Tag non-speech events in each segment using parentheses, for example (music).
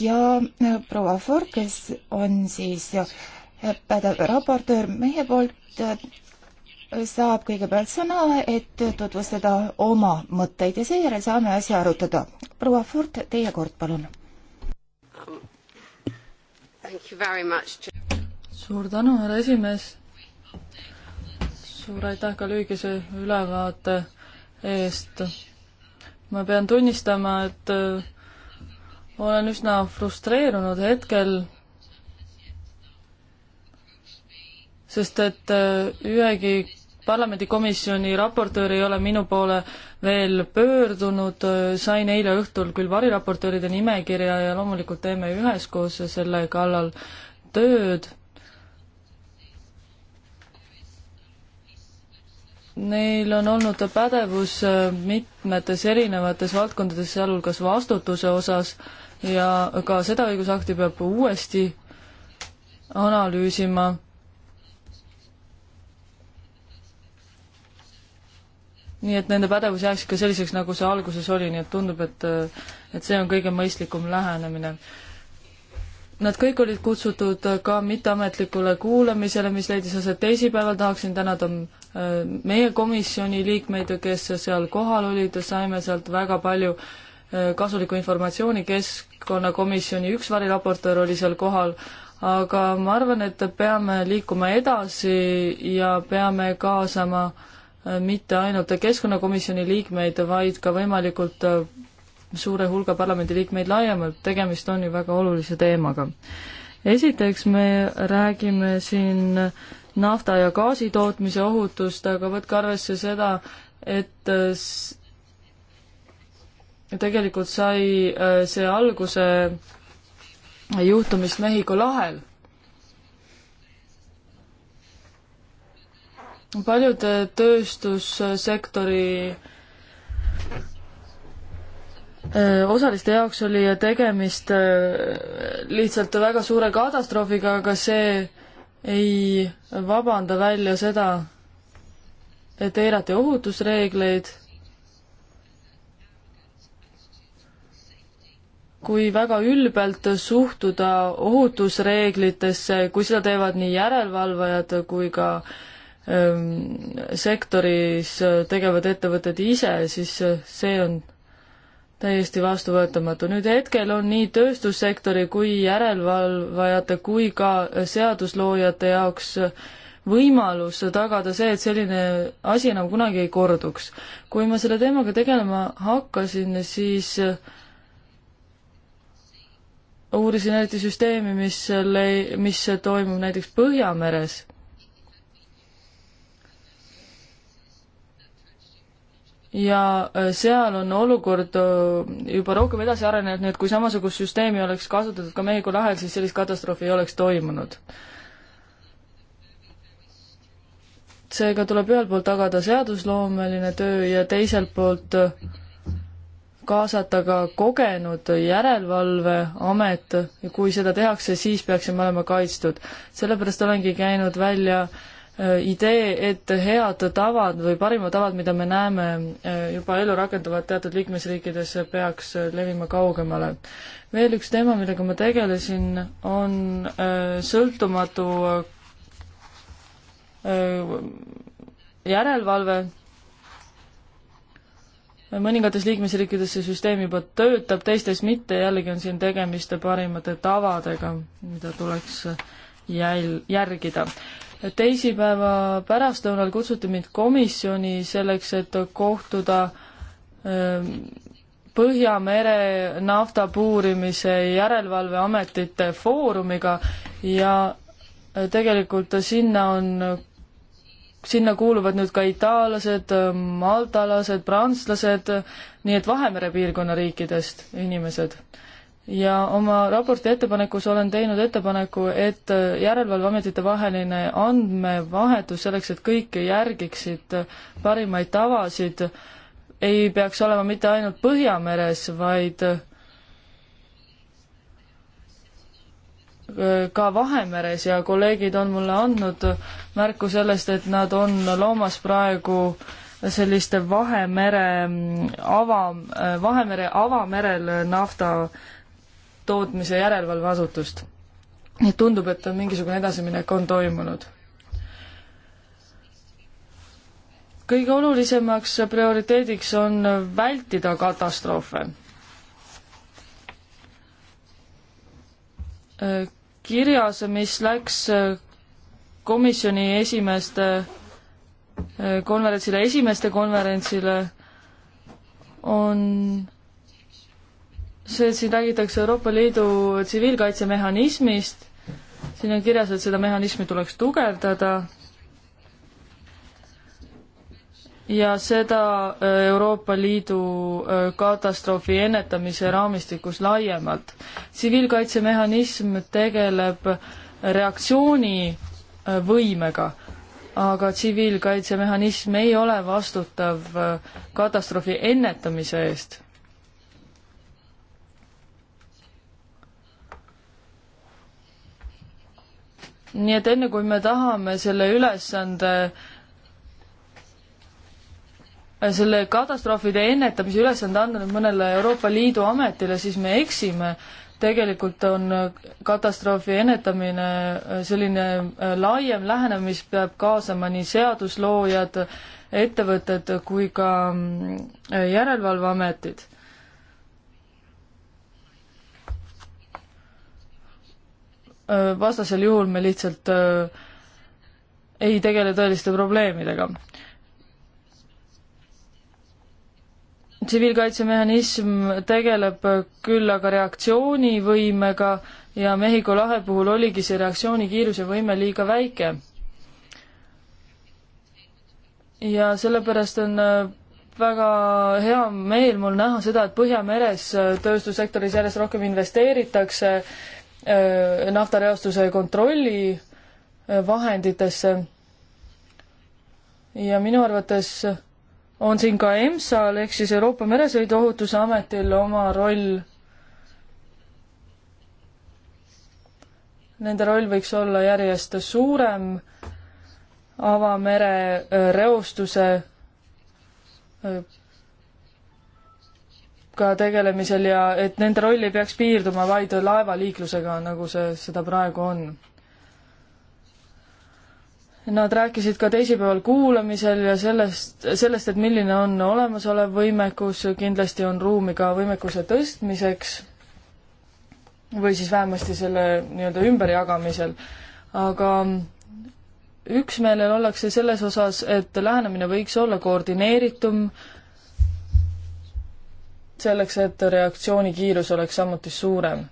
ja äh, proua Ford, kes on siis äh, pädev raportöör meie poolt, äh, saab kõigepealt sõna, et tutvustada oma mõtteid ja seejärel saame asja arutada. proua Ford, teie kord, palun. suur tänu, härra esimees. suur aitäh ka lühikese ülevaate eest. ma pean tunnistama, et olen üsna frustreerunud hetkel, sest et äh, ühegi parlamendikomisjoni raportöör ei ole minu poole veel pöördunud, sain eile õhtul küll variraportööride nimekirja ja loomulikult teeme üheskoos selle kallal tööd. Neil on olnud pädevus mitmetes erinevates valdkondades, sealhulgas vastutuse osas äh, ja ka seda õigusakti peab uuesti analüüsima. nii et nende pädevus jääks ikka selliseks, nagu see alguses oli, nii et tundub, et, et see on kõige mõistlikum lähenemine. Nad kõik olid kutsutud ka mitteametlikule kuulamisele, mis leidis aset teisipäeval, tahaksin tänada äh, meie komisjoni liikmeid, kes seal kohal olid, saime sealt väga palju äh, kasuliku informatsiooni keskkonnakomisjoni üks variraportöör oli seal kohal, aga ma arvan, et peame liikuma edasi ja peame kaasama äh, mitte ainult keskkonnakomisjoni liikmeid, vaid ka võimalikult äh, suure hulga parlamendiliikmeid laiemalt, tegemist on ju väga olulise teemaga. esiteks me räägime siin nafta ja gaasi tootmise ohutust, aga võtke arvesse seda, et tegelikult sai äh, see alguse juhtumist Mehhiko lahel. paljud äh, tööstussektori äh, osaliste jaoks oli tegemist lihtsalt väga suure katastroofiga, aga see ei vabanda välja seda, et eirati ohutusreegleid kui väga ülbelt suhtuda ohutusreeglitesse, kui seda teevad nii järelevalvajad kui ka ähm, sektoris tegevad ettevõtted ise, siis see on täiesti vastuvõetamatu. nüüd hetkel on nii tööstussektori kui järelevalvajate kui ka seadusloojate jaoks võimalus tagada see, et selline asi enam kunagi ei korduks. kui ma selle teemaga tegelema hakkasin, siis äh, uurisin eriti süsteemi, mis lei-, mis toimub näiteks Põhjameres. ja äh, seal on olukord äh, juba rohkem edasi arenenud, nii et kui samasugust süsteemi oleks kasutatud ka Mehhiko lahel, siis sellist katastroofi ei oleks toimunud. seega tuleb ühelt poolt tagada seadusloomeline töö ja teiselt poolt äh, kaasata ka kogenud järelevalveamet ja kui seda tehakse, siis peaksime olema kaitstud. sellepärast olengi käinud välja äh, idee, et head tavad või parimad tavad, mida me näeme äh, juba ellu rakenduvad teatud liikmesriikides, peaks äh, levima kaugemale. veel üks teema, millega ma tegelesin, on sõltumatu järelevalve mõningates liikmesriikides see süsteem juba töötab, teistes mitte, jällegi on siin tegemist parimate tavadega, mida tuleks jäl-, järgida. teisipäeva pärastlõunal kutsuti mind komisjoni selleks, et kohtuda ähm, Põhjamere nafta puurimise järelevalveametite foorumiga ja tegelikult sinna on sinna kuuluvad nüüd ka itaallased, maltalased, prantslased, nii et Vahemere piirkonna riikidest inimesed. ja oma raporti ettepanekus olen teinud ettepaneku, et Järelevalveametite vaheline andmevahetus selleks, et kõik järgiksid parimaid tavasid, ei peaks olema mitte ainult Põhjameres, vaid ka Vahemeres ja kolleegid on mulle andnud märku sellest, et nad on loomas praegu selliste Vahemere mm, ava, äh, Vahemere avamerel nafta tootmise järelevalveasutust. nii et tundub, et mingisugune edasiminek on toimunud. kõige olulisemaks prioriteediks on vältida katastroofe äh, kirjas, mis läks äh, komisjoni esimeeste äh, konverentsile, esimeste konverentsile, on see, et siin räägitakse Euroopa Liidu tsiviilkaitsemehhanismist, siin on kirjas, et seda mehhanismi tuleks tugevdada ja seda äh, Euroopa Liidu äh, katastroofi ennetamise raamistikus laiemalt. tsiviilkaitsemehhanism tegeleb äh, reaktsioonivõimega, aga tsiviilkaitsemehhanism ei ole vastutav katastroofi ennetamise eest. nii et enne, kui me tahame selle ülesande äh, selle katastroofide ennetamise ülesande andnud mõnele Euroopa Liidu ametile, siis me eksime. tegelikult on katastroofi ennetamine äh, selline äh, laiem lähenemine, mis peab kaasama nii seadusloojad, ettevõtted kui ka mm, järelevalveametid äh, vastasel juhul me lihtsalt äh, ei tegele tõeliste probleemidega. tsiviilkaitsemehhanism tegeleb küll aga reaktsioonivõimega ja Mehhiko lahe puhul oligi see reaktsioonikiiruse võime liiga väike. ja sellepärast on äh, väga hea meel mul näha seda, et Põhjameres äh, tööstussektoris järjest rohkem investeeritakse äh, naftareostuse kontrolli vahenditesse. ja minu arvates on siin ka EMSA-l ehk siis Euroopa Meresõiduohutuse Ametil oma roll. Nende roll võiks olla järjest suurem avamere reostuse ka tegelemisel ja et nende roll ei peaks piirduma vaid laevaliiklusega, nagu see, seda praegu on Nad rääkisid ka teisipäeval kuulamisel ja sellest, sellest, et milline on olemasolev võimekus, kindlasti on ruumi ka võimekuse tõstmiseks või siis vähemasti selle nii-öelda ümberjagamisel. aga üksmeelel ollakse selles osas, et lähenemine võiks olla koordineeritum, selleks, et reaktsioonikiirus oleks samuti suurem.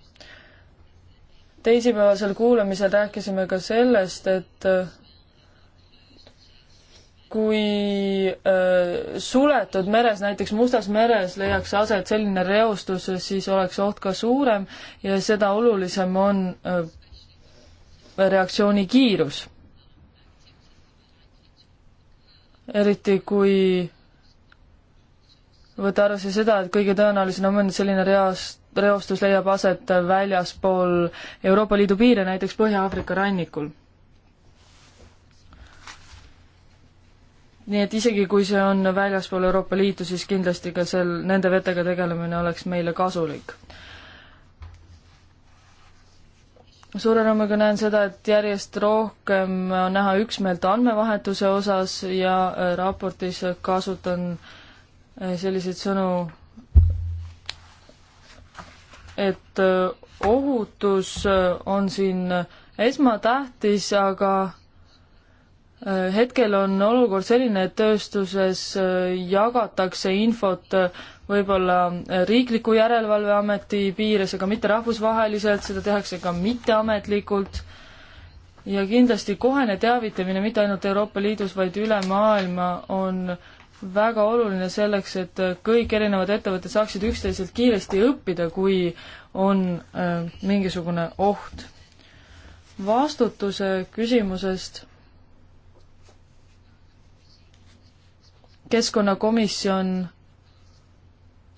teisipäevasel kuulamisel rääkisime ka sellest, et kui öö, äh, suletud meres, näiteks Mustas meres leiaks aset selline reostus, siis oleks oht ka suurem ja seda olulisem on öö, äh, reaktsiooni kiirus. eriti kui võtta arvesse seda, et kõige tõenäolisem on selline reast, reostus leiab aset väljaspool Euroopa Liidu piire, näiteks Põhja-Aafrika rannikul nii et isegi, kui see on väljaspool Euroopa Liitu, siis kindlasti ka seal nende vetega tegelemine oleks meile kasulik. suure rõõmuga näen seda, et järjest rohkem on näha üksmeelt andmevahetuse osas ja äh, raportis kasutan äh, selliseid sõnu, et äh, ohutus on siin esmatähtis, aga Äh, hetkel on olukord selline, et tööstuses äh, jagatakse infot äh, võib-olla riikliku järelevalveameti piires, aga mitte rahvusvaheliselt, seda tehakse ka mitteametlikult ja kindlasti kohene teavitamine mitte ainult Euroopa Liidus, vaid üle maailma on väga oluline selleks, et kõik erinevad ettevõtted saaksid üksteiselt kiiresti õppida, kui on äh, mingisugune oht. vastutuse küsimusest keskkonnakomisjon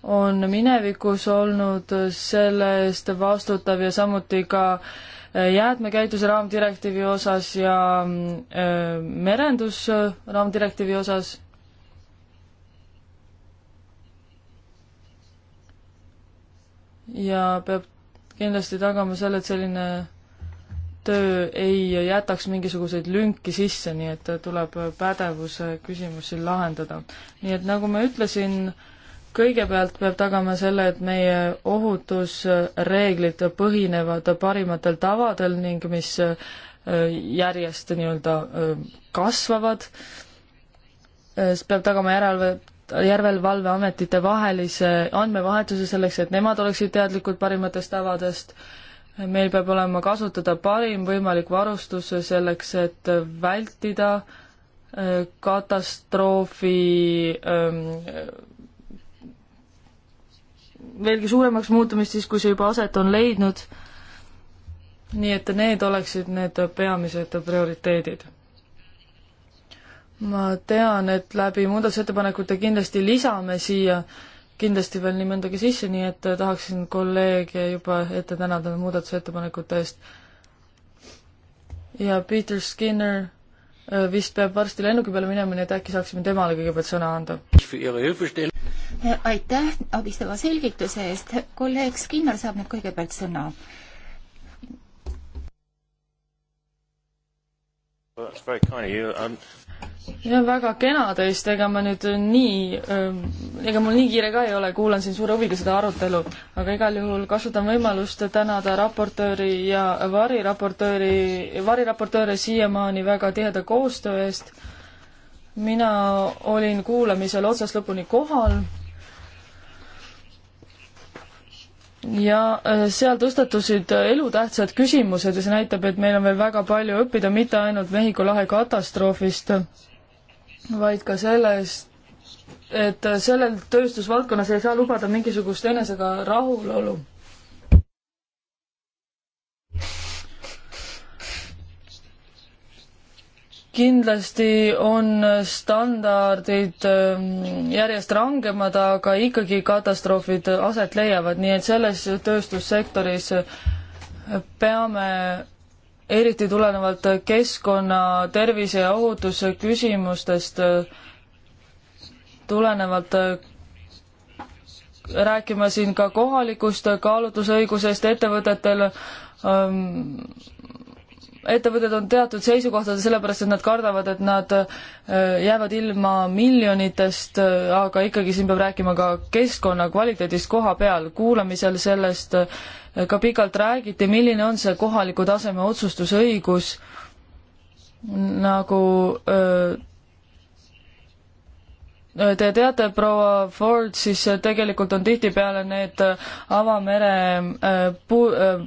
on minevikus olnud selle eest vastutav ja samuti ka äh, jäätmekäitluse raamdirektiivi osas ja mm, äh, merendusraamdirektiivi osas. ja peab kindlasti tagama selle, et selline töö ei jätaks mingisuguseid lünki sisse, nii et tuleb pädevuse küsimusi lahendada. nii et nagu ma ütlesin, kõigepealt peab tagama selle, et meie ohutusreeglid põhinevad parimatel tavadel ning mis äh, järjest nii-öelda äh, kasvavad. Äh, siis peab tagama järelevalve, järelevalveametite vahelise andmevahetuse selleks, et nemad oleksid teadlikud parimatest tavadest meil peab olema kasutada parim võimalik varustus selleks, et vältida äh, katastroofi ähm, veelgi suuremaks muutumist siis, kui see juba aset on leidnud. nii et need oleksid need peamised prioriteedid. ma tean, et läbi muudatusettepanekute kindlasti lisame siia äh, kindlasti veel nii mõndagi sisse, nii et äh, tahaksin kolleege juba ette tänada muudatusettepanekute eest. ja Peter Skinner äh, vist peab varsti lennuki peale minema, nii et äkki saaksime temale kõigepealt sõna anda. aitäh abistava selgituse eest, kolleeg Skinner saab nüüd kõigepealt sõna. Well, that's very kind of you. Um, ja väga kena tõesti, ega ma nüüd nii, ähm, ega mul nii kiire ka ei ole, kuulan siin suure huviga seda arutelu, aga igal juhul kasutan võimalust tänada raportööri ja variraportööri, variraportööre siiamaani väga tiheda koostöö eest. mina olin kuulamisel otsast lõpuni kohal ja äh, seal tõstatusid äh, elutähtsad küsimused ja see näitab, et meil on veel väga palju õppida mitte ainult Mehhiko lahe katastroofist, vaid ka sellest, et äh, sellel tööstusvaldkonnas ei saa lubada mingisugust enesega rahulolu. kindlasti on standardid ähm, järjest rangemad, aga ikkagi katastroofid aset leiavad, nii et selles tööstussektoris peame eriti tulenevalt keskkonna, tervise ja ohutuse küsimustest tulenevalt rääkima siin ka kohalikust kaalutlusõigusest, ettevõtetel ähm, ettevõtted on teatud seisukohtades sellepärast, et nad kardavad, et nad äh, jäävad ilma miljonitest, äh, aga ikkagi siin peab rääkima ka keskkonna kvaliteedist koha peal. kuulamisel sellest äh, ka pikalt räägiti, milline on see kohaliku taseme otsustusõigus, nagu öö, Te teate, proua Ford, siis tegelikult on tihtipeale need äh, avamere äh, puu-, äh,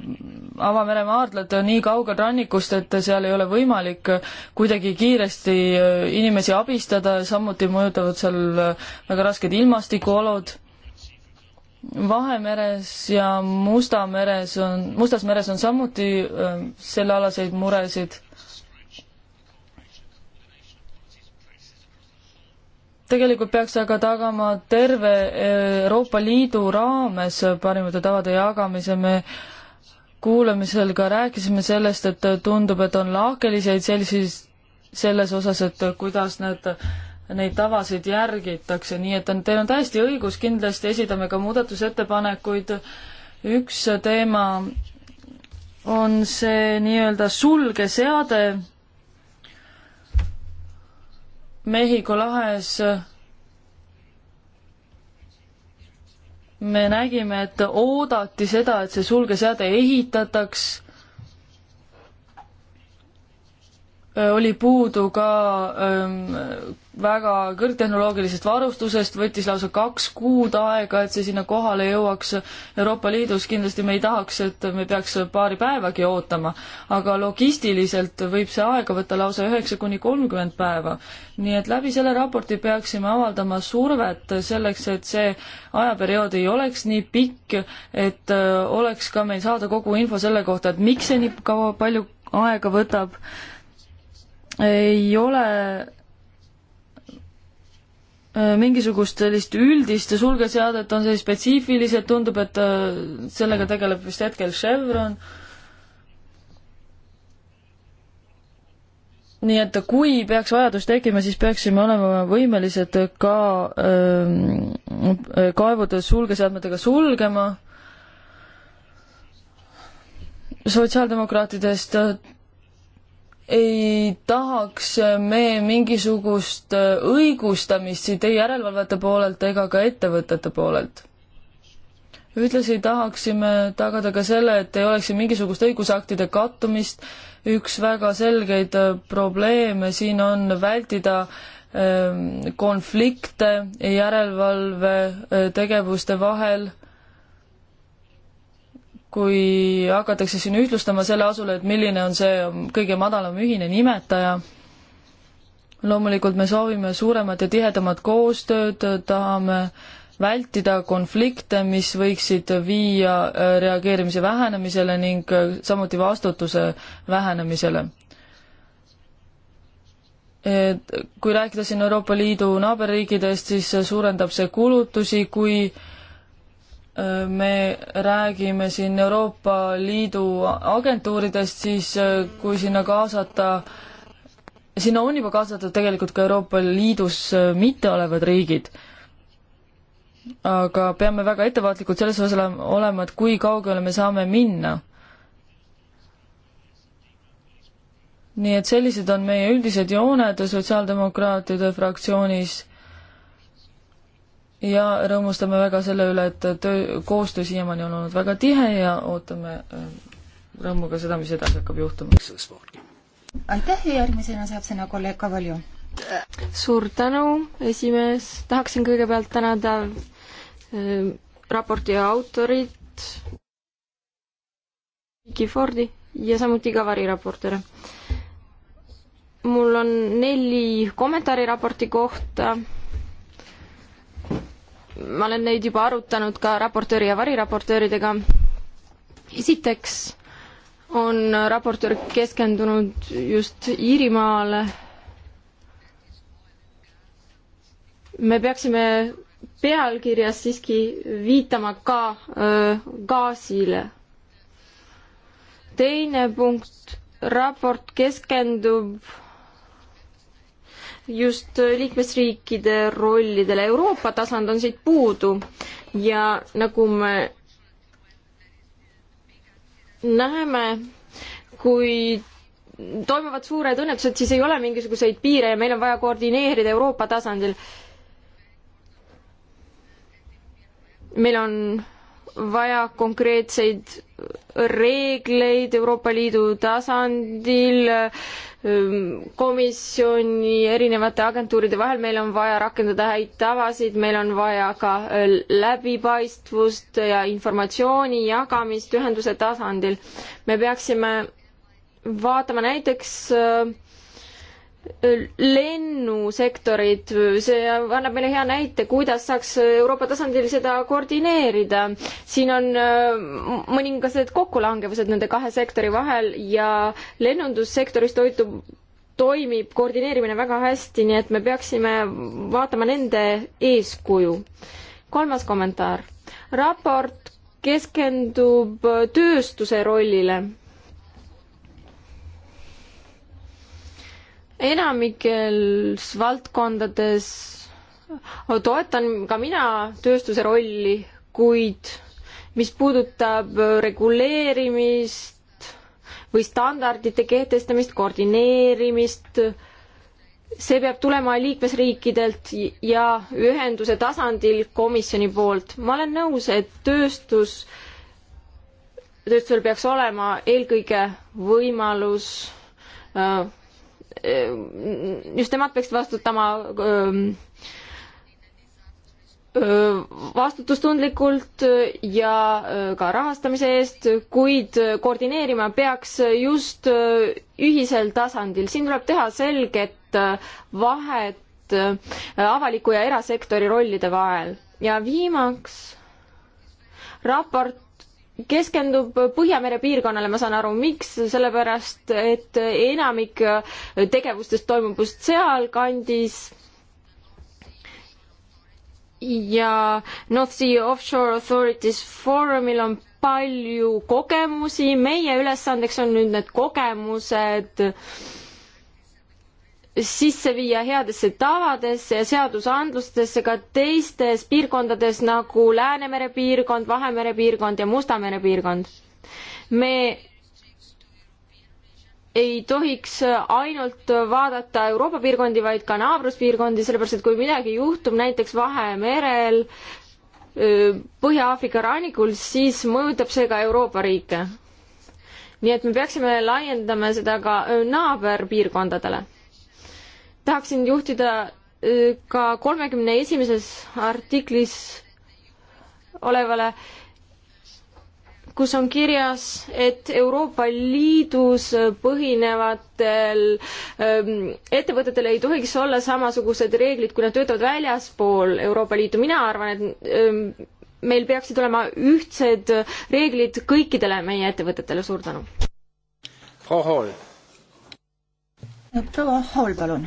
avameremaardlad nii kaugel rannikust, et seal ei ole võimalik kuidagi kiiresti inimesi abistada, samuti mõjutavad seal väga rasked ilmastikuolud Vahemeres ja Musta meres on, Mustas meres on samuti äh, sellealaseid muresid. tegelikult peaks aga tagama terve eh, Euroopa Liidu raames parimate tavade jagamise, me kuulamisel ka rääkisime sellest, et tundub, et on lahkeliseid sellises, selles osas, et kuidas need, neid tavasid järgitakse, nii et on, teil on täiesti õigus, kindlasti esitame ka muudatusettepanekuid. üks teema on see nii-öelda sulgeseade Mehhiko lahes me nägime, et oodati seda, et see sulgeseade ehitataks oli puudu ka ähm, väga kõrgtehnoloogilisest varustusest, võttis lausa kaks kuud aega, et see sinna kohale jõuaks. Euroopa Liidus kindlasti me ei tahaks, et me peaks paari päevagi ootama, aga logistiliselt võib see aega võtta lausa üheksa kuni kolmkümmend päeva. nii et läbi selle raporti peaksime avaldama survet selleks, et see ajaperiood ei oleks nii pikk, et äh, oleks ka meil saada kogu info selle kohta, et miks see nii kaua, palju aega võtab ei ole äh, mingisugust sellist üldist sulgeseadet, on see spetsiifilised, tundub, et äh, sellega tegeleb vist hetkel Chevron. nii et kui peaks vajadus tekkima, siis peaksime olema võimelised ka äh, kaevud sulgeseadmetega sulgema. sotsiaaldemokraatidest ei tahaks me mingisugust õigustamist siit ei järelevalvete poolelt ega ka ettevõtete poolelt. ühtlasi tahaksime tagada ka selle, et ei oleks siin mingisugust õigusaktide kattumist, üks väga selgeid äh, probleeme siin on vältida ähm, konflikte järelevalve äh, tegevuste vahel kui hakatakse siin ühtlustama selle asul, et milline on see kõige madalam ühine nimetaja, loomulikult me soovime suuremat ja tihedamat koostööd, tahame vältida konflikte, mis võiksid viia äh, reageerimise vähenemisele ning äh, samuti vastutuse vähenemisele. et kui rääkida siin Euroopa Liidu naaberriikidest, siis suurendab see kulutusi, kui äh, me räägime siin Euroopa Liidu agentuuridest, siis äh, kui sinna kaasata, sinna on juba kaasatud tegelikult ka Euroopa Liidus äh, mitte olevad riigid. aga peame väga ettevaatlikud selles osas olema, et kui kaugele me saame minna. nii et sellised on meie üldised jooned sotsiaaldemokraatide fraktsioonis ja rõõmustame väga selle üle, et töö, koostöö siiamaani on olnud väga tihe ja ootame äh, rõõmuga seda, mis edasi hakkab juhtuma. aitäh ja järgmisena saab sõna kolleeg Kavalju. suur tänu, esimees, tahaksin kõigepealt tänada äh, raporti autorit, Vicky Fordi ja samuti ka variraportööre. mul on neli kommentaari raporti kohta ma olen neid juba arutanud ka raportööri ja variraportööridega. esiteks on raportöör keskendunud just Iirimaale. me peaksime pealkirjas siiski viitama ka öö, gaasile. teine punkt, raport keskendub just liikmesriikide rollidele. Euroopa tasand on siit puudu ja nagu me näeme, kui toimuvad suured õnnetused, siis ei ole mingisuguseid piire ja meil on vaja koordineerida Euroopa tasandil. meil on vaja konkreetseid reegleid Euroopa Liidu tasandil, ähm, komisjoni erinevate agentuuride vahel, meil on vaja rakendada häid tavasid, meil on vaja ka äh, läbipaistvust ja informatsiooni jagamist ühenduse tasandil. me peaksime vaatama näiteks äh, lennusektorid, see annab meile hea näite, kuidas saaks Euroopa tasandil seda koordineerida. siin on äh, mõningased kokkulangevused nende kahe sektori vahel ja lennundussektoris toitub toimib koordineerimine väga hästi, nii et me peaksime vaatama nende eeskuju. kolmas kommentaar. raport keskendub tööstuse rollile enamikes valdkondades toetan ka mina tööstuse rolli, kuid mis puudutab reguleerimist või standardite kehtestamist, koordineerimist, see peab tulema liikmesriikidelt ja ühenduse tasandil komisjoni poolt. ma olen nõus, et tööstus, tööstusel peaks olema eelkõige võimalus äh, Äh, just nemad peaksid vastutama ähm, äh, vastutustundlikult äh, ja ka rahastamise eest, kuid koordineerima peaks just ühisel tasandil. siin tuleb teha selget vahet avaliku ja erasektori rollide vahel. ja viimaks, raport keskendub Põhjamere piirkonnale, ma saan aru, miks, sellepärast et enamik tegevustest toimub just sealkandis ja North Sea Offshore Authorities Forumil on palju kogemusi, meie ülesandeks on nüüd need kogemused äh, sisse viia headesse tavadesse ja seadusandlustesse ka teistes piirkondades nagu Läänemere piirkond, Vahemere piirkond ja Musta mere piirkond. me ei tohiks ainult vaadata Euroopa piirkondi, vaid ka naabruspiirkondi, sellepärast et kui midagi juhtub näiteks Vahemerel, Põhja-Aafrika rannikul, siis mõjutab see ka Euroopa riike. nii et me peaksime laiendama seda ka naaberpiirkondadele tahaksin juhtida äh, ka kolmekümne esimeses artiklis olevale, kus on kirjas, et Euroopa Liidus põhinevatel ähm, ettevõtetel ei tohiks olla samasugused reeglid, kui nad töötavad väljaspool Euroopa Liitu. mina arvan, et ähm, meil peaksid olema ühtsed reeglid kõikidele meie ettevõtetele. suur tänu. Frau Hall proua Hall, palun.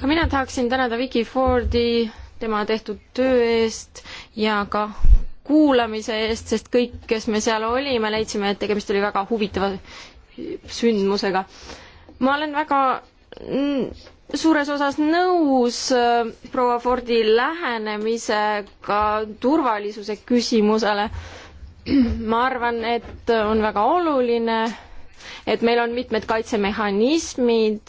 ka mina tahaksin tänada Vicky Fordi tema tehtud töö eest ja ka kuulamise eest, sest kõik, kes me seal olime, leidsime, et tegemist oli väga huvitava sündmusega. ma olen väga suures osas nõus äh, proua Fordi lähenemisega turvalisuse küsimusele. (clears throat) ma arvan, et on väga oluline et meil on mitmed kaitsemehhanismid,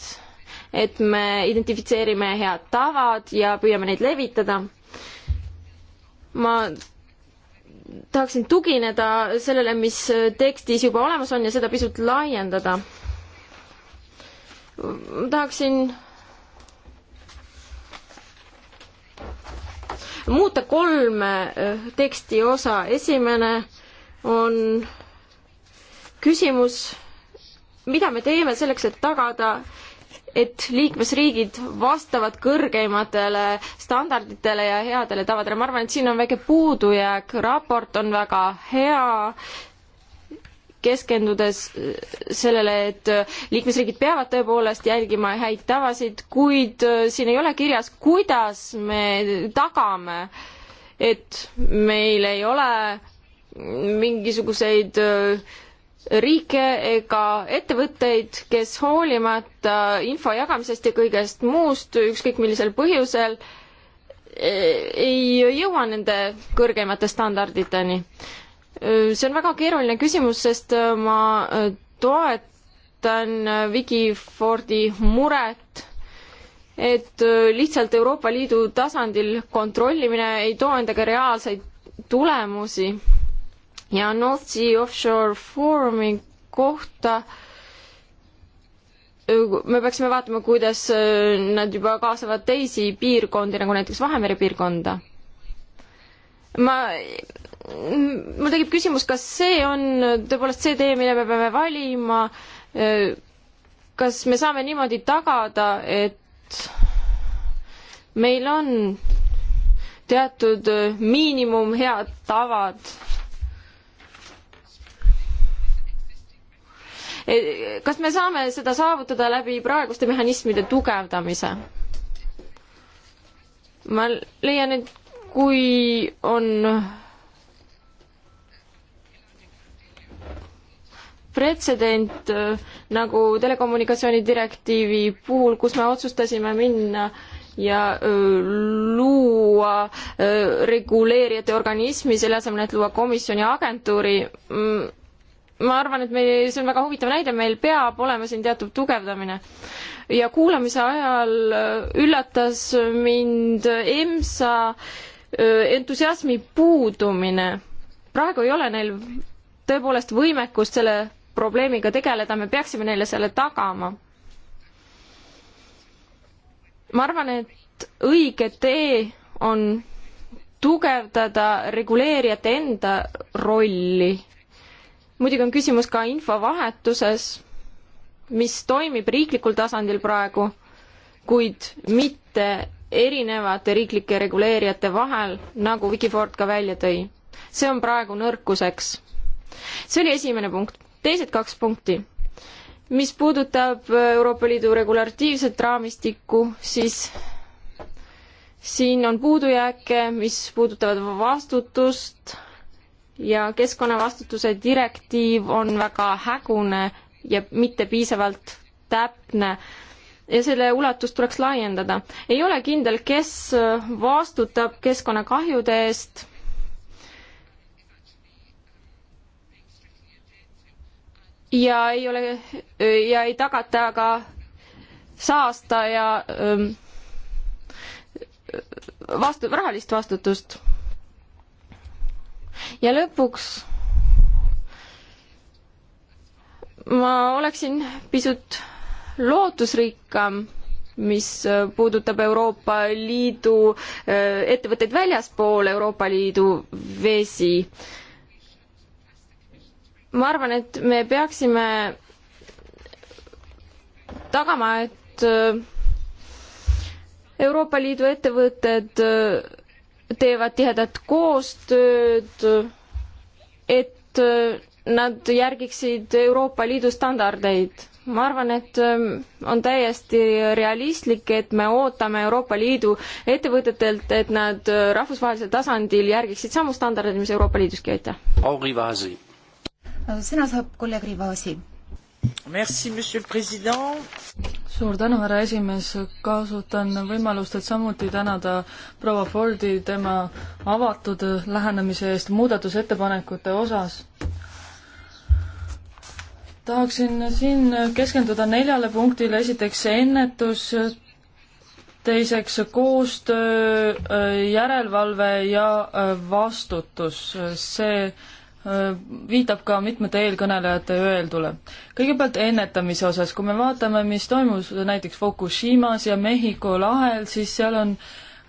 et me identifitseerime head tavad ja püüame neid levitada. ma tahaksin tugineda sellele, mis tekstis juba olemas on ja seda pisut laiendada. ma tahaksin muuta kolme äh, teksti osa. esimene on küsimus mida me teeme selleks, et tagada et liikmesriigid vastavad kõrgeimatele standarditele ja headele tavadele. ma arvan, et siin on väike puudujääk, raport on väga hea, keskendudes sellele, et liikmesriigid peavad tõepoolest jälgima häid tavasid, kuid siin ei ole kirjas, kuidas me tagame, et meil ei ole mingisuguseid äh, riike ega ettevõtteid, kes hoolimata info jagamisest ja kõigest muust, ükskõik millisel põhjusel, e, ei jõua nende kõrgemate standarditeni. see on väga keeruline küsimus, sest ma toetan Vicky Fordi muret, et lihtsalt Euroopa Liidu tasandil kontrollimine ei too endaga reaalseid tulemusi ja North Offshore Forumi kohta me peaksime vaatama, kuidas äh, nad juba kaasavad teisi piirkondi, nagu näiteks Vahemere piirkonda. ma, mul tekib küsimus, kas see on tõepoolest see tee, mille me peame valima, äh, kas me saame niimoodi tagada, et meil on teatud äh, miinimum head tavad kas me saame seda saavutada läbi praeguste mehhanismide tugevdamise? ma leian, et kui on pretsedent äh, nagu telekommunikatsiooni direktiivi puhul, kus me otsustasime minna ja öö, äh, luua öö, äh, reguleerijate organismi, selle asemel, et luua komisjoni agentuuri mm,, ma arvan, et meil, see on väga huvitav näide, meil peab olema siin teatud tugevdamine. ja kuulamise ajal äh, üllatas mind EMSA äh, entusiasmi puudumine. praegu ei ole neil tõepoolest võimekust selle probleemiga tegeleda, me peaksime neile selle tagama. ma arvan, et õige tee on tugevdada reguleerijate enda rolli muidugi on küsimus ka infovahetuses, mis toimib riiklikul tasandil praegu, kuid mitte erinevate riiklike reguleerijate vahel, nagu Wikiford ka välja tõi. see on praegu nõrkuseks. see oli esimene punkt. teised kaks punkti. mis puudutab Euroopa Liidu regulatiivset raamistikku, siis siin on puudujääke, mis puudutavad vastutust ja keskkonnavastutuse direktiiv on väga hägune ja mitte piisavalt täpne ja selle ulatust tuleks laiendada. ei ole kindel, kes vastutab keskkonnakahjude eest. ja ei ole ja ei tagata ka saastaja ähm, vastu, rahalist vastutust ja lõpuks ma oleksin pisut lootusrikkam, mis äh, puudutab Euroopa Liidu äh, ettevõtteid väljaspool Euroopa Liidu vesi. ma arvan, et me peaksime tagama, et äh, Euroopa Liidu ettevõtted teevad tihedat koostööd, et nad järgiksid Euroopa Liidu standardeid. ma arvan, et ähm, on täiesti realistlik, et me ootame Euroopa Liidu ettevõtetelt, et nad äh, rahvusvahelisel tasandil järgiksid samu standardeid, mis Euroopa Liiduski, aitäh. Auri Vahasi. Äh, sõna saab kolleeg Rivasi suur tänu, härra esimees, kasutan võimalust, et samuti tänada proua Fordi tema avatud lähenemise eest muudatusettepanekute osas. tahaksin siin keskenduda neljale punktile, esiteks ennetus, teiseks koostöö, järelevalve ja äh, vastutus, see viitab ka mitmete eelkõnelejate öeldule. kõigepealt ennetamise osas, kui me vaatame, mis toimus näiteks Fukushimas ja Mehhiko lahel, siis seal on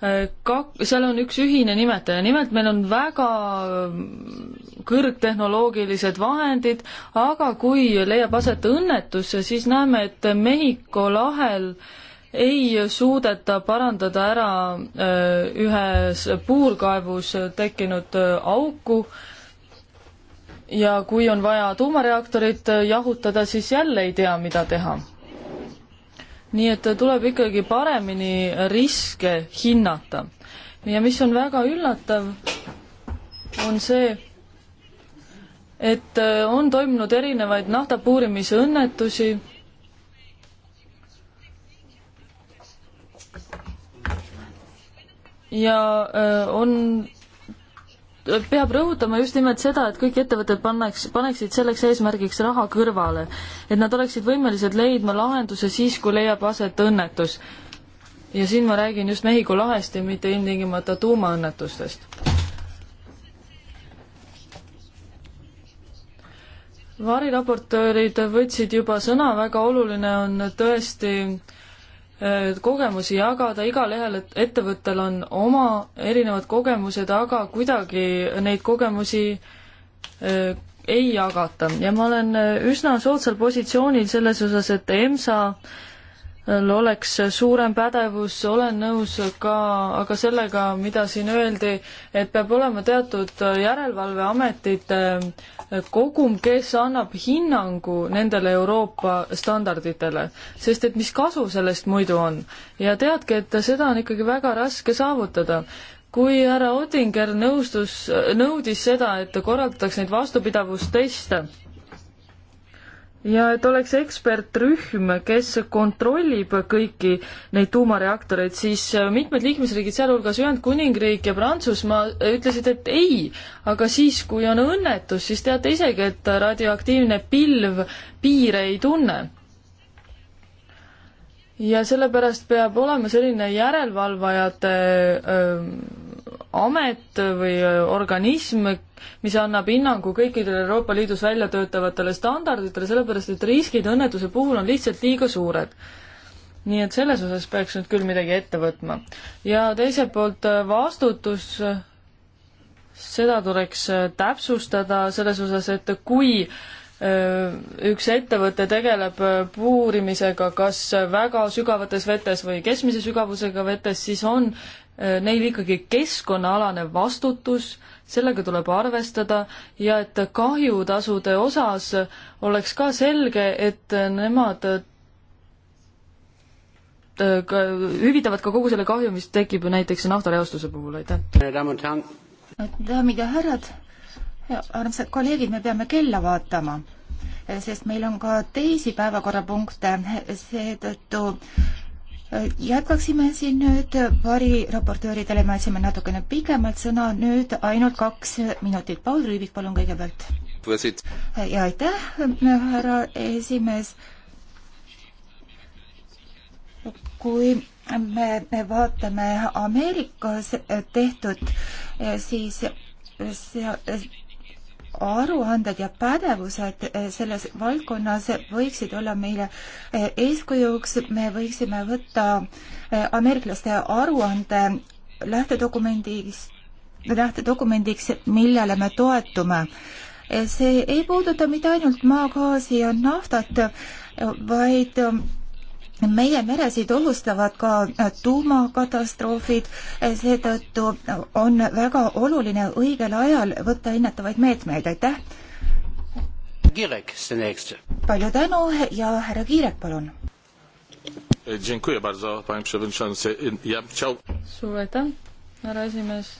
äh, kak-, seal on üks ühine nimetaja, nimelt meil on väga mm, kõrgtehnoloogilised vahendid, aga kui leiab aset õnnetus, siis näeme, et Mehhiko lahel ei suudeta parandada ära äh, ühes puurkaevus tekkinud äh, auku, ja kui on vaja tuumareaktorit äh, jahutada, siis jälle ei tea, mida teha. nii et äh, tuleb ikkagi paremini riske hinnata. ja mis on väga üllatav, on see, et äh, on toimunud erinevaid naftapuurimise õnnetusi ja on peab rõhutama just nimelt seda, et kõik ettevõtted pannakse, paneksid selleks eesmärgiks raha kõrvale, et nad oleksid võimelised leidma lahenduse siis, kui leiab aset õnnetus. ja siin ma räägin just Mehhiko lahest ja mitte ilmtingimata tuumaõnnetustest. variraportöörid võtsid juba sõna, väga oluline on tõesti Äh, kogemusi jagada, igal lehel ettevõttel on oma erinevad kogemused, aga kuidagi neid kogemusi äh, ei jagata ja ma olen äh, üsna soodsal positsioonil selles osas, et EMSA oleks suurem pädevus, olen nõus ka, aga sellega, mida siin öeldi, et peab olema teatud järelevalveametite kogum, kes annab hinnangu nendele Euroopa standarditele, sest et mis kasu sellest muidu on. ja teadke, et seda on ikkagi väga raske saavutada. kui härra Odinger nõustus, nõudis seda, et korraldatakse neid vastupidavusteste, ja et oleks ekspertrühm, kes kontrollib kõiki neid tuumareaktoreid, siis äh, mitmed liikmesriigid, sealhulgas Ühendkuningriik ja Prantsusmaa, äh, ütlesid, et ei. aga siis, kui on õnnetus, siis teate isegi, et radioaktiivne pilv piire ei tunne ja sellepärast peab olema selline järelevalvajate öö, amet või organism, mis annab hinnangu kõikidele Euroopa Liidus välja töötavatele standarditele, sellepärast et riskid õnnetuse puhul on lihtsalt liiga suured. nii et selles osas peaks nüüd küll midagi ette võtma. ja teiselt poolt äh, vastutus, seda tuleks äh, täpsustada selles osas, et kui äh, üks ettevõte tegeleb puurimisega kas väga sügavates vetes või keskmise sügavusega vetes, siis on Äh, neil ikkagi keskkonnaalane vastutus, sellega tuleb arvestada ja et kahjutasude osas oleks ka selge, et nemad äh, ka, hüvitavad ka kogu selle kahju, mis tekib näiteks naftareostuse puhul, aitäh. daamid ja härrad, armsad kolleegid, me peame kella vaatama, sest meil on ka teisi päevakorrapunkte, seetõttu jätkaksime siin nüüd paari raportööridele, me andsime natukene pikemalt sõna, nüüd ainult kaks minutit. Paul Rüübik, palun kõigepealt. ja aitäh, härra esimees. kui me vaatame Ameerikas tehtud, siis see aruanded ja pädevused eh, selles valdkonnas võiksid olla meile eh, eeskujuks, me võiksime võtta eh, ameeriklaste aruande lähtedokumendiks, lähtedokumendiks, millele me toetume. see ei puuduta mitte ainult maagaasi ja naftat, vaid meie meresid ohustavad ka äh, tuumakatastroofid, äh, seetõttu on väga oluline õigel ajal võtta ennetavaid meetmeid, aitäh! palju tänu ja härra Kiirek, palun! Äh, suur aitäh, härra esimees!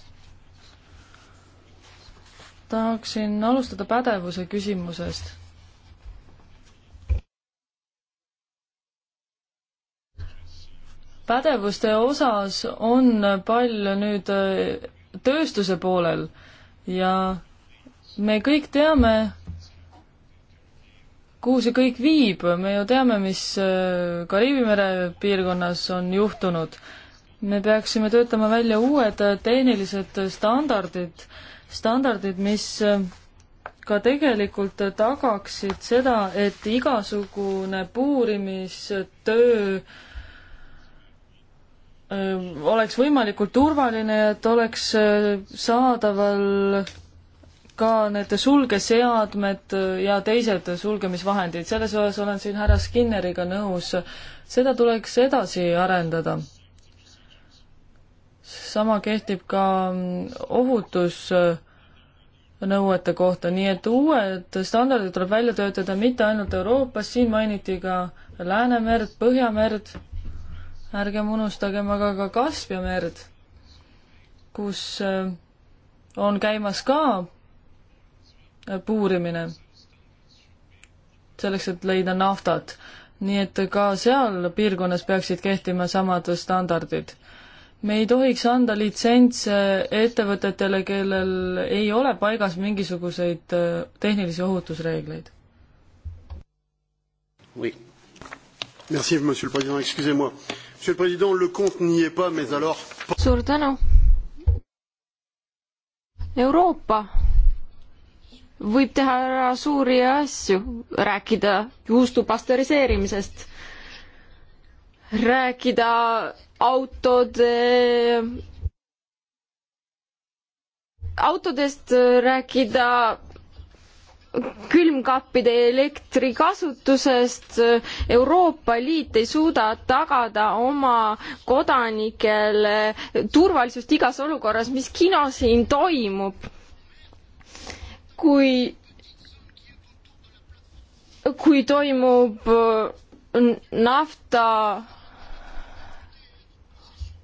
tahaksin alustada pädevuse küsimusest pädevuste osas on pall nüüd äh, tööstuse poolel ja me kõik teame, kuhu see kõik viib, me ju teame, mis äh, Kariibi mere piirkonnas on juhtunud. me peaksime töötama välja uued äh, tehnilised standardid, standardid, mis ka tegelikult tagaksid seda, et igasugune puurimistöö äh, oleks võimalikult turvaline ja et oleks saadaval ka need sulgeseadmed ja teised sulgemisvahendid, selles osas olen siin härra Skinneriga nõus, seda tuleks edasi arendada. sama kehtib ka mm, ohutusnõuete kohta, nii et uued standardid tuleb välja töötada mitte ainult Euroopas, siin mainiti ka Läänemerd, Põhjamerd ärgem unustagem aga ka Kaspia merd, kus äh, on käimas ka äh, puurimine selleks, et leida naftat. nii et ka seal piirkonnas peaksid kehtima samad standardid. me ei tohiks anda litsentse ettevõtetele, kellel ei ole paigas mingisuguseid äh, tehnilisi ohutusreegleid. Oui. Merci, monsieur le président, excusez-moi suur tänu. Euroopa võib teha ära suuri asju, rääkida juustu pastöriseerimisest, rääkida autode, autodest, rääkida külmkappide elektri kasutusest. Euroopa Liit ei suuda tagada oma kodanikele turvalisust igas olukorras, mis kino siin toimub. kui, kui toimub äh, nafta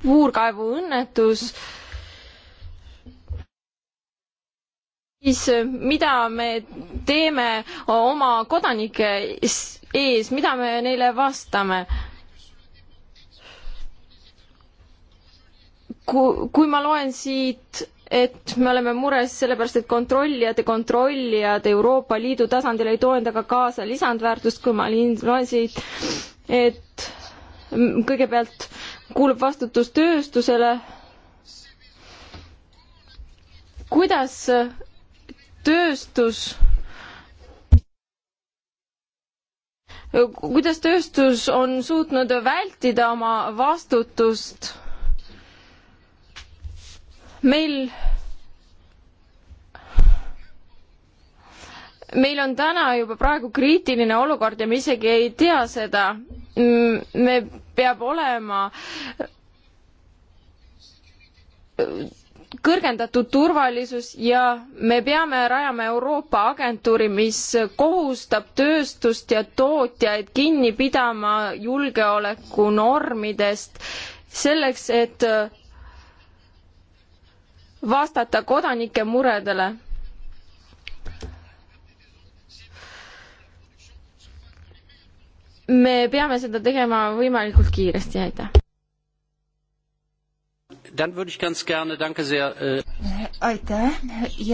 puurkaevuõnnetus, siis äh, mida me teeme oma kodanike ees, mida me neile vastame? kui, kui ma loen siit, et me oleme mures sellepärast, et kontrollijad ja kontrollijad Euroopa Liidu tasandil ei too endaga kaasa lisandväärtust, kui ma loen siit, et kõigepealt kuulub vastutus tööstusele, kuidas tööstus kuidas tööstus on suutnud vältida oma vastutust. meil, meil on täna juba praegu kriitiline olukord ja me isegi ei tea seda. me peab olema kõrgendatud turvalisus ja me peame rajama Euroopa agentuuri, mis kohustab tööstust ja tootjaid kinni pidama julgeolekunormidest selleks, et vastata kodanike muredele. me peame seda tegema võimalikult kiiresti, aitäh. Dann würde ich ganz gerne, danke sehr. Äh aitäh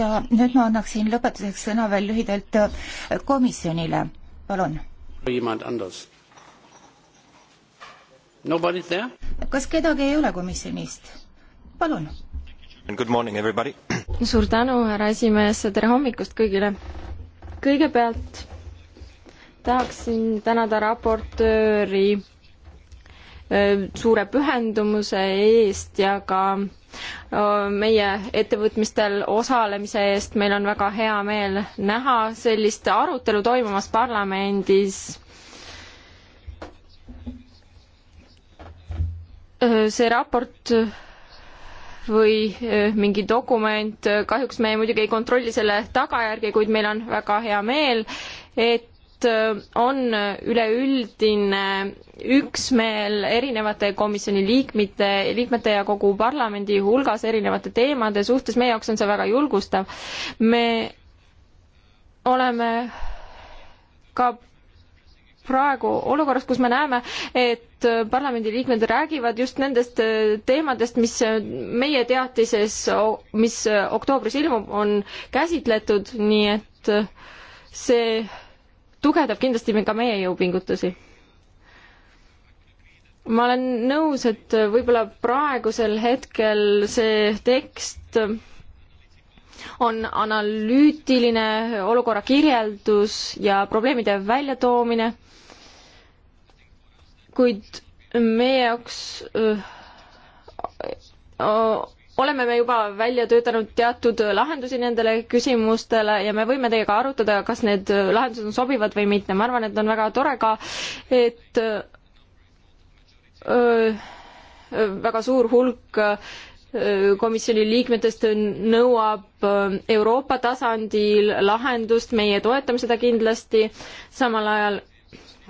ja nüüd ma annaksin lõpetuseks sõna veel lühidalt äh, komisjonile, palun. kas kedagi ei ole komisjonist? palun. (clears throat) suur tänu, härra esimees, tere hommikust kõigile. kõigepealt tahaksin tänada raportööri suure pühendumuse eest ja ka meie ettevõtmistel osalemise eest. meil on väga hea meel näha sellist arutelu toimumas parlamendis. see raport või mingi dokument, kahjuks me muidugi ei kontrolli selle tagajärgi, kuid meil on väga hea meel, et on üleüldine üksmeel erinevate komisjoni liikmete, liikmete ja kogu parlamendi hulgas erinevate teemade suhtes, meie jaoks on see väga julgustav. me oleme ka praegu olukorras, kus me näeme, et parlamendiliikmed räägivad just nendest äh, teemadest, mis äh, meie teatises, mis äh, oktoobris ilmub, on käsitletud, nii et see tugevdab kindlasti ka meie jõupingutusi ma olen nõus, et võib-olla praegusel hetkel see tekst on analüütiline olukorra kirjeldus ja probleemide väljatoomine, kuid meie jaoks öö, öö, oleme me juba välja töötanud teatud lahendusi nendele küsimustele ja me võime teiega arutada, kas need lahendused on sobivad või mitte. ma arvan, et on väga tore ka, et väga suur hulk komisjoni liikmetest nõuab Euroopa tasandil lahendust, meie toetame seda kindlasti, samal ajal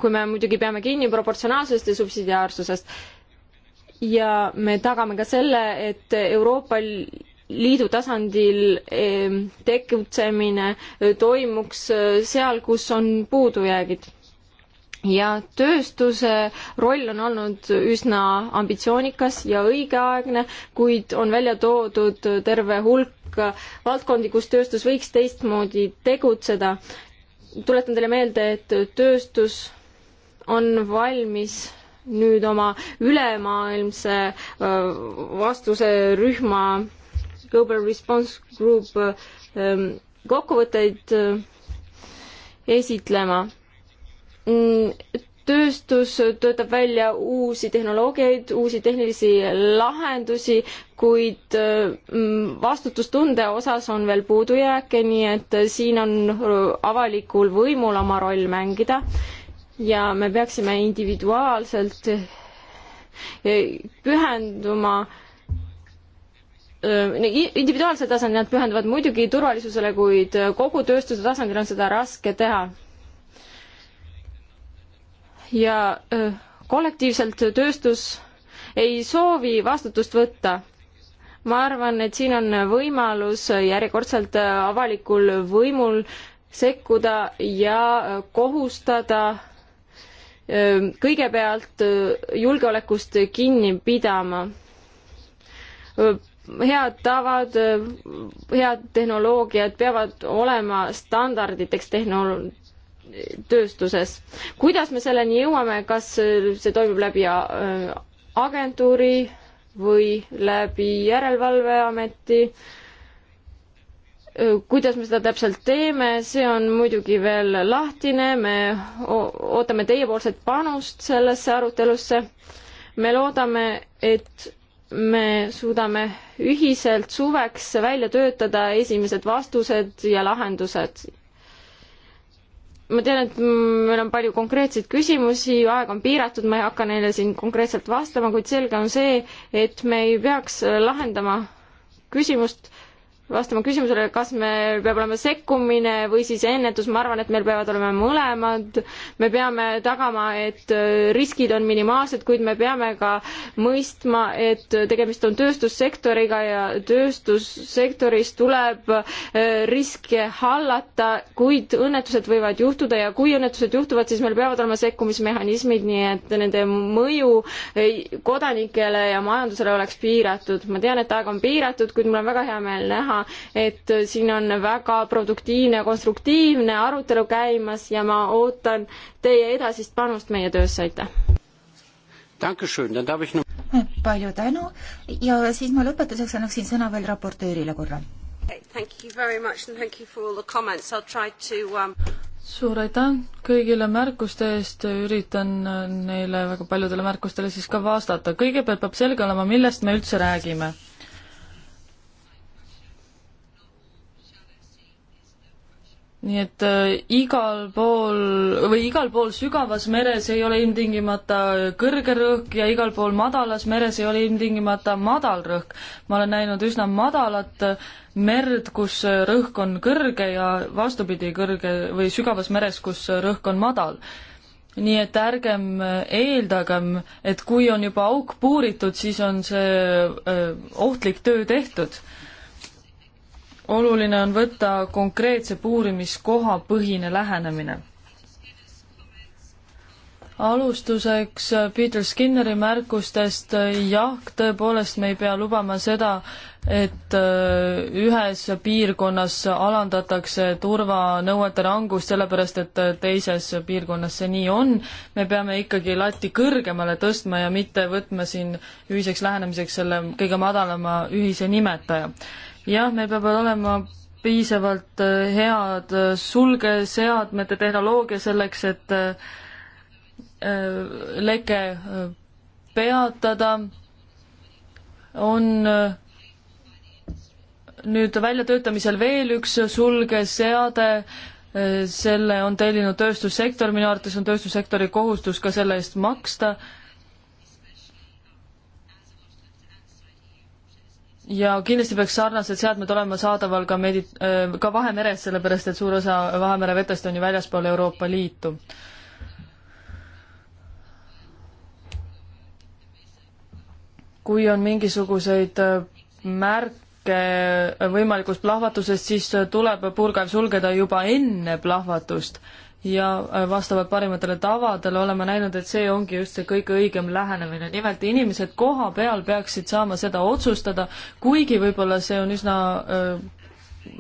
kui me muidugi peame kinni proportsionaalsusest ja subsidiaarsusest. ja me tagame ka selle, et Euroopa Liidu tasandil tegutsemine toimuks seal, kus on puudujäägid ja tööstuse roll on olnud üsna ambitsioonikas ja õigeaegne, kuid on välja toodud terve hulk valdkondi, kus tööstus võiks teistmoodi tegutseda. tuletan teile meelde, et tööstus on valmis nüüd oma ülemaailmse vastuserühma Global Response Group kokkuvõtteid esitlema Mm, tööstus töötab välja uusi tehnoloogiaid, uusi tehnilisi lahendusi, kuid mm, vastutustunde osas on veel puudujääke, nii et siin on avalikul võimul oma roll mängida ja me peaksime individuaalselt eh, pühenduma eh, individuaalsel tasandil nad pühenduvad muidugi turvalisusele, kuid kogu tööstuse tasandil on seda raske teha ja öö, kollektiivselt tööstus ei soovi vastutust võtta. ma arvan, et siin on võimalus järjekordselt avalikul võimul sekkuda ja kohustada kõigepealt julgeolekust kinni pidama. head tavad, head tehnoloogiad peavad olema standarditeks tehnol-, tööstuses. kuidas me selleni jõuame, kas see toimub läbi äh, agentuuri või läbi Järelevalveameti? Äh, kuidas me seda täpselt teeme, see on muidugi veel lahtine, me ootame teiepoolset panust sellesse arutelusse. me loodame, et me suudame ühiselt suveks välja töötada esimesed vastused ja lahendused ma tean, et meil on palju konkreetseid küsimusi, aeg on piiratud, ma ei hakka neile siin konkreetselt vastama, kuid selge on see, et me ei peaks lahendama küsimust, vastama küsimusele, kas meil peab olema sekkumine või siis ennetus, ma arvan, et meil peavad olema mõlemad. me peame tagama, et äh, riskid on minimaalsed, kuid me peame ka mõistma, et tegemist on tööstussektoriga ja tööstussektoris tuleb äh, riske hallata, kuid õnnetused võivad juhtuda ja kui õnnetused juhtuvad, siis meil peavad olema sekkumismehhanismid, nii et nende mõju äh, kodanikele ja majandusele oleks piiratud. ma tean, et aeg on piiratud, kuid mul on väga hea meel näha, näha, et siin on väga produktiivne, konstruktiivne arutelu käimas ja ma ootan teie edasist panust meie töösse, aitäh! palju tänu ja siis ma lõpetuseks annaksin sõna veel raportöörile korra. Um, suur aitäh kõigile märkuste eest, üritan neile väga paljudele märkustele siis ka vastata. kõigepealt peab selge olema, millest me üldse räägime nii et äh, igal pool või igal pool sügavas meres ei ole ilmtingimata kõrge rõhk ja igal pool madalas meres ei ole ilmtingimata madal rõhk. ma olen näinud üsna madalat äh, merd, kus äh, rõhk on kõrge ja vastupidi, kõrge või sügavas meres, kus äh, rõhk on madal. nii et ärgem eeldagem, et kui on juba auk puuritud, siis on see äh, ohtlik töö tehtud oluline on võtta konkreetse puurimiskoha põhine lähenemine. alustuseks Peter Skinneri märkustest, jah, tõepoolest me ei pea lubama seda, et äh, ühes piirkonnas alandatakse turvanõuete rangust, sellepärast et äh, teises piirkonnas see nii on. me peame ikkagi lati kõrgemale tõstma ja mitte võtma siin ühiseks lähenemiseks selle kõige madalama ühise nimetaja jah, meil peavad olema piisavalt äh, head äh, sulgeseadmete tehnoloogia selleks, et äh, leke peatada, on nüüd väljatöötamisel veel üks sulgeseade, selle on tellinud tööstussektor, minu arvates on tööstussektori kohustus ka selle eest maksta ja kindlasti peaks sarnased seadmed olema saadaval ka medi-, äh, ka Vahemeres, sellepärast et suur osa Vahemere vetest on ju väljaspool Euroopa Liitu. kui on mingisuguseid äh, märke äh, võimalikust plahvatusest, siis tuleb puurkaev sulgeda juba enne plahvatust ja äh, vastavalt parimatele tavadele oleme näinud, et see ongi just see kõige õigem lähenemine. nimelt inimesed koha peal peaksid saama seda otsustada, kuigi võib-olla see on üsna äh,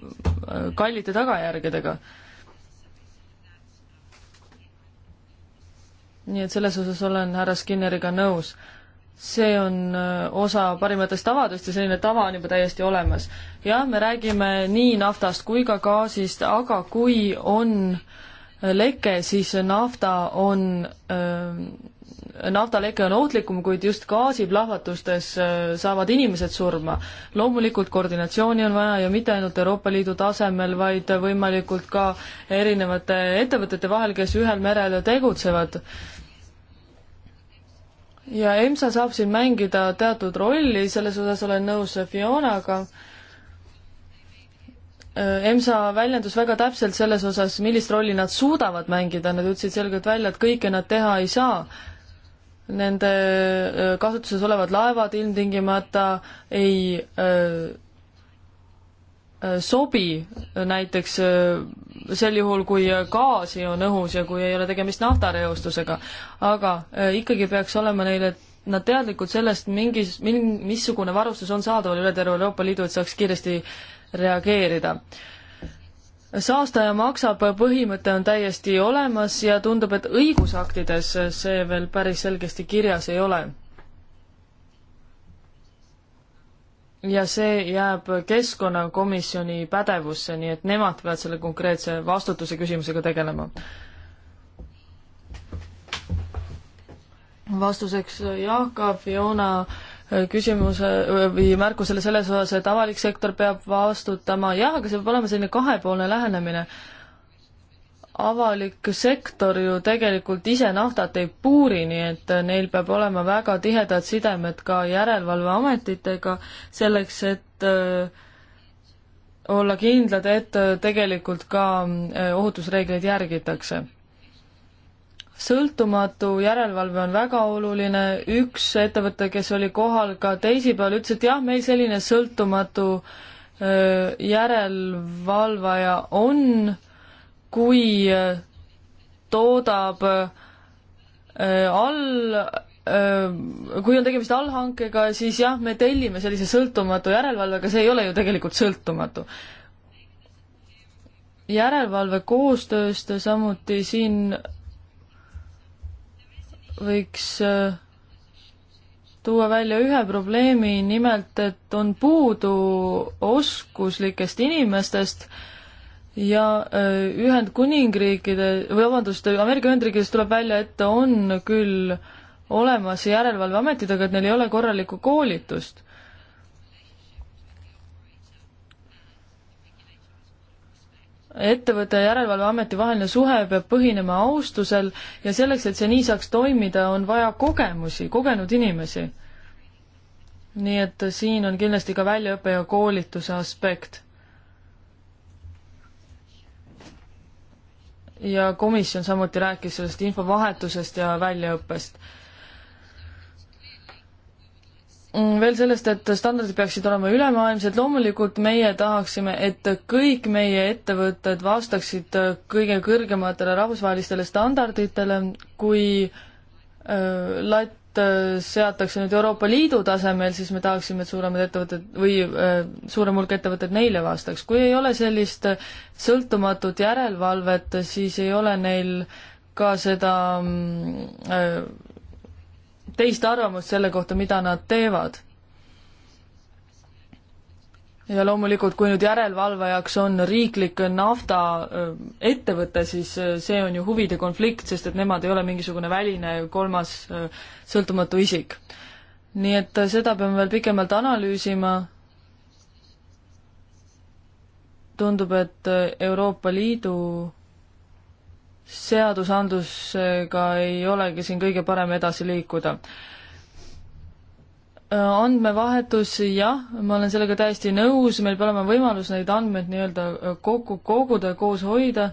kallite tagajärgedega. nii et selles osas olen härra Skinneriga nõus see on äh, osa parimatest tavadest ja selline tava on juba täiesti olemas. jah, me räägime nii naftast kui ka gaasist, aga kui on äh, leke, siis nafta on, ähm, naftaleke on ohtlikum, kuid just gaasiplahvatustes äh, saavad inimesed surma. loomulikult koordinatsiooni on vaja ja mitte ainult Euroopa Liidu tasemel, vaid võimalikult ka erinevate ettevõtete vahel, kes ühel merel tegutsevad ja EMSA saab siin mängida teatud rolli, selles osas olen nõus Fionaga EMSA väljendus väga täpselt selles osas, millist rolli nad suudavad mängida, nad ütlesid selgelt välja, et kõike nad teha ei saa. Nende kasutuses olevad laevad ilmtingimata ei öö, sobi näiteks sel juhul, kui gaasi on õhus ja kui ei ole tegemist naftareostusega, aga ikkagi peaks olema neile nad teadlikud sellest mingis, mil-, missugune varustus on saadaval üle terve Euroopa Liidu, et saaks kiiresti äh, reageerida. saastaja maksab põhimõte on täiesti olemas ja tundub, et õigusaktides see veel päris selgesti kirjas ei ole. ja see jääb Keskkonnakomisjoni pädevusse, nii et nemad peavad selle konkreetse vastutuse küsimusega tegelema vastuseks Jaaka, Fiona küsimuse või märkusele selles osas, et avalik sektor peab vastutama, jah, aga see peab olema selline kahepoolne lähenemine. avalik sektor ju tegelikult ise naftat ei puuri, nii et neil peab olema väga tihedad sidemed ka järelevalveametitega, selleks et äh, olla kindlad, et äh, tegelikult ka äh, ohutusreegleid järgitakse sõltumatu järelevalve on väga oluline, üks ettevõte, kes oli kohal ka teisipäeval, ütles, et jah, meil selline sõltumatu järelevalvaja on, kui toodab all, kui on tegemist allhankega, siis jah, me tellime sellise sõltumatu järelevalvega, see ei ole ju tegelikult sõltumatu järelevalve koostööst samuti siin võiks äh, tuua välja ühe probleemi, nimelt et on puudu oskuslikest inimestest ja äh, Ühendkuningriikide, või vabandust, Ameerika Ühendriikides tuleb välja, et on küll olemas järelevalveametid, aga et neil ei ole korralikku koolitust ettevõtte ja Järelevalveameti vaheline suhe peab põhinema austusel ja selleks, et see nii saaks toimida, on vaja kogemusi, kogenud inimesi. nii et siin on kindlasti ka väljaõppe ja koolituse aspekt. ja komisjon samuti rääkis sellest infovahetusest ja väljaõppest Mm, veel sellest, et standardid peaksid olema ülemaailmsed, loomulikult meie tahaksime, et kõik meie ettevõtted vastaksid kõige kõrgematele rahvusvahelistele standarditele, kui äh, latt äh, seatakse nüüd Euroopa Liidu tasemel, siis me tahaksime, et suuremad ettevõtted või äh, suurem hulk ettevõtteid neile vastaks. kui ei ole sellist sõltumatut järelevalvet, siis ei ole neil ka seda mm, äh, teist arvamust selle kohta, mida nad teevad. ja loomulikult, kui nüüd järelevalvajaks on riiklik naftaettevõte, äh, siis äh, see on ju huvide konflikt, sest et nemad ei ole mingisugune väline kolmas äh, sõltumatu isik. nii et seda peame veel pikemalt analüüsima tundub, et Euroopa Liidu seadusandlusega ei olegi siin kõige parem edasi liikuda. Äh, andmevahetus, jah, ma olen sellega täiesti nõus, meil peab olema võimalus neid andmeid nii-öelda äh, kokku koguda ja koos hoida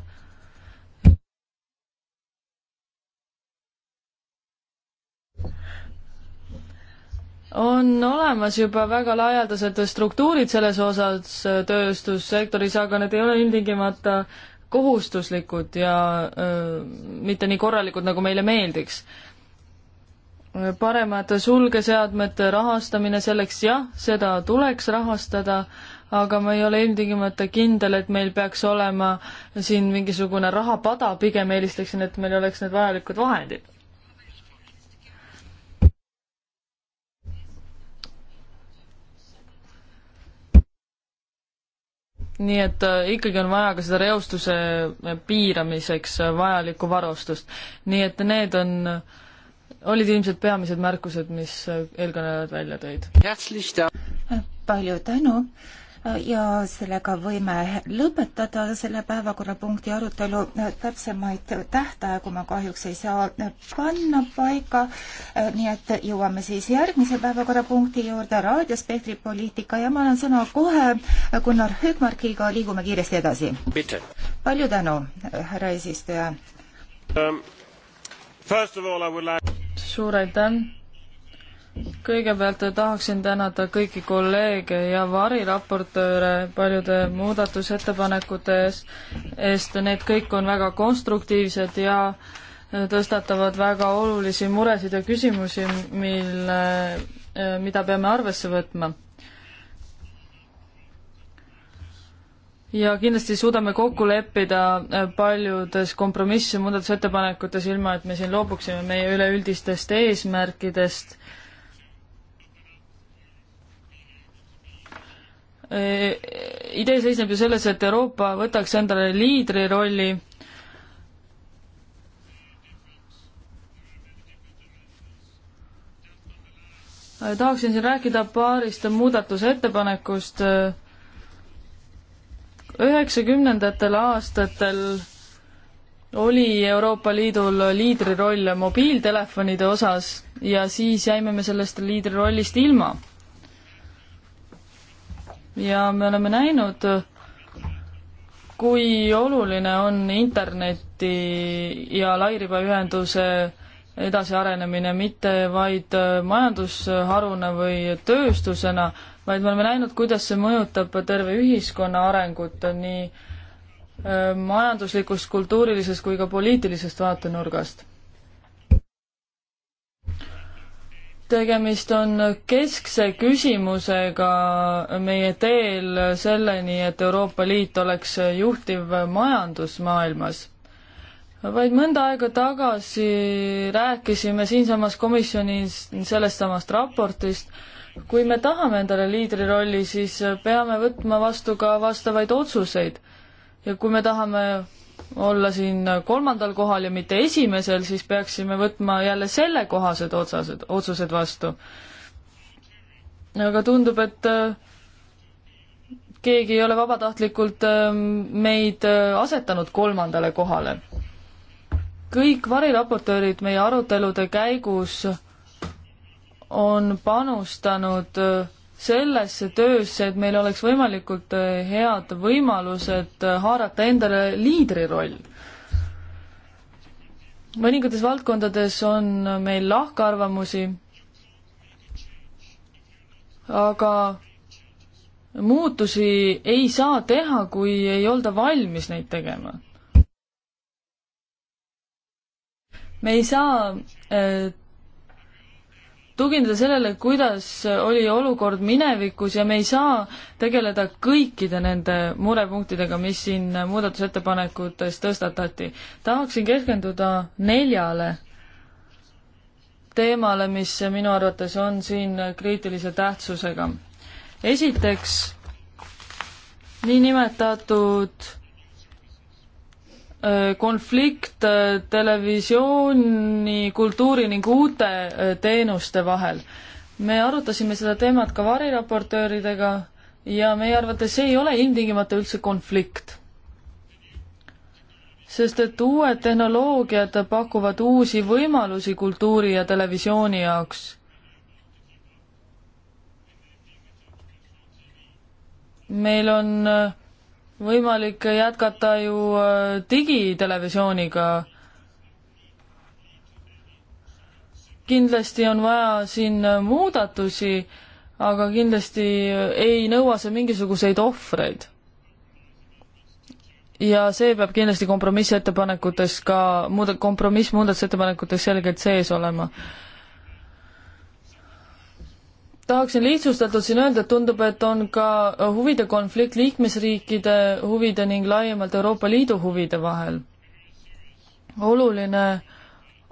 on olemas juba väga laialdased struktuurid selles osas äh, tööstussektoris, aga need ei ole ilmtingimata kohustuslikud ja öö, mitte nii korralikud, nagu meile meeldiks. paremad sulgeseadmete rahastamine selleks, jah, seda tuleks rahastada, aga ma ei ole ilmtingimata kindel, et meil peaks olema siin mingisugune rahapada, pigem eelistaksin, et meil oleks need vajalikud vahendid nii et äh, ikkagi on vaja ka seda reostuse äh, piiramiseks äh, vajalikku varustust. nii et need on, olid ilmselt peamised märkused, mis eelkõnelejad välja tõid. palju tänu ja sellega võime lõpetada selle päevakorrapunkti arutelu. täpsemaid tähtaegu ma kahjuks ei saa panna paika, nii et jõuame siis järgmise päevakorrapunkti juurde, raadiospektri poliitika ja ma annan sõna kohe Gunnar Högmarkiga, liigume kiiresti edasi. palju tänu, härra eesistuja um,. Like... suur aitäh kõigepealt tahaksin tänada kõiki kolleege ja variraportööre paljude muudatusettepanekute eest, need kõik on väga konstruktiivsed ja tõstatavad väga olulisi muresid ja küsimusi, mille, mida peame arvesse võtma. ja kindlasti suudame kokku leppida paljudes kompromissi muudatusettepanekutes, ilma et me siin loobuksime meie üleüldistest eesmärkidest äh, Äh, idee seisneb ju selles, et Euroopa võtaks endale liidri rolli äh, tahaksin siin rääkida paarist muudatusettepanekust. Äh, üheksakümnendatel aastatel oli Euroopa Liidul liidriroll mobiiltelefonide osas ja siis jäime me sellest liidrirollist ilma ja me oleme näinud, kui oluline on interneti ja lairibaühenduse edasiarenemine mitte vaid majandusharuna või tööstusena, vaid me oleme näinud, kuidas see mõjutab terve ühiskonna arengut nii äh, majanduslikust, kultuurilisest kui ka poliitilisest vaatenurgast tegemist on keskse küsimusega meie teel selleni, et Euroopa Liit oleks juhtiv majandus maailmas. vaid mõnda aega tagasi rääkisime siinsamas komisjonis sellest samast raportist, kui me tahame endale liidri rolli, siis peame võtma vastu ka vastavaid otsuseid. ja kui me tahame olla siin kolmandal kohal ja mitte esimesel, siis peaksime võtma jälle sellekohased otsased, otsused vastu. aga tundub, et äh, keegi ei ole vabatahtlikult ähm, meid äh, asetanud kolmandale kohale. kõik variraportöörid meie arutelude käigus on panustanud äh, sellesse töösse, et meil oleks võimalikult äh, head võimalused äh, haarata endale liidriroll. mõningates valdkondades on meil lahkarvamusi, aga muutusi ei saa teha, kui ei olda valmis neid tegema. me ei saa äh, tugineda sellele, kuidas oli olukord minevikus ja me ei saa tegeleda kõikide nende murepunktidega, mis siin muudatusettepanekutes tõstatati. tahaksin keskenduda neljale teemale, mis minu arvates on siin kriitilise tähtsusega. esiteks, niinimetatud Äh, konflikt äh, televisiooni, kultuuri ning uute äh, teenuste vahel. me arutasime seda teemat ka variraportööridega ja meie arvates see ei ole ilmtingimata üldse konflikt. sest et uued tehnoloogiad pakuvad uusi võimalusi kultuuri ja televisiooni jaoks meil on võimalik jätkata ju äh, digitelevisiooniga. kindlasti on vaja siin äh, muudatusi, aga kindlasti ei nõua see mingisuguseid ohvreid. ja see peab kindlasti kompromissettepanekutes ka, muuda-, kompromiss muudatusettepanekutes selgelt sees olema tahaksin lihtsustatult siin öelda, et tundub, et on ka huvide konflikt liikmesriikide huvide ning laiemalt Euroopa Liidu huvide vahel. oluline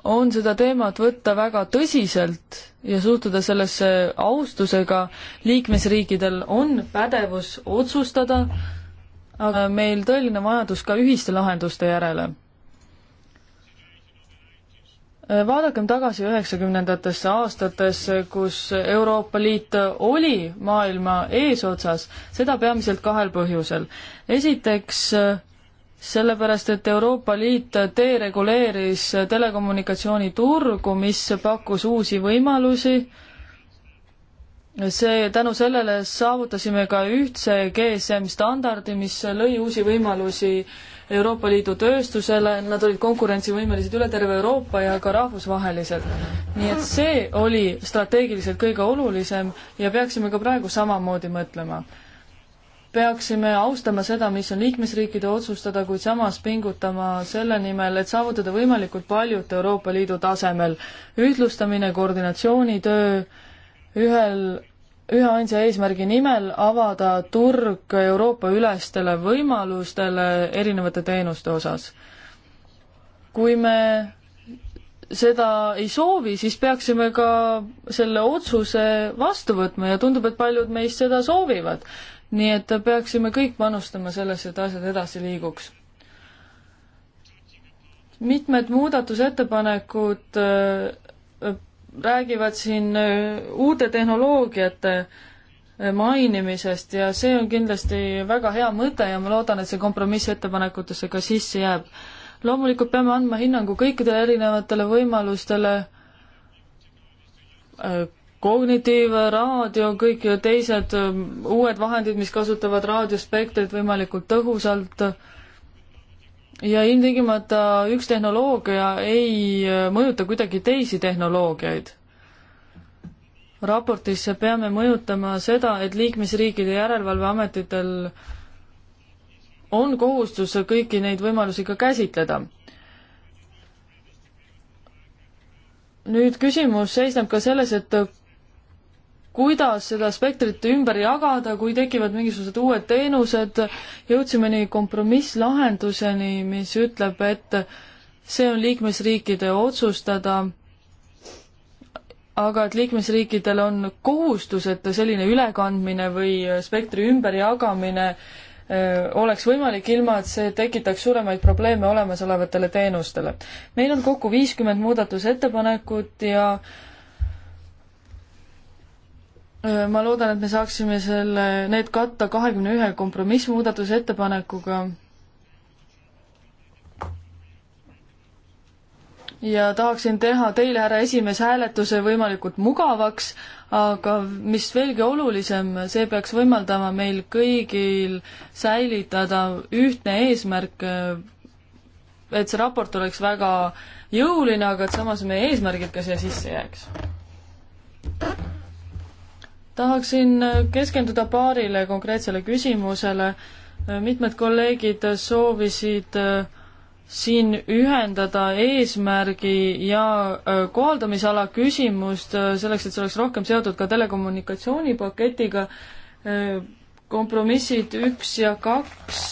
on seda teemat võtta väga tõsiselt ja suhtuda sellesse austusega. liikmesriikidel on pädevus otsustada, aga meil tõeline vajadus ka ühiste lahenduste järele vaadakem tagasi üheksakümnendatesse aastatesse, kus Euroopa Liit oli maailma eesotsas, seda peamiselt kahel põhjusel. esiteks sellepärast, et Euroopa Liit dereguleeris telekommunikatsiooniturgu, mis pakkus uusi võimalusi, see, tänu sellele saavutasime ka ühtse GSM standardi, mis lõi uusi võimalusi äh, Euroopa Liidu tööstusele, nad olid konkurentsivõimelised üle terve Euroopa ja ka rahvusvahelised. nii et see oli strateegiliselt kõige olulisem ja peaksime ka praegu samamoodi mõtlema. peaksime austama seda, mis on liikmesriikide otsustada, kuid samas pingutama selle nimel, et saavutada võimalikult paljut Euroopa Liidu tasemel. ühtlustamine, koordinatsioonitöö, ühel üheainsa eesmärgi nimel avada turg Euroopa-ülestele võimalustele erinevate teenuste osas. kui me seda ei soovi, siis peaksime ka selle otsuse vastu võtma ja tundub, et paljud meist seda soovivad. nii et peaksime kõik panustama sellesse, et asjad edasi liiguks. mitmed muudatusettepanekud äh, räägivad siin äh, uute tehnoloogiate äh, mainimisest ja see on kindlasti väga hea mõte ja ma loodan, et see kompromissettepanekutesse ka sisse jääb. loomulikult peame andma hinnangu kõikidele erinevatele võimalustele, äh, kognitiivraadio, kõik teised uued vahendid, mis kasutavad raadiospektrit võimalikult tõhusalt ja ilmtingimata üks tehnoloogia ei äh, mõjuta kuidagi teisi tehnoloogiaid. raportisse peame mõjutama seda, et liikmesriikide järelevalveametitel on kohustus kõiki neid võimalusi ka käsitleda. nüüd küsimus seisneb ka selles, et kuidas seda spektrit ümber jagada, kui tekivad mingisugused uued teenused, jõudsime nii kompromisslahenduseni, mis ütleb, et see on liikmesriikide otsustada, aga et liikmesriikidel on kohustus, et selline ülekandmine või spektri ümberjagamine äh, oleks võimalik, ilma et see tekitaks suuremaid probleeme olemasolevatele teenustele. meil on kokku viiskümmend muudatusettepanekut ja äh, Äh, ma loodan, et me saaksime selle, need katta kahekümne ühe kompromissmuudatusettepanekuga. ja tahaksin teha teile, härra esimees, hääletuse võimalikult mugavaks, aga mis veelgi olulisem, see peaks võimaldama meil kõigil säilitada ühtne eesmärk, et see raport oleks väga jõuline, aga et samas meie eesmärgid ka siia sisse jääks tahaksin keskenduda paarile konkreetsele küsimusele. mitmed kolleegid soovisid äh, siin ühendada eesmärgi ja äh, kohaldamisala küsimust äh, selleks, et see oleks rohkem seotud ka telekommunikatsioonipaketiga. kompromissid üks ja kaks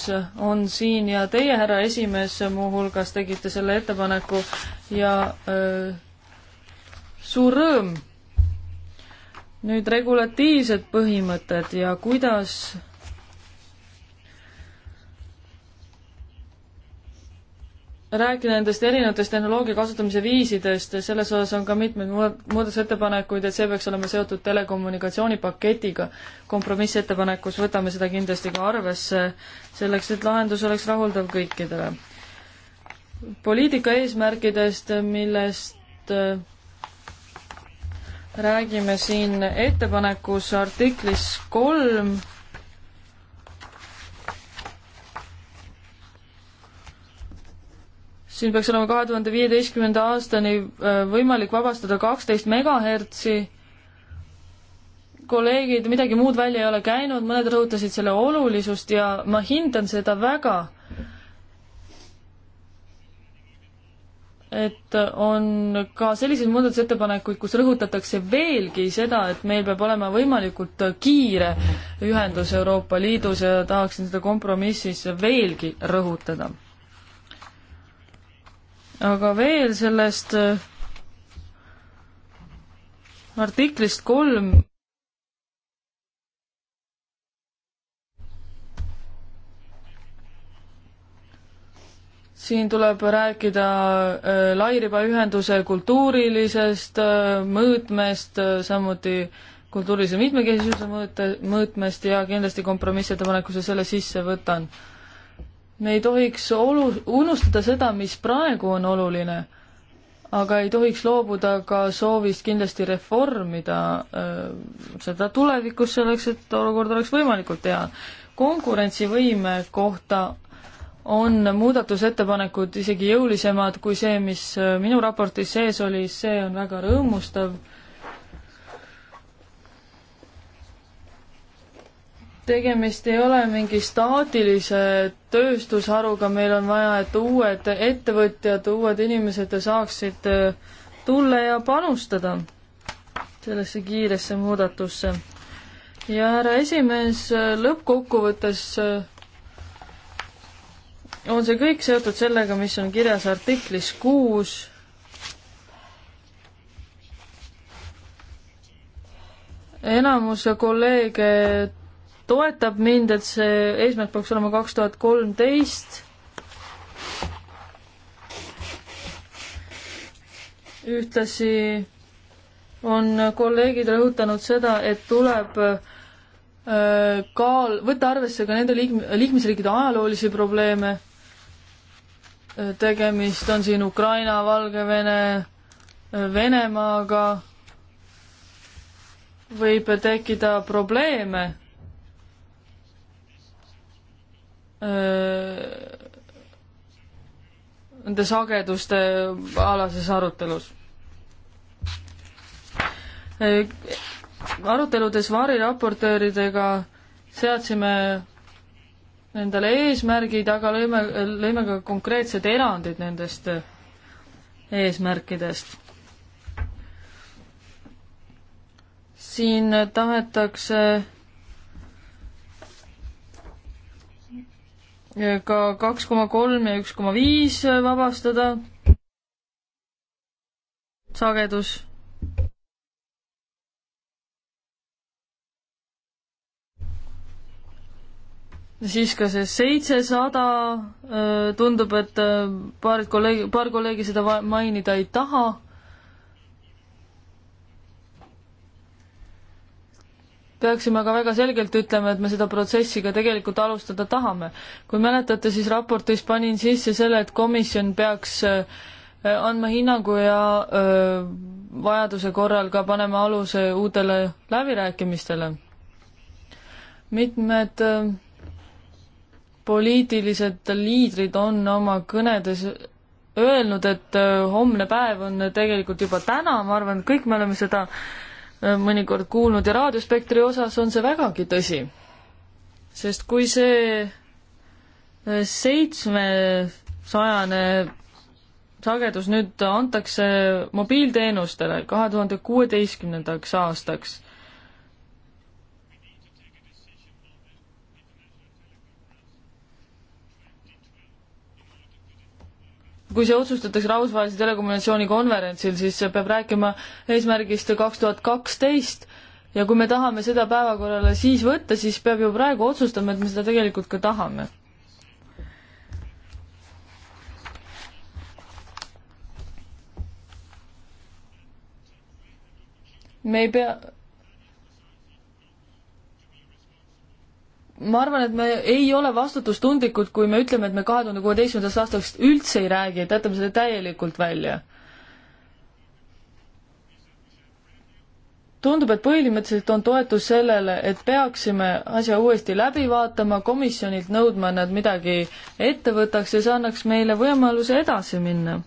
on siin ja teie, härra esimees, muuhulgas tegite selle ettepaneku ja öö, suur rõõm nüüd regulatiivsed põhimõtted ja kuidas rääkida nendest erinevatest tehnoloogia kasutamise viisidest ja selles osas on ka mitmeid muudatusettepanekuid, et see peaks olema seotud telekommunikatsioonipaketiga. kompromissettepanekus võtame seda kindlasti ka arvesse, selleks et lahendus oleks rahuldav kõikidele. poliitika eesmärkidest, millest räägime siin ettepanekus artiklis kolm siin peaks olema kahe tuhande viieteistkümnenda aastani äh, võimalik vabastada kaksteist megahertsi. kolleegid midagi muud välja ei ole käinud, mõned rõhutasid selle olulisust ja ma hindan seda väga. et on ka selliseid muudatusettepanekuid, kus rõhutatakse veelgi seda, et meil peab olema võimalikult kiire ühendus Euroopa Liidus ja tahaksin seda kompromissis veelgi rõhutada. aga veel sellest äh, artiklist kolm siin tuleb rääkida äh, lairibaühenduse kultuurilisest äh, mõõtmest, äh, samuti kultuurilise mitmekesisuse mõõte, mõõtmest ja kindlasti kompromissettepanekuse selle sisse võtan. me ei tohiks olu-, unustada seda, mis praegu on oluline, aga ei tohiks loobuda ka soovist kindlasti reformida seda tulevikus selleks, et olukord oleks võimalikult hea. konkurentsivõime kohta on muudatusettepanekud isegi jõulisemad kui see, mis äh, minu raportis sees oli, see on väga rõõmustav. tegemist ei ole mingi staatilise tööstusharuga, meil on vaja, et uued ettevõtjad, uued inimesed saaksid äh, tulla ja panustada sellesse kiiresse muudatusse. ja härra esimees, äh, lõppkokkuvõttes on see kõik seotud sellega, mis on kirjas artiklis kuus. enamus kolleege toetab mind, et see eesmärk peaks olema kaks tuhat kolmteist. ühtlasi on kolleegid rõhutanud seda, et tuleb äh, kaal, võtta arvesse ka nende liikme, liikmesriikide ajaloolisi probleeme tegemist on siin Ukraina, Valgevene, Venemaaga, võib tekkida probleeme. Äh, nende sageduste alases arutelus. Äh, aruteludes variraportööridega seadsime endale eesmärgid, aga lõime, lõime ka konkreetsed erandid nendest eesmärkidest. siin tahetakse ka kaks koma kolm ja üks koma viis vabastada. sagedus siis ka see seitsesada, tundub, et paarid kolleegi, paar kolleegi seda mainida ei taha. peaksime aga väga selgelt ütlema, et me seda protsessi ka tegelikult alustada tahame. kui mäletate, siis raportis panin sisse selle, et komisjon peaks andma hinnangu ja öö, vajaduse korral ka panema aluse uutele läbirääkimistele. mitmed öö, poliitilised liidrid on oma kõnedes öelnud, et äh, homne päev on tegelikult juba täna, ma arvan, et kõik me oleme seda äh, mõnikord kuulnud ja raadiospektri osas on see vägagi tõsi. sest kui see äh, seitsmesajane sagedus nüüd antakse mobiilteenustele kahe tuhande kuueteistkümnendaks aastaks kui see otsustatakse rahvusvahelise telekommunikatsiooni konverentsil, siis peab rääkima eesmärgist kaks tuhat kaksteist ja kui me tahame seda päevakorrale siis võtta, siis peab ju praegu otsustama, et me seda tegelikult ka tahame. me ei pea ma arvan, et me ei ole vastutustundlikud, kui me ütleme, et me kahe tuhande kuueteistkümnendast aastast üldse ei räägi, et jätame selle täielikult välja. tundub, et põhimõtteliselt on toetus sellele, et peaksime asja uuesti läbi vaatama, komisjonilt nõudma, et nad midagi ette võtaks ja see annaks meile võimaluse edasi minna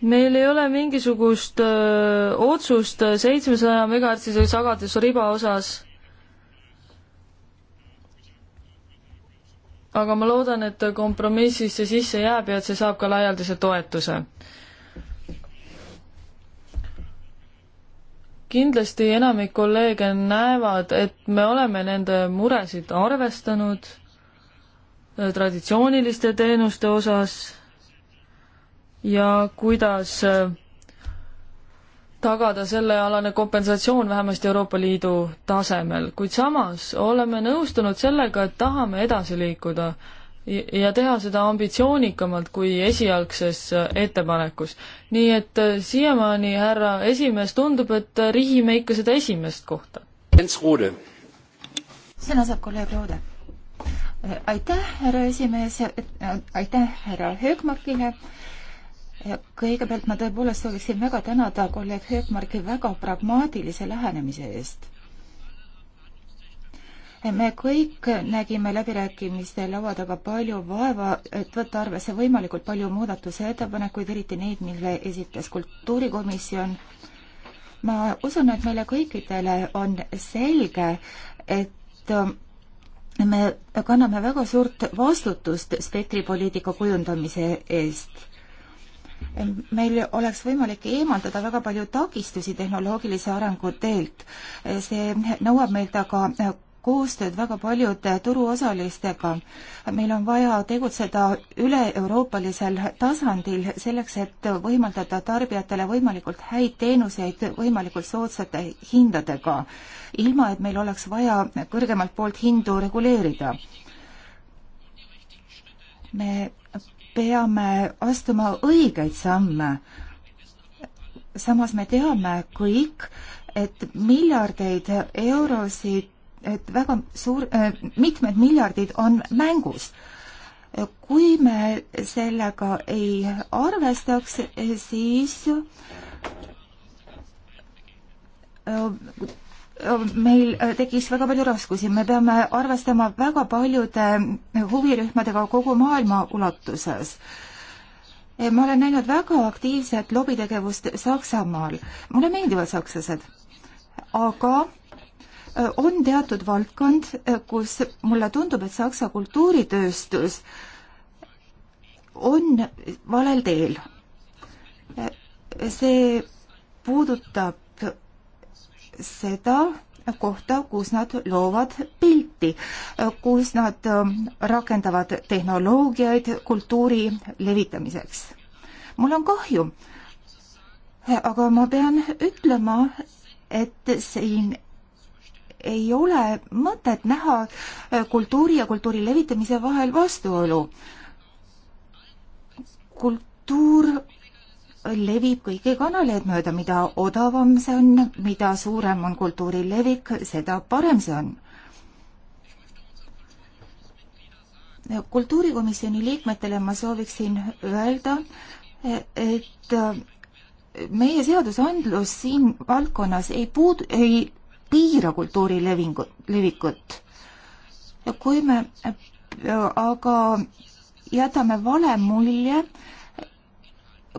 meil ei ole mingisugust öö, otsust seitsmesaja megahertsise sagedusriba osas. aga ma loodan, et kompromissis see sisse jääb ja et see saab ka laialdase toetuse. kindlasti enamik kolleege näevad, et me oleme nende muresid arvestanud traditsiooniliste teenuste osas ja kuidas äh, tagada sellealane kompensatsioon vähemasti Euroopa Liidu tasemel, kuid samas oleme nõustunud sellega, et tahame edasi liikuda ja teha seda ambitsioonikamalt kui esialgses äh, ettepanekus. nii et äh, siiamaani, härra esimees, tundub, et rihime ikka seda esimest kohta. sõna saab kolleeg Roode. aitäh, härra esimees, aitäh härra Höökmarkile äh, kõigepealt ma tõepoolest sooviksin väga tänada kolleeg Höökmarki väga pragmaatilise lähenemise eest. me kõik nägime läbirääkimiste laua taga palju vaeva, et võtta arvesse võimalikult palju muudatusettepanekuid, eriti neid, mille esitas kultuurikomisjon. ma usun, et meile kõikidele on selge, et me kanname väga suurt vastutust spektripoliitika kujundamise eest meil oleks võimalik eemaldada väga palju takistusi tehnoloogilise arengu teelt. see nõuab meilt aga koostööd väga paljude turuosalistega. meil on vaja tegutseda üle-euroopalisel tasandil selleks, et võimaldada tarbijatele võimalikult häid teenuseid võimalikult soodsate hindadega, ilma et meil oleks vaja kõrgemalt poolt hindu reguleerida. me peame astuma õigeid samme. samas me teame kõik, et miljardeid eurosid, et väga suur, äh, mitmed miljardid on mängus. kui me sellega ei arvestaks, siis äh, meil äh, tekkis väga palju raskusi, me peame arvestama väga paljude huvirühmadega kogu maailma ulatuses. ma olen näinud väga aktiivset lobitegevust Saksamaal, mulle meeldivad sakslased, aga äh, on teatud valdkond, äh, kus mulle tundub, et Saksa kultuuritööstus on valel teel. see puudutab seda kohta, kus nad loovad pilti, kus nad ähm, rakendavad tehnoloogiaid kultuuri levitamiseks. mul on kahju, aga ma pean ütlema, et siin ei ole mõtet näha äh, kultuuri ja kultuuri levitamise vahel vastuolu. kultuur levib kõiki kanaleid mööda, mida odavam see on, mida suurem on kultuuri levik, seda parem see on. kultuurikomisjoni liikmetele ma sooviksin öelda, et meie seadusandlus siin valdkonnas ei puud-, ei piira kultuuri levingu, levikut. kui me aga jätame vale mulje,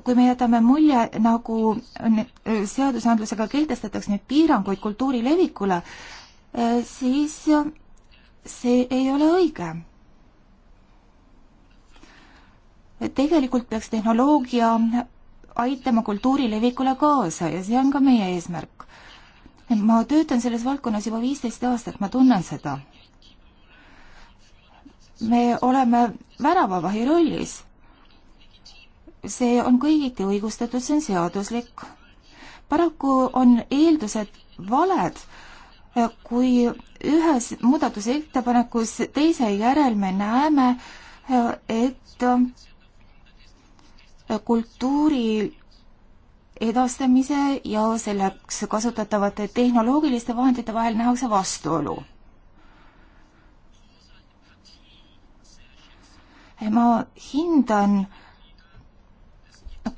kui me jätame mulje, nagu seadusandlusega kehtestatakse nüüd piiranguid kultuuri levikule, eh, siis see ei ole õige. tegelikult peaks tehnoloogia aitama kultuuri levikule kaasa ja see on ka meie eesmärk. ma töötan selles valdkonnas juba viisteist aastat, ma tunnen seda. me oleme väravavahi rollis see on kõigiti õigustatud, see on seaduslik. paraku on eeldused valed, kui ühes muudatusettepanekus teise järel me näeme, et kultuuri edastamise ja selleks kasutatavate tehnoloogiliste vahendite vahel nähakse vastuolu. ma hindan äh,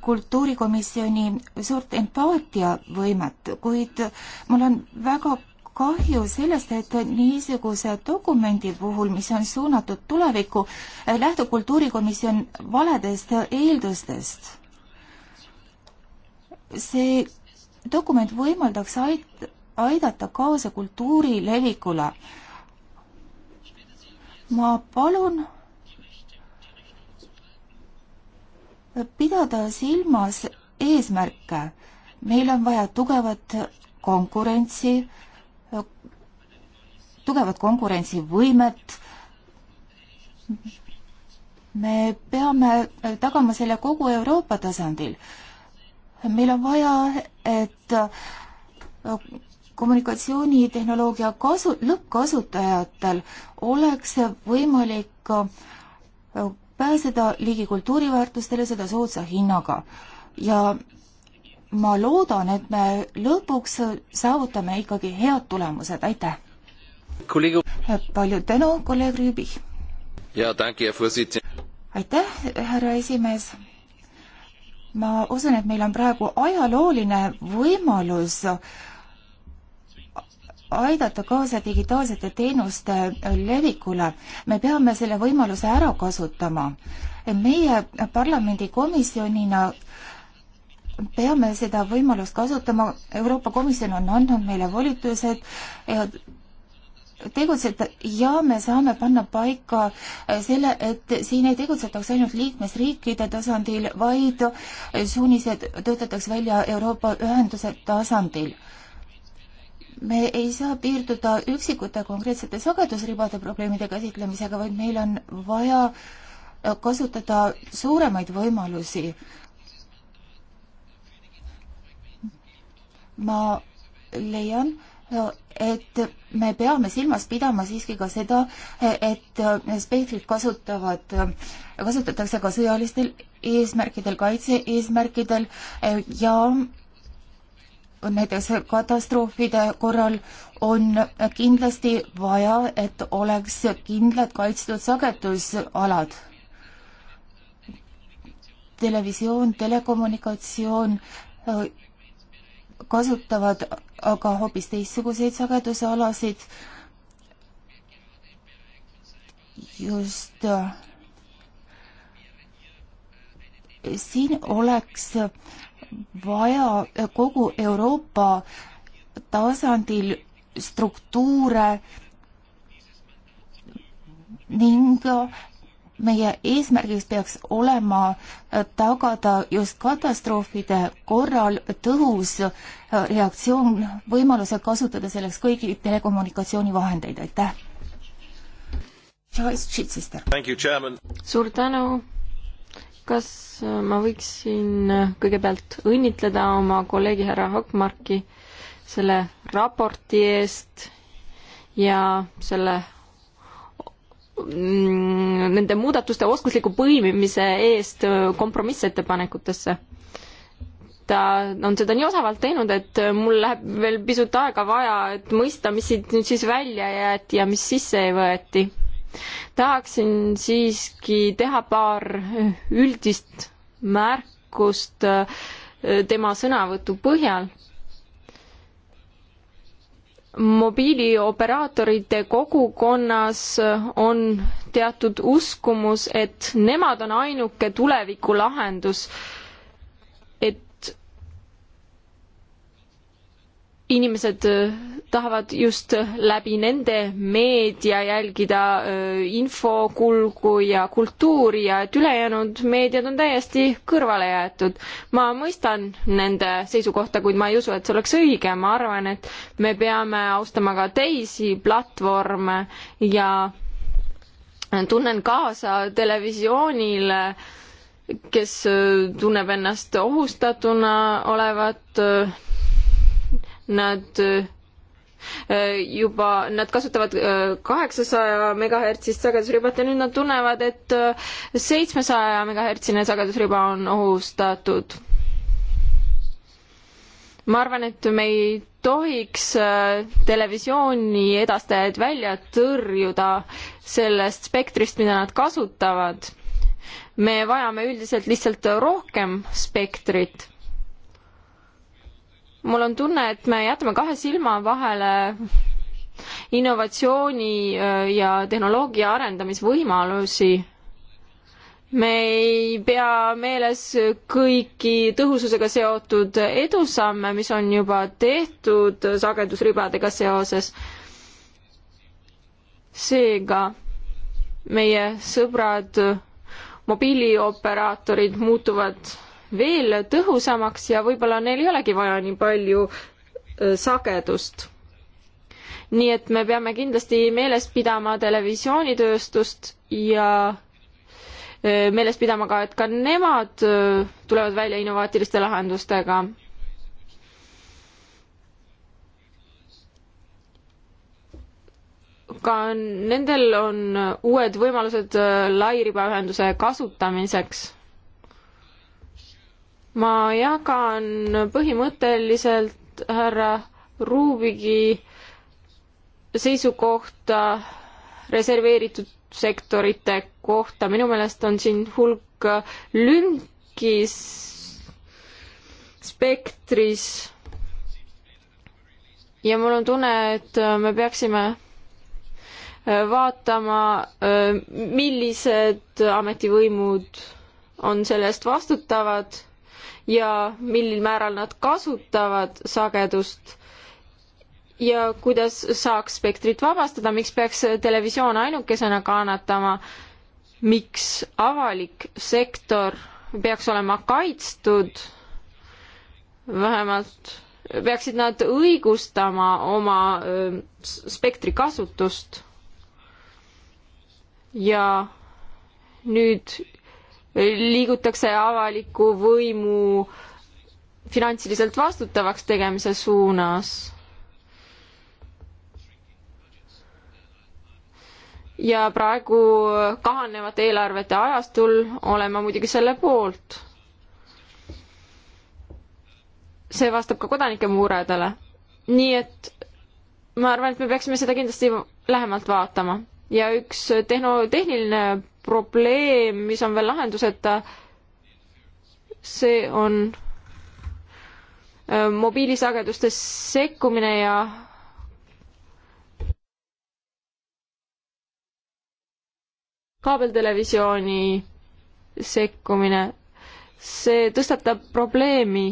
kultuurikomisjoni suurt empaatiavõimet, kuid mul on väga kahju sellest, et niisuguse dokumendi puhul, mis on suunatud tulevikku, lähtub kultuurikomisjon valedest eeldustest. see dokument võimaldaks ait-, aidata kaasa kultuuri levikule. ma palun pidada silmas eesmärke. meil on vaja tugevat konkurentsi, tugevat konkurentsivõimet. me peame tagama selle kogu Euroopa tasandil. meil on vaja, et kommunikatsioonitehnoloogia kasu, lõppkasutajatel oleks võimalik pääseda ligi kultuuriväärtustele, seda soodsa hinnaga. ja ma loodan, et me lõpuks saavutame ikkagi head tulemused, aitäh! palju tänu, kolleeg Rüübi! aitäh, härra esimees! ma usun, et meil on praegu ajalooline võimalus äh, aidata kaasa digitaalsete teenuste levikule, me peame selle võimaluse ära kasutama. meie parlamendikomisjonina peame seda võimalust kasutama, Euroopa Komisjon on andnud meile volitused eh, tegutseda ja me saame panna paika eh, selle, et siin ei tegutsetaks ainult liikmesriikide tasandil, vaid suunised töötatakse välja Euroopa ühenduse tasandil me ei saa piirduda üksikute konkreetsete sagedusribade probleemide käsitlemisega, vaid meil on vaja kasutada suuremaid võimalusi. ma leian, et me peame silmas pidama siiski ka seda, et spektrit kasutavad, kasutatakse ka sõjalistel eesmärkidel, kaitse-eesmärkidel ja nendes katastroofide korral on kindlasti vaja, et oleks kindlad kaitstud sagedusalad. televisioon, telekommunikatsioon äh, kasutavad aga hoopis teistsuguseid sagedusalasid. just äh, siin oleks vaja kogu Euroopa tasandil struktuure ning meie eesmärgiks peaks olema tagada just katastroofide korral tõhus reaktsioon, võimaluse kasutada selleks kõigi telekommunikatsioonivahendeid, aitäh! Charles Chichester. suur tänu! kas äh, ma võiksin äh, kõigepealt õnnitleda oma kolleegi härra Hokmarki selle raporti eest ja selle mm, nende muudatuste oskusliku põimimise eest äh, kompromissettepanekutesse. ta on seda nii osavalt teinud, et mul läheb veel pisut aega vaja, et mõista, mis siit nüüd siis välja jäeti ja mis sisse võeti tahaksin siiski teha paar üldist märkust äh, tema sõnavõtu põhjal. mobiilioperaatorite kogukonnas on teatud uskumus, et nemad on ainuke tulevikulahendus äh, inimesed äh, tahavad just äh, läbi nende meedia jälgida äh, infokulgu ja kultuuri ja et ülejäänud meediad on täiesti kõrvale jäetud. ma mõistan nende seisukohta, kuid ma ei usu, et see oleks õige, ma arvan, et me peame austama ka teisi platvorme ja tunnen kaasa televisioonile kes tunneb ennast ohustatuna olevat nad äh, juba, nad kasutavad äh, kaheksasaja megahertsist sagedusribat ja nüüd nad tunnevad, et äh, seitsmesaja megahertsine sagedusriba on ohustatud. ma arvan, et me ei tohiks televisiooni edastajaid välja tõrjuda sellest spektrist, mida nad kasutavad. me vajame üldiselt lihtsalt rohkem spektrit mul on tunne, et me jätame kahe silma vahele innovatsiooni äh, ja tehnoloogia arendamisvõimalusi. me ei pea meeles kõiki tõhususega seotud edusamme, mis on juba tehtud sagedusribadega seoses. seega meie sõbrad mobiilioperaatorid muutuvad veel tõhusamaks ja võib-olla neil ei olegi vaja nii palju sagedust. nii et me peame kindlasti meeles pidama televisioonitööstust ja meeles pidama ka, et ka nemad tulevad välja innovaatiliste lahendustega. ka nendel on uued võimalused lairibaühenduse kasutamiseks ma jagan põhimõtteliselt härra Rubigi seisukohta reserveeritud sektorite kohta, minu meelest on siin hulk lünkis spektris ja mul on tunne, et me peaksime äh, vaatama, äh, millised ametivõimud on selle eest vastutavad ja millil määral nad kasutavad sagedust ja kuidas saaks spektrit vabastada, miks peaks televisioon ainukesena kannatama, miks avalik sektor peaks olema kaitstud, vähemalt peaksid nad õigustama oma spektri kasutust ja nüüd liigutakse avaliku võimu finantsiliselt vastutavaks tegemise suunas. ja praegu kahanevate eelarvete ajastul olen ma muidugi selle poolt. see vastab ka kodanike muredele. nii et ma arvan, et me peaksime seda kindlasti lähemalt vaatama ja üks tehno-, tehniline probleem, mis on veel lahenduseta, see on äh, mobiilisageduste sekkumine ja kaabeltelevisiooni sekkumine. see tõstatab probleemi.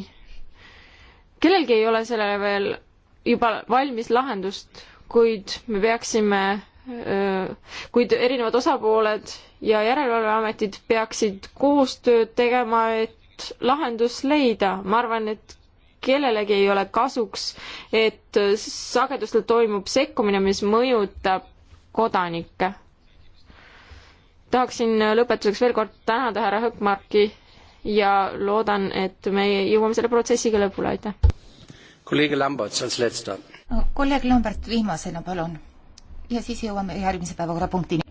kellelgi ei ole sellele veel juba valmis lahendust, kuid me peaksime kuid erinevad osapooled ja järelevalveametid peaksid koostööd tegema, et lahendus leida. ma arvan, et kellelegi ei ole kasuks, et sagedustel toimub sekkumine, mis mõjutab kodanikke. tahaksin lõpetuseks veel kord tänada härra Höppmarki ja loodan, et me jõuame selle protsessiga lõpule, aitäh. kolleeg Lambert, kolleeg Lambert viimasena, palun ja siis jõuame järgmise päevakorrapunktini.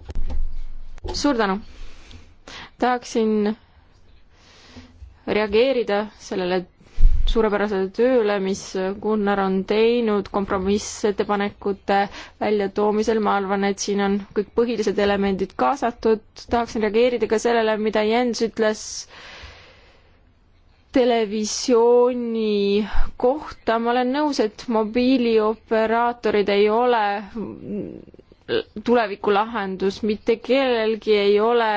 suur tänu! tahaksin reageerida sellele suurepärasele tööle, mis Gunnar on teinud kompromissettepanekute väljatoomisel, ma arvan, et siin on kõik põhilised elemendid kaasatud, tahaksin reageerida ka sellele, mida Jens ütles äh, televisiooni kohta ma olen nõus, et mobiilioperaatorid ei ole tulevikulahendus, mitte kellelgi ei ole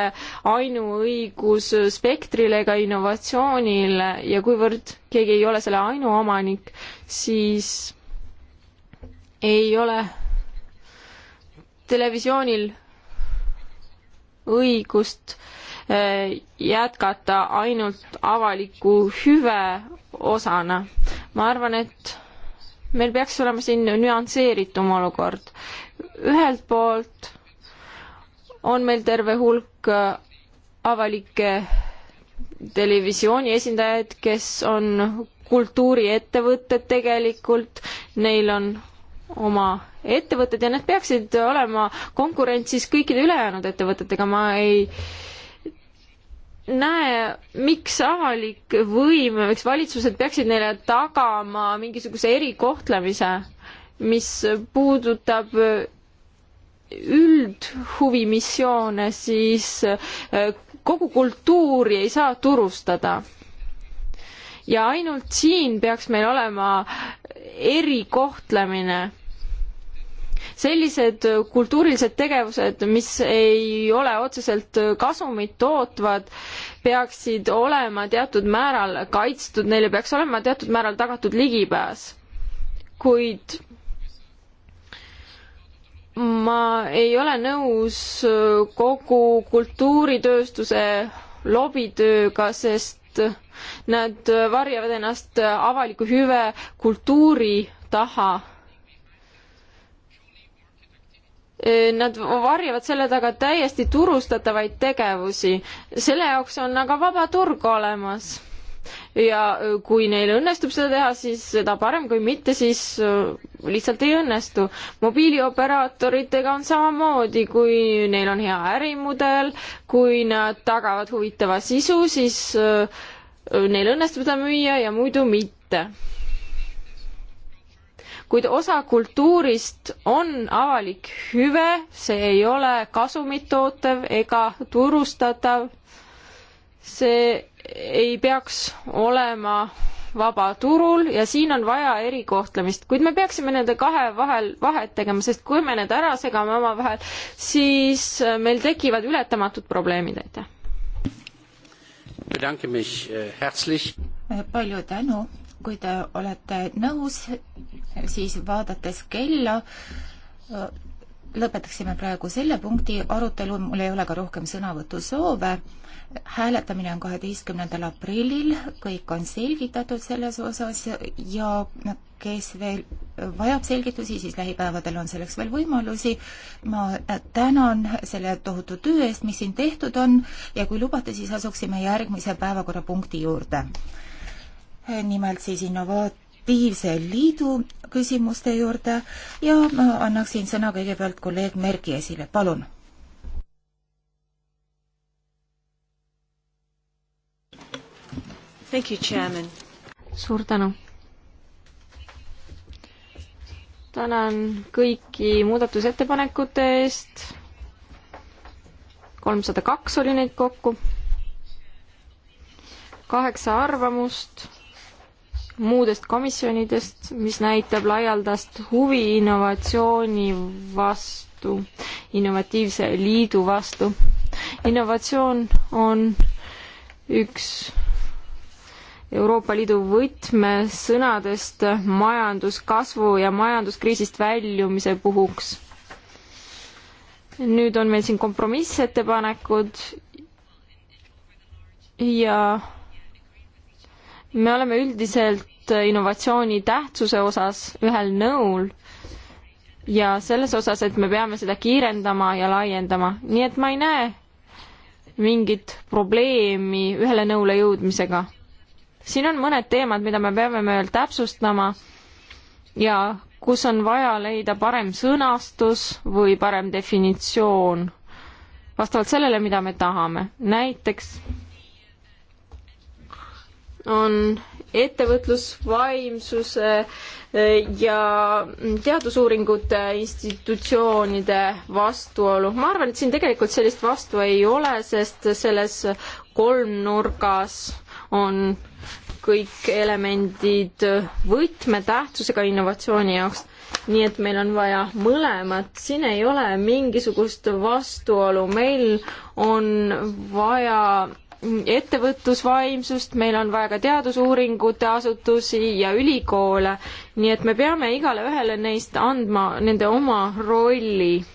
ainuõigus spektrile ega innovatsioonile ja kuivõrd keegi ei ole selle ainuomanik, siis ei ole televisioonil õigust äh, jätkata ainult avaliku hüve osana. ma arvan, et meil peaks olema siin nüansseeritum olukord. ühelt poolt on meil terve hulk avalikke televisiooni esindajaid, kes on kultuuriettevõtted tegelikult, neil on oma ettevõtted ja need peaksid olema konkurentsis kõikide ülejäänud ettevõtetega, ma ei äh, näe, miks avalik võim, miks valitsused peaksid neile tagama mingisuguse erikohtlemise, mis puudutab üldhuvimissioone, siis äh, kogu kultuuri ei saa turustada. ja ainult siin peaks meil olema erikohtlemine sellised kultuurilised tegevused, mis ei ole otseselt kasumit tootvad, peaksid olema teatud määral kaitstud, neile peaks olema teatud määral tagatud ligipääs. kuid ma ei ole nõus kogu kultuuritööstuse lobitööga, sest nad varjavad ennast avaliku hüve kultuuri taha Nad varjavad selle taga täiesti turustatavaid tegevusi. selle jaoks on aga vaba turg olemas. ja e, kui neil õnnestub seda teha, siis seda parem, kui mitte, siis e, lihtsalt ei õnnestu. mobiilioperaatoritega on samamoodi, kui neil on hea ärimudel, kui nad tagavad huvitava sisu, siis e, neil õnnestub seda müüa ja muidu mitte kuid osa kultuurist on avalik hüve, see ei ole kasumit tootev ega turustatav. see ei peaks olema vabaturul ja siin on vaja erikohtlemist, kuid me peaksime nende kahe vahel vahet tegema, sest kui me need ära segame omavahel, siis meil tekivad ületamatud probleemid, aitäh. Äh, äh, palju tänu kui te olete nõus, siis vaadates kella, lõpetaksime praegu selle punkti arutelu, mul ei ole ka rohkem sõnavõtusoove. hääletamine on kaheteistkümnendal aprillil, kõik on selgitatud selles osas ja kes veel vajab selgitusi, siis lähipäevadel on selleks veel võimalusi. ma tänan selle tohutu töö eest, mis siin tehtud on ja kui lubate, siis asuksime järgmise päevakorrapunkti juurde nimelt siis innovatiivse liidu küsimuste juurde ja ma annaksin sõna kõigepealt kolleeg Merki esile, palun. suur tänu tänan kõiki muudatusettepanekute eest. kolmsada kaks oli neid kokku. kaheksa arvamust muudest komisjonidest, mis näitab laialdast huvi innovatsiooni vastu, innovatiivse liidu vastu. innovatsioon on üks Euroopa Liidu võtmesõnadest majanduskasvu ja majanduskriisist väljumise puhuks. nüüd on meil siin kompromissettepanekud ja me oleme üldiselt innovatsiooni tähtsuse osas ühel nõul ja selles osas, et me peame seda kiirendama ja laiendama, nii et ma ei näe mingit probleemi ühele nõule jõudmisega. siin on mõned teemad, mida me peame veel täpsustama ja kus on vaja leida parem sõnastus või parem definitsioon vastavalt sellele, mida me tahame. näiteks on ettevõtlusvaimsuse eh, ja teadusuuringute institutsioonide vastuolu. ma arvan, et siin tegelikult sellist vastu ei ole, sest selles kolmnurgas on kõik elemendid võtmetähtsusega innovatsiooni jaoks. nii et meil on vaja mõlemat, siin ei ole mingisugust vastuolu, meil on vaja ettevõtlusvaimsust, meil on vaja ka teadusuuringute asutusi ja ülikoole, nii et me peame igale ühele neist andma nende oma rolli.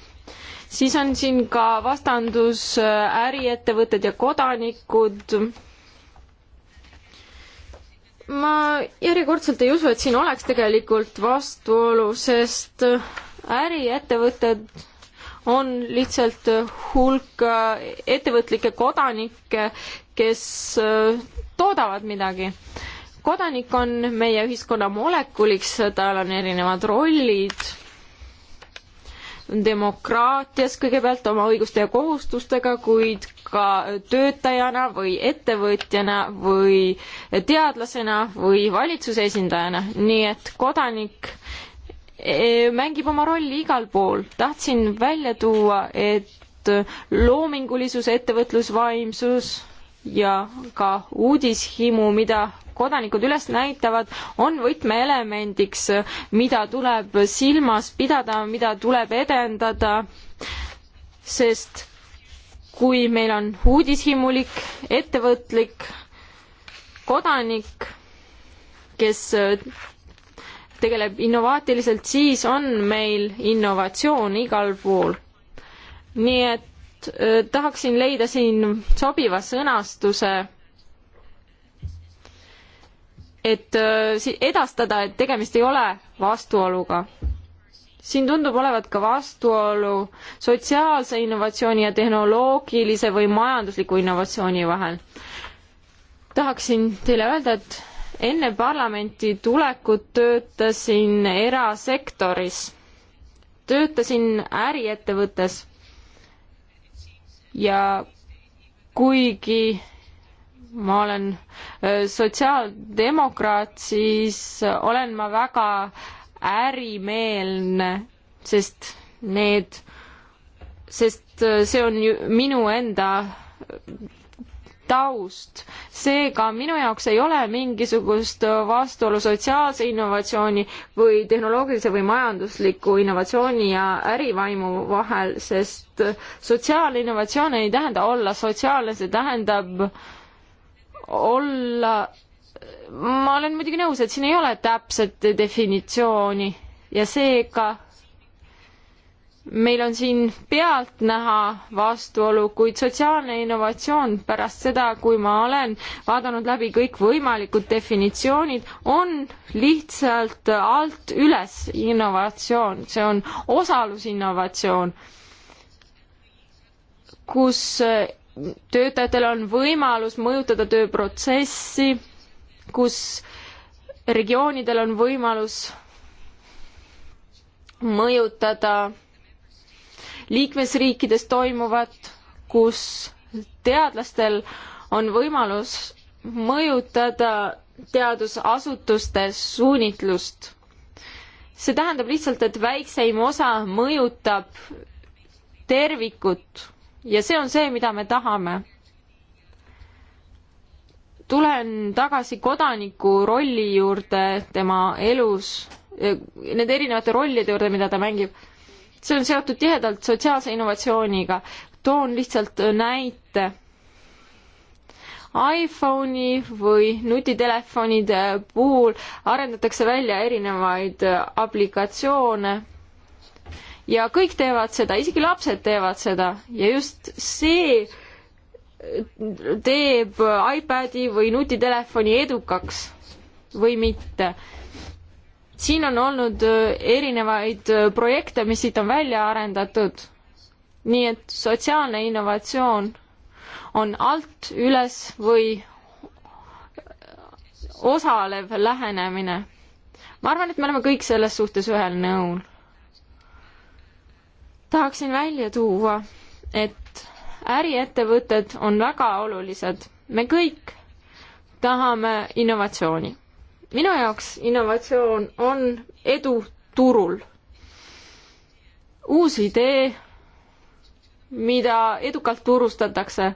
siis on siin ka vastandus äh, äriettevõtted ja kodanikud. ma järjekordselt ei usu, et siin oleks tegelikult vastuolu, sest äh, äriettevõtted on lihtsalt hulk ettevõtlikke kodanikke, kes äh, toodavad midagi. kodanik on meie ühiskonna molekuliks, tal on erinevad rollid demokraatias kõigepealt oma õiguste ja kohustustega, kuid ka töötajana või ettevõtjana või teadlasena või valitsuse esindajana, nii et kodanik Eh, mängib oma rolli igal pool. tahtsin välja tuua, et loomingulisus, ettevõtlusvaimsus ja ka uudishimu, mida kodanikud üles näitavad, on võtmeelemendiks, mida tuleb silmas pidada, mida tuleb edendada, sest kui meil on uudishimulik, ettevõtlik kodanik, kes tegeleb innovaatiliselt, siis on meil innovatsioon igal pool. nii et äh, tahaksin leida siin sobiva sõnastuse, et äh, edastada, et tegemist ei ole vastuoluga. siin tundub olevat ka vastuolu sotsiaalse innovatsiooni ja tehnoloogilise või majandusliku innovatsiooni vahel. tahaksin teile öelda, et enne parlamenti tulekut töötasin erasektoris, töötasin äriettevõttes ja kuigi ma olen sotsiaaldemokraat, siis olen ma väga ärimeelne, sest need, sest see on ju minu enda taust. seega minu jaoks ei ole mingisugust vastuolu sotsiaalse innovatsiooni või tehnoloogilise või majandusliku innovatsiooni ja ärivaimu vahel, sest sotsiaalinnovatsioon ei tähenda olla sotsiaalne, see tähendab olla, ma olen muidugi nõus, et siin ei ole täpset definitsiooni ja seega meil on siin pealtnäha vastuolu, kuid sotsiaalne innovatsioon pärast seda, kui ma olen vaadanud läbi kõikvõimalikud definitsioonid, on lihtsalt alt üles innovatsioon, see on osalusinnovatsioon, kus töötajatel on võimalus mõjutada tööprotsessi, kus regioonidel on võimalus mõjutada liikmesriikides toimuvat, kus teadlastel on võimalus mõjutada teadusasutuste suunitlust. see tähendab lihtsalt, et väikseim osa mõjutab tervikut ja see on see, mida me tahame. tulen tagasi kodaniku rolli juurde tema elus, eh, nende erinevate rollide juurde, mida ta mängib see on seotud tihedalt sotsiaalse innovatsiooniga. toon lihtsalt näite. iPhone'i või nutitelefonide äh, puhul arendatakse välja erinevaid äh, aplikatsioone ja kõik teevad seda, isegi lapsed teevad seda ja just see äh, teeb iPadi või nutitelefoni edukaks või mitte siin on olnud äh, erinevaid äh, projekte, mis siit on välja arendatud. nii et sotsiaalne innovatsioon on alt üles või äh, osalev lähenemine. ma arvan, et me oleme kõik selles suhtes ühel nõul. tahaksin välja tuua, et äriettevõtted on väga olulised. me kõik tahame innovatsiooni minu jaoks innovatsioon on edu turul. uus idee, mida edukalt turustatakse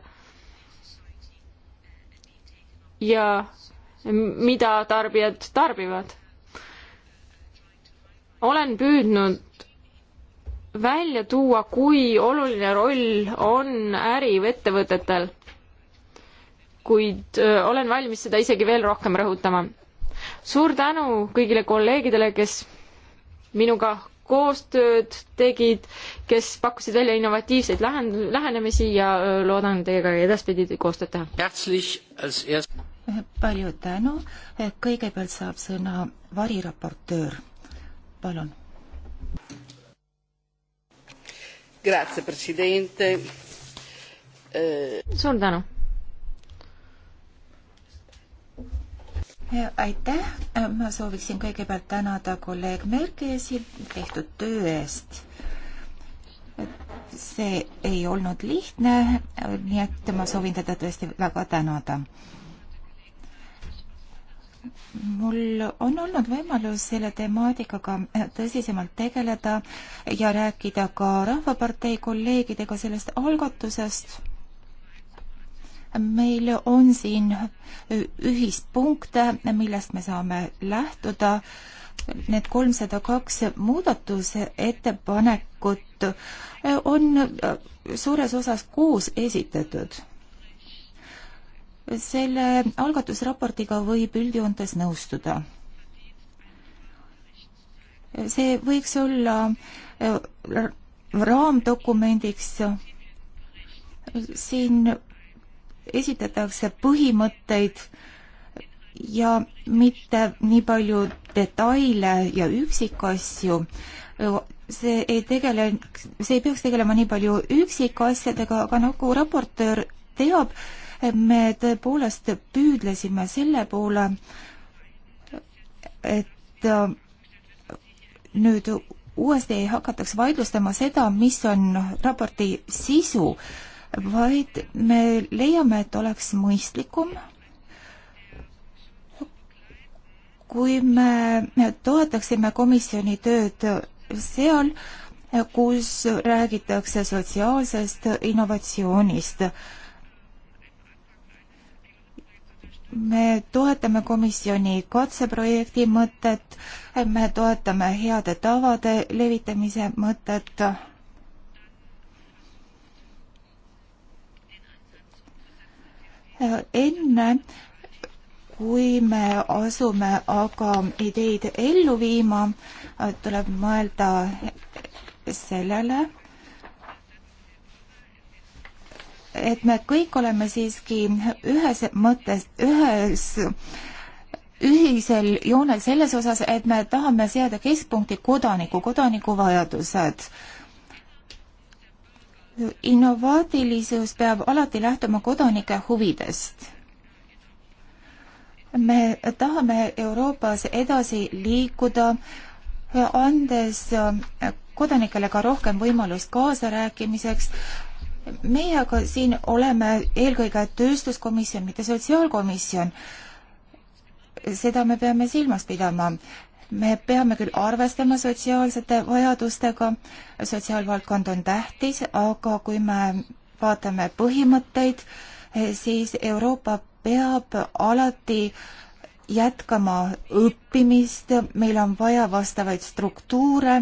ja mida tarbijad tarbivad. olen püüdnud välja tuua, kui oluline roll on äriettevõtetel, kuid olen valmis seda isegi veel rohkem rõhutama suur tänu kõigile kolleegidele, kes minuga koostööd tegid, kes pakkusid välja innovatiivseid lähen-, lähenemisi ja loodan teiega edaspidi koostööd teha. palju tänu, kõigepealt saab sõna variraportöör, palun. suur tänu aitäh, ma sooviksin kõigepealt tänada kolleeg Merkesi tehtud töö eest. see ei olnud lihtne, nii et ma soovin teda tõesti väga tänada. mul on olnud võimalus selle temaatikaga tõsisemalt tegeleda ja rääkida ka Rahvapartei kolleegidega sellest algatusest meil on siin ühispunkte, millest me saame lähtuda. Need kolmsada kaks muudatusettepanekut on suures osas koos esitatud. selle algatusraportiga võib üldjoontes nõustuda see võiks olla raamdokumendiks siin esitatakse põhimõtteid ja mitte nii palju detaile ja üksikasju. see ei tegele, see ei peaks tegelema nii palju üksikasjadega, aga nagu raportöör teab, me tõepoolest püüdlesime selle poole, et äh, nüüd uuesti hakatakse vaidlustama seda, mis on raporti sisu vaid me leiame, et oleks mõistlikum, kui me toetaksime komisjoni tööd seal, kus räägitakse sotsiaalsest innovatsioonist. me toetame komisjoni katseprojekti mõtet, me toetame heade tavade levitamise mõtet enne kui me asume aga ideid ellu viima, tuleb mõelda sellele, et me kõik oleme siiski ühes mõttes, ühes ühisel joonel selles osas, et me tahame seada keskpunkti kodaniku, kodaniku vajadused äh, innovaatilisus peab alati lähtuma kodanike huvidest. me tahame Euroopas edasi liikuda, andes kodanikele ka rohkem võimalust kaasarääkimiseks. meie aga siin oleme eelkõige tööstuskomisjon, mitte sotsiaalkomisjon. seda me peame silmas pidama me peame küll arvestama sotsiaalsete vajadustega, sotsiaalvaldkond on tähtis, aga kui me vaatame põhimõtteid, eh, siis Euroopa peab alati jätkama õppimist, meil on vaja vastavaid struktuure.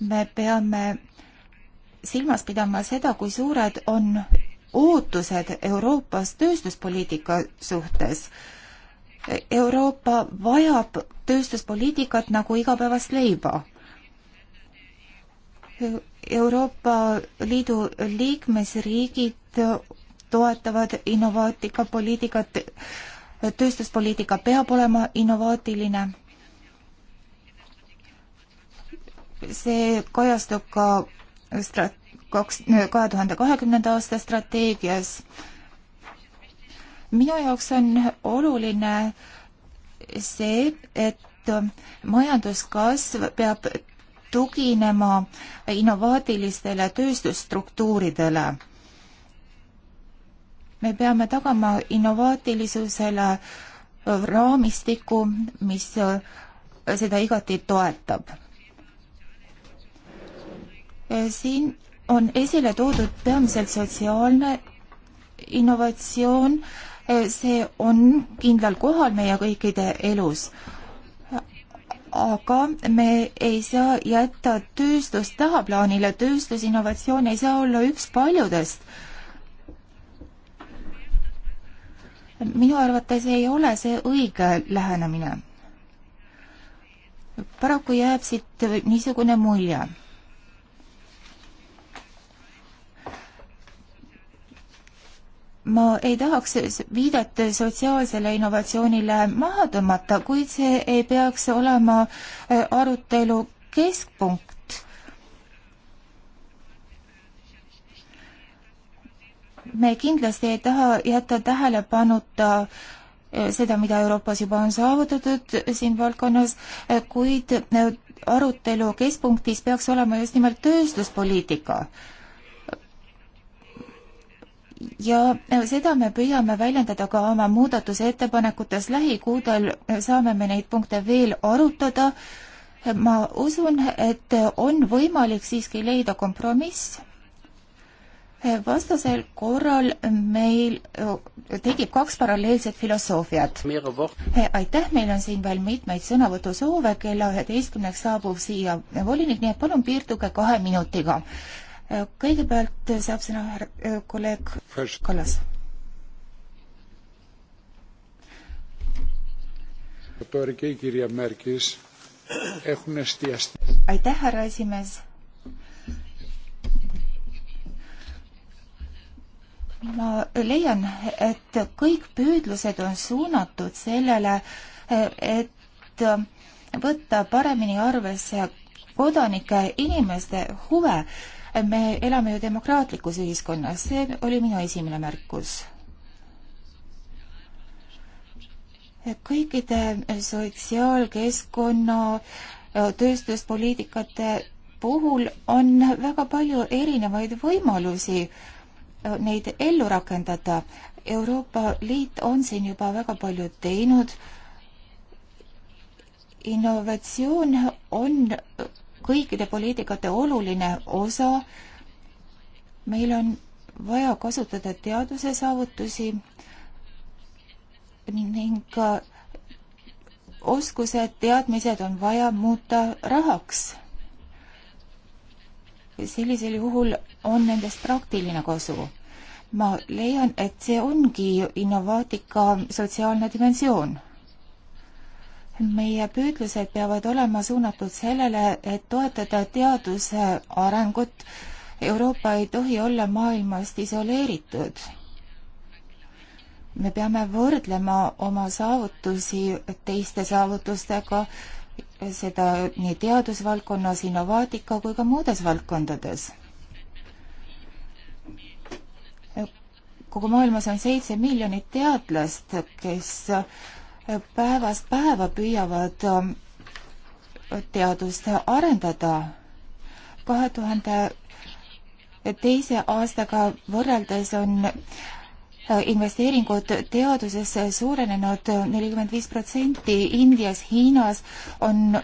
me peame silmas pidama seda, kui suured on ootused Euroopas tööstuspoliitika suhtes. Euroopa vajab tööstuspoliitikat nagu igapäevast leiba. Euroopa Liidu liikmesriigid toetavad innovaatika poliitikat, tööstuspoliitika peab olema innovaatiline. see kajastub ka strat-, kaks, kahe tuhande kahekümnenda aasta strateegias. minu jaoks on oluline see, et majanduskasv peab tuginema innovaatilistele tööstusstruktuuridele. me peame tagama innovaatilisusele raamistiku, mis seda igati toetab. siin on esile toodud peamiselt sotsiaalne innovatsioon, see on kindlal kohal meie kõikide elus. aga me ei saa jätta tööstust tahaplaanile, tööstusinnovatsioon ei saa olla üks paljudest. minu arvates ei ole see õige lähenemine. paraku jääb siit niisugune mulje ma ei tahaks viidet sotsiaalsele innovatsioonile maha tõmmata, kuid see ei peaks olema äh, arutelu keskpunkt. me kindlasti ei taha jätta tähelepanuta äh, seda, mida Euroopas juba on saavutatud äh, siin valdkonnas, kuid arutelu keskpunktis peaks olema just nimelt tööstuspoliitika ja äh, seda me püüame väljendada ka oma muudatusettepanekutes lähikuudel, äh, saame me neid punkte veel arutada. ma usun, et äh, on võimalik siiski leida kompromiss. vastasel korral meil tekib kaks paralleelset filosoofiat. aitäh, meil on siin veel mitmeid sõnavõtusoove, kella üheteistkümneks saabub siia volinik, nii et palun piirduge kahe minutiga kõigepealt saab sõna härra äh, kolleeg Kallas. aitäh, härra esimees. ma leian, et kõik püüdlused on suunatud sellele, et võtta paremini arvesse kodanike, inimeste huve me elame ju demokraatlikus ühiskonnas, see oli minu esimene märkus. kõikide sotsiaalkeskkonna tööstuspoliitikate puhul on väga palju erinevaid võimalusi neid ellu rakendada. Euroopa Liit on siin juba väga palju teinud. innovatsioon on kõikide poliitikate oluline osa. meil on vaja kasutada teaduse saavutusi ning oskused, teadmised on vaja muuta rahaks. sellisel juhul on nendest praktiline kasu. ma leian, et see ongi innovaatika sotsiaalne dimensioon meie püüdlused peavad olema suunatud sellele, et toetada teaduse arengut. Euroopa ei tohi olla maailmast isoleeritud. me peame võrdlema oma saavutusi teiste saavutustega, seda nii teadusvaldkonnas, innovaatika kui ka muudes valdkondades kogu maailmas on seitse miljonit teadlast, kes päevast päeva püüavad ähm, teadust arendada. kahe tuhande teise aastaga võrreldes on äh, investeeringud teadusesse suurenenud nelikümmend viis protsenti, Indias, Hiinas on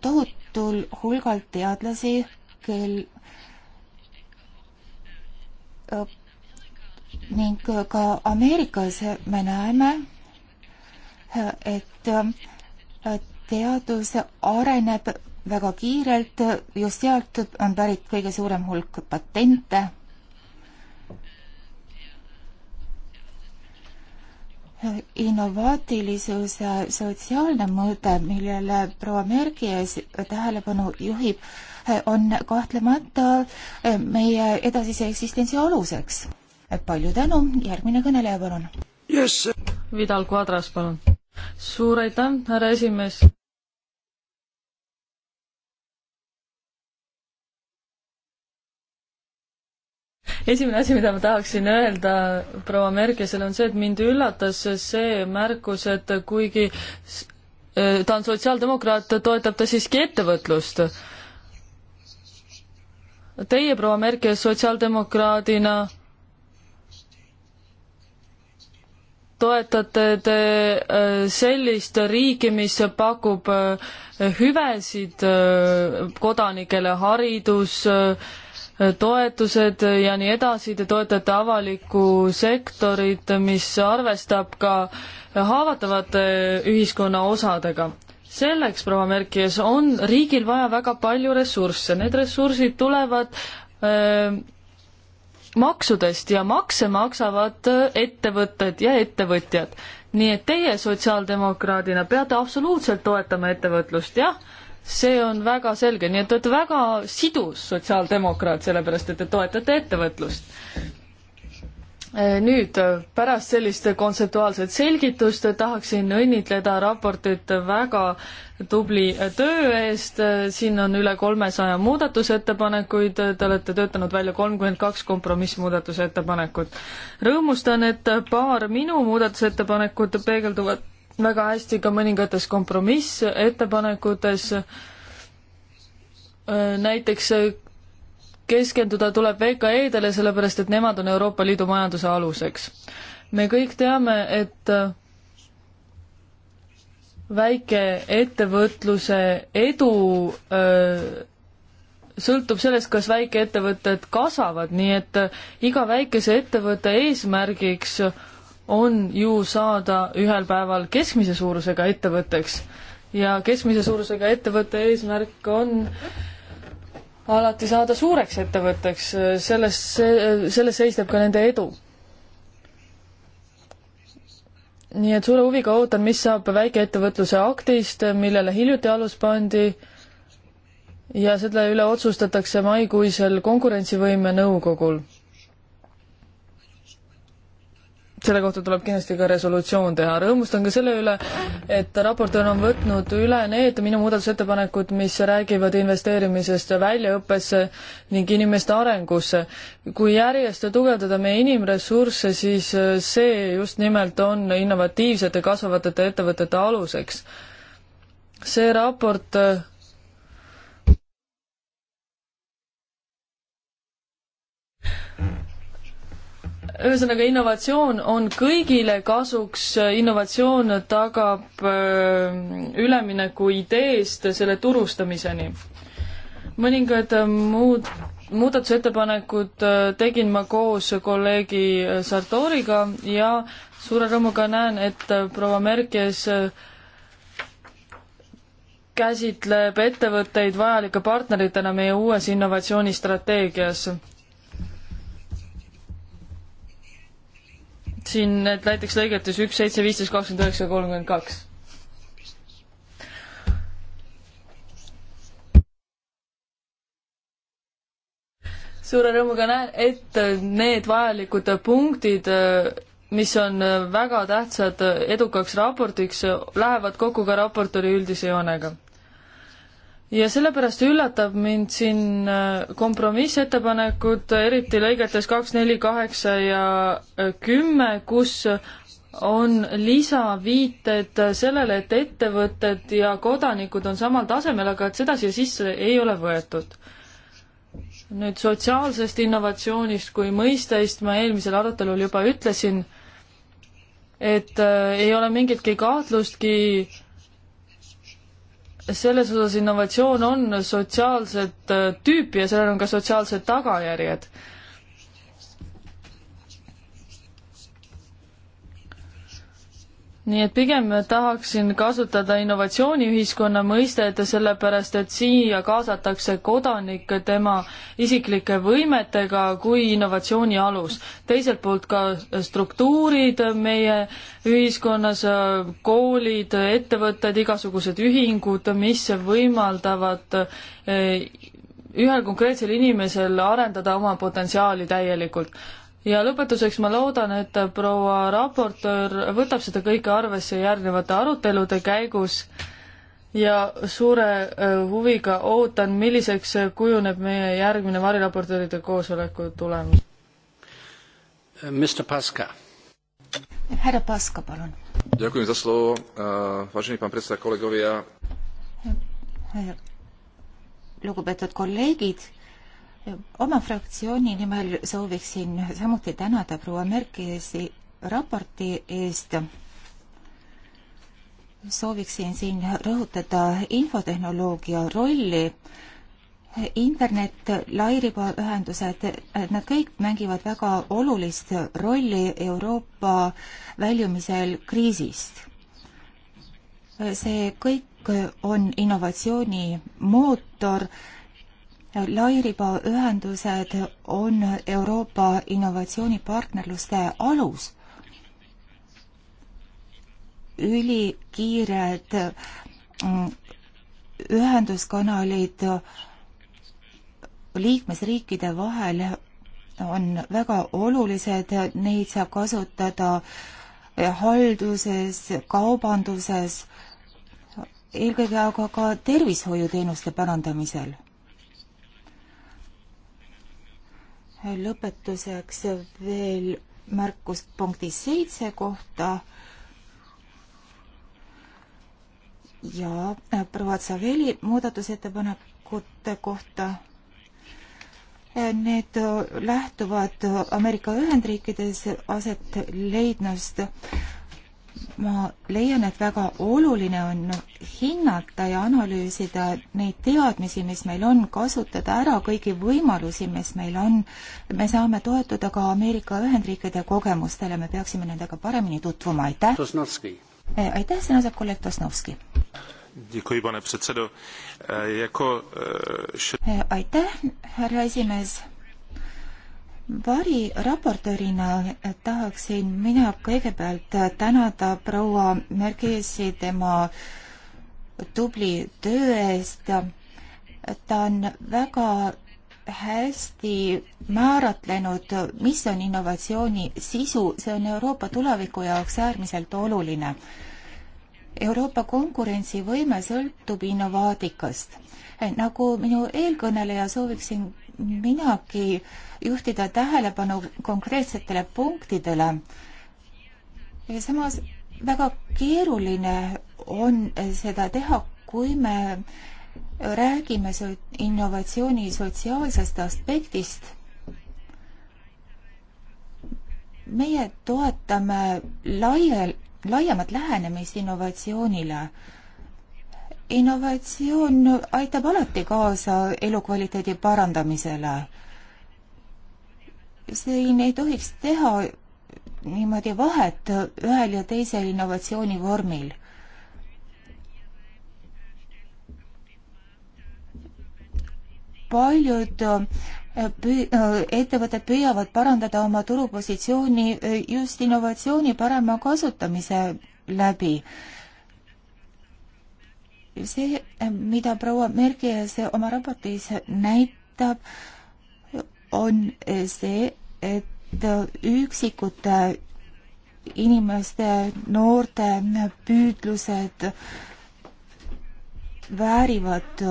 tohutul hulgal teadlasi, kel äh, ning ka Ameerikas me näeme, et äh, teadus areneb väga kiirelt, just sealt on pärit kõige suurem hulk patente. innovaatilisuse sotsiaalne mõõde, millele proua Merkies tähelepanu juhib, on kahtlemata äh, meie edasise eksistentsi aluseks. palju tänu, järgmine kõneleja, palun yes.. Vidal Quadras, palun suur aitäh, härra esimees. esimene asi, mida ma tahaksin öelda proua Merkesele, on see, et mind üllatas see märkus, et kuigi äh, ta on sotsiaaldemokraat, toetab ta siiski ettevõtlust. Teie, proua Merkel, sotsiaaldemokraadina toetate te äh, sellist riiki, mis pakub äh, hüvesid äh, kodanikele, haridus, toetused ja nii edasi, te toetate avalikku sektorit, mis arvestab ka haavatavate ühiskonna osadega. selleks, proua Merkies, on riigil vaja väga palju ressursse, need ressursid tulevad öö, maksudest ja makse maksavad äh, ettevõtted ja ettevõtjad. nii et teie sotsiaaldemokraadina peate absoluutselt toetama ettevõtlust, jah, see on väga selge, nii et te olete väga sidus sotsiaaldemokraat, sellepärast et te toetate ettevõtlust Äh, nüüd äh, pärast sellist kontseptuaalset selgitust tahaksin õnnitleda raportit väga tubli äh, töö eest, siin on üle kolmesaja muudatusettepanekuid, te olete töötanud välja kolmkümmend kaks kompromissmuudatusettepanekut. rõõmustan, et paar minu muudatusettepanekut peegelduvad väga hästi ka mõningates kompromissettepanekutes, näiteks keskenduda tuleb VKE-dele, sellepärast et nemad on Euroopa Liidu majanduse aluseks. me kõik teame, et väikeettevõtluse edu öö, sõltub sellest, kas väikeettevõtted kasvavad, nii et iga väikese ettevõtte eesmärgiks on ju saada ühel päeval keskmise suurusega ettevõtteks ja keskmise suurusega ettevõtte eesmärk on äh, alati saada suureks ettevõtteks, selles, selles seisneb ka nende edu. nii et suure huviga ootan, mis saab väikeettevõtluse aktist, millele hiljuti alus pandi ja selle üle otsustatakse maikuisel konkurentsivõime nõukogul selle kohta tuleb kindlasti ka resolutsioon teha. rõõmustan ka selle üle, et raportöör on võtnud üle need minu muudatusettepanekud, mis räägivad investeerimisest väljaõppesse ning inimeste arengusse. kui järjest tugevdada meie inimressursse, siis see just nimelt on innovatiivsete kasvavate ettevõtete aluseks. see raport ühesõnaga, innovatsioon on kõigile kasuks, innovatsioon tagab äh, ülemineku ideest selle turustamiseni. mõningad äh, muud muudatusettepanekud äh, tegin ma koos kolleegi Sartoriga ja suure rõõmuga näen, et proua Merkes käsitleb ettevõtteid vajalike partneritena meie uues innovatsioonistrateegias. siin need näiteks lõigetes üks, seitse, viisteist, kakskümmend üheksa, kolmkümmend kaks. suure rõõmuga näen, et need vajalikud punktid, mis on väga tähtsad edukaks raportiks, lähevad kokku ka raportori üldise joonega ja sellepärast üllatab mind siin äh, kompromissettepanekud, eriti lõigetes kaks, neli, kaheksa ja äh, kümme, kus on lisaviited sellele, et ettevõtted ja kodanikud on samal tasemel, aga et seda siia sisse ei ole võetud. nüüd sotsiaalsest innovatsioonist kui mõistest ma eelmisel arutelul juba ütlesin, et äh, ei ole mingitki kahtlustki äh, selles osas innovatsioon on sotsiaalset äh, tüüpi ja sellel on ka sotsiaalsed tagajärjed. nii et pigem tahaksin kasutada innovatsiooniühiskonna mõistet, sellepärast et siia kaasatakse kodanikke tema isiklike võimetega kui innovatsiooni alus. teiselt poolt ka struktuurid meie ühiskonnas, koolid, ettevõtted, igasugused ühingud, mis võimaldavad eh, ühel konkreetsel inimesel arendada oma potentsiaali täielikult ja lõpetuseks ma loodan, et proua raportöör võtab seda kõike arvesse järgnevate arutelude käigus ja suure äh, huviga ootan, milliseks kujuneb meie järgmine variraportööride koosoleku tulemus. Mr Paska. härra Paska, palun. Ďakujem za slovo, vážený pán predseda, kolegovia. lugupeetud kolleegid oma fraktsiooni nimel sooviksin samuti tänada proua Merkesi raporti eest sooviksin siin rõhutada infotehnoloogia rolli. internet, lairibaühendused, nad kõik mängivad väga olulist rolli Euroopa väljumisel kriisist. see kõik on innovatsiooni mootor lairibaühendused on Euroopa innovatsioonipartnerluste alus ülikiired mm, ühenduskanalid liikmesriikide vahel on väga olulised, neid saab kasutada halduses, kaubanduses, eelkõige aga ka tervishoiuteenuste parandamisel lõpetuseks veel märkus punkti seitse kohta. ja äh, proua Tsaveli muudatusettepanekute kohta. Äh, need äh, lähtuvad Ameerika Ühendriikides aset leidnust ma leian, et väga oluline on hinnata ja analüüsida neid teadmisi, mis meil on, kasutada ära kõigi võimalusi, mis meil on. me saame toetuda ka Ameerika Ühendriikide kogemustele, me peaksime nendega paremini tutvuma, aitäh. Eh, aitäh, sõna saab kolleeg Tosnovski. E, e, eh, aitäh, härra esimees variraportöörina tahaksin mina kõigepealt tänada proua Mergesi tema tubli töö eest. ta on väga hästi määratlenud, mis on innovatsiooni sisu, see on Euroopa tuleviku jaoks äärmiselt oluline. Euroopa konkurentsivõime sõltub innovaatikast. nagu minu eelkõneleja, sooviksin minagi juhtida tähelepanu konkreetsetele punktidele. samas väga keeruline on seda teha, kui me räägime innovatsiooni sotsiaalsest aspektist. meie toetame laial, laiemat lähenemist innovatsioonile innovatsioon aitab alati kaasa elukvaliteedi parandamisele. siin ei tohiks teha niimoodi vahet ühel ja teisel innovatsioonivormil. paljud äh, püü-, äh, ettevõtted püüavad parandada oma turupositsiooni äh, just innovatsiooni parema kasutamise läbi see, eh, mida proua Merkies oma raportis näitab, on eh, see, et eh, üksikute inimeste, noorte püüdlused väärivad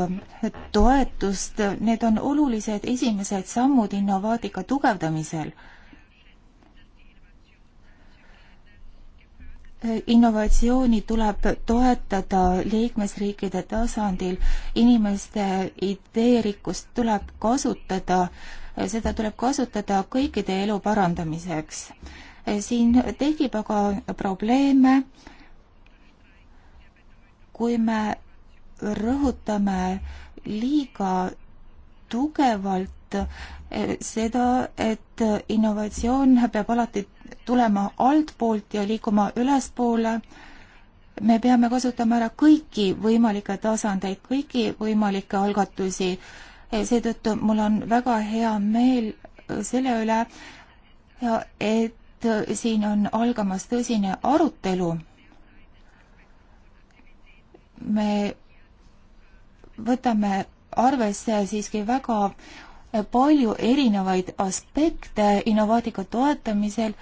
toetust, need on olulised esimesed sammud innovaatika tugevdamisel innovatsiooni tuleb toetada liikmesriikide tasandil, inimeste ideerikkust tuleb kasutada, seda tuleb kasutada kõikide elu parandamiseks. siin tekib aga probleeme, kui me rõhutame liiga tugevalt eh, seda, et innovatsioon peab alati tulema altpoolt ja liikuma ülespoole. me peame kasutama ära kõiki võimalikke tasandeid, kõiki võimalikke algatusi. seetõttu mul on väga hea meel selle üle, et siin on algamas tõsine arutelu. me võtame arvesse siiski väga palju erinevaid aspekte innovaatika toetamisel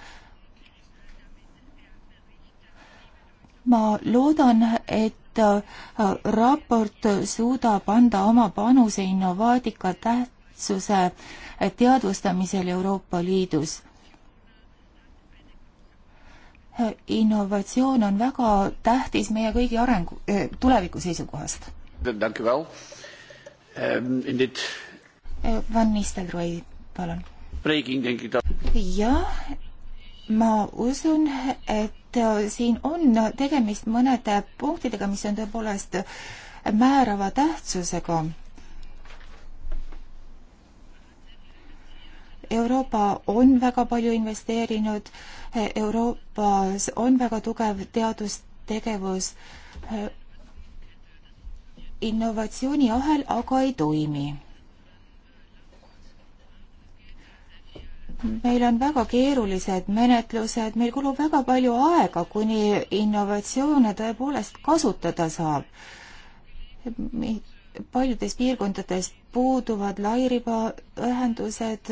ma loodan, et äh, raport suudab anda oma panuse innovaatika tähtsuse äh, teadvustamisel Euroopa Liidus. Äh, innovatsioon on väga tähtis meie kõigi arengu, tuleviku seisukohast. Ehm, Van Nistelrooy, palun. jah ma usun, et äh, siin on tegemist mõnede punktidega, mis on tõepoolest määrava tähtsusega. Euroopa on väga palju investeerinud, Euroopas on väga tugev teadustegevus, äh, innovatsiooniahel aga ei toimi meil on väga keerulised menetlused, meil kulub väga palju aega, kuni innovatsioone tõepoolest kasutada saab. paljudes piirkondades puuduvad lairibaühendused,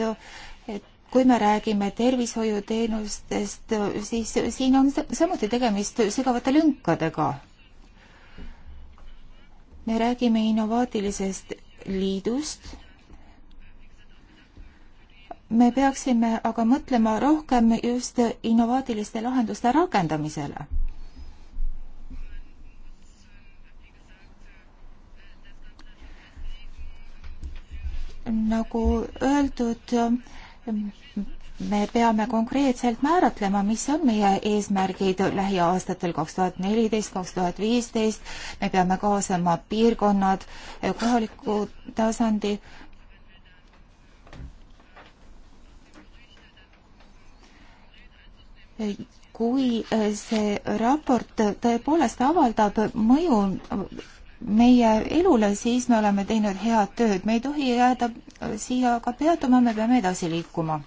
et kui me räägime tervishoiuteenustest, siis siin on samuti tegemist sügavate lünkadega. me räägime innovaatilisest liidust me peaksime aga mõtlema rohkem just innovaatiliste lahenduste rakendamisele. nagu öeldud, me peame konkreetselt määratlema, mis on meie eesmärgid lähiaastatel kaks tuhat neliteist, kaks tuhat viisteist, me peame kaasama piirkonnad, kohaliku tasandi kui äh, see raport tõepoolest avaldab mõju meie elule, siis me oleme teinud head tööd, me ei tohi jääda äh, siia ka peatuma, me peame edasi liikuma.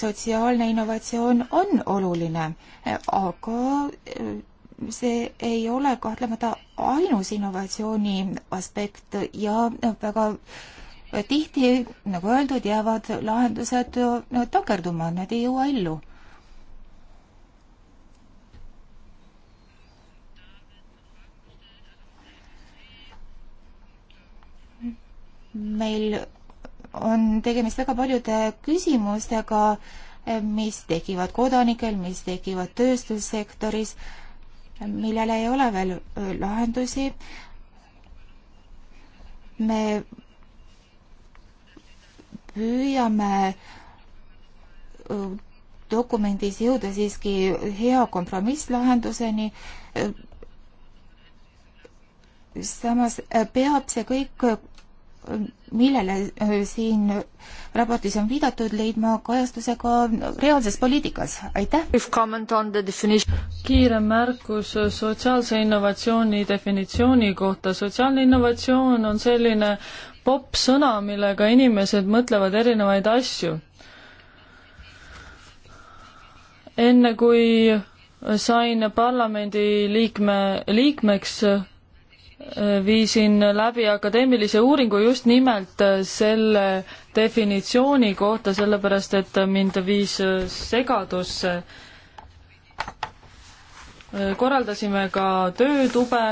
sotsiaalne innovatsioon on oluline, äh, aga see ei ole kahtlemata ainus innovatsiooni aspekt ja väga äh, tihti, nagu öeldud, jäävad lahendused takerduma, need ei jõua ellu. meil on tegemist väga paljude küsimustega, mis tekivad kodanikel, mis tekivad tööstussektoris, millele ei ole veel lahendusi. me püüame dokumendis jõuda siiski hea kompromisslahenduseni. samas peab see kõik, millele siin raportis on viidatud, leidma kajastuse ka reaalses poliitikas. aitäh! kiire märkus sotsiaalse innovatsiooni definitsiooni kohta. sotsiaalne innovatsioon on selline popp-sõna, millega inimesed mõtlevad erinevaid asju. enne kui sain parlamendi liikme, liikmeks, äh, viisin läbi akadeemilise uuringu just nimelt äh, selle definitsiooni kohta, sellepärast et äh, mind viis segadusse. korraldasime ka töötube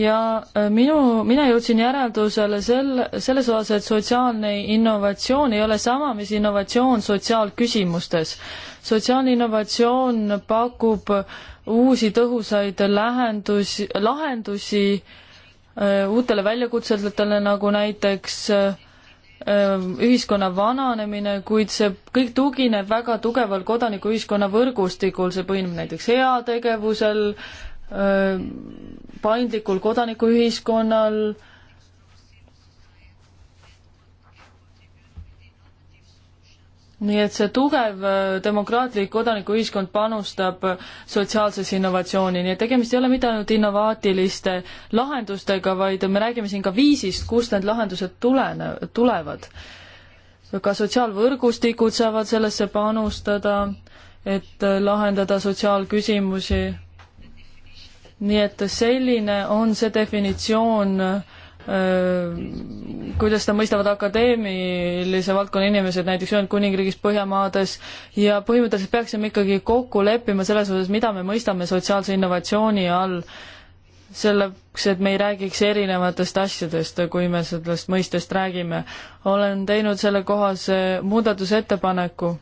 ja äh, minu, mina jõudsin järeldusele sel, selles osas, et sotsiaalne innovatsioon ei ole sama, mis innovatsioon sotsiaalküsimustes. sotsiaalne innovatsioon pakub uusi tõhusaid lähendus, lahendusi äh, uutele väljakutsetele, nagu näiteks äh, ühiskonna vananemine, kuid see kõik tugineb väga tugeval kodanikuühiskonna võrgustikul, see põhineb näiteks heategevusel, paindlikul kodanikuühiskonnal nii et see tugev äh, demokraatlik kodanikuühiskond panustab sotsiaalsesse innovatsiooni, nii et tegemist ei ole mitte ainult innovaatiliste lahendustega, vaid me räägime siin ka viisist, kust need lahendused tulene-, tulevad. ka sotsiaalvõrgustikud saavad sellesse panustada, et lahendada sotsiaalküsimusi nii et selline on see definitsioon, äh, kuidas seda mõistavad akadeemilise valdkonna inimesed näiteks Ühendkuningriigis, Põhjamaades ja põhimõtteliselt peaksime ikkagi kokku leppima selles osas, mida me mõistame sotsiaalse innovatsiooni all, selleks, et me ei räägiks erinevatest asjadest, kui me sellest mõistest räägime. olen teinud sellekohase muudatusettepaneku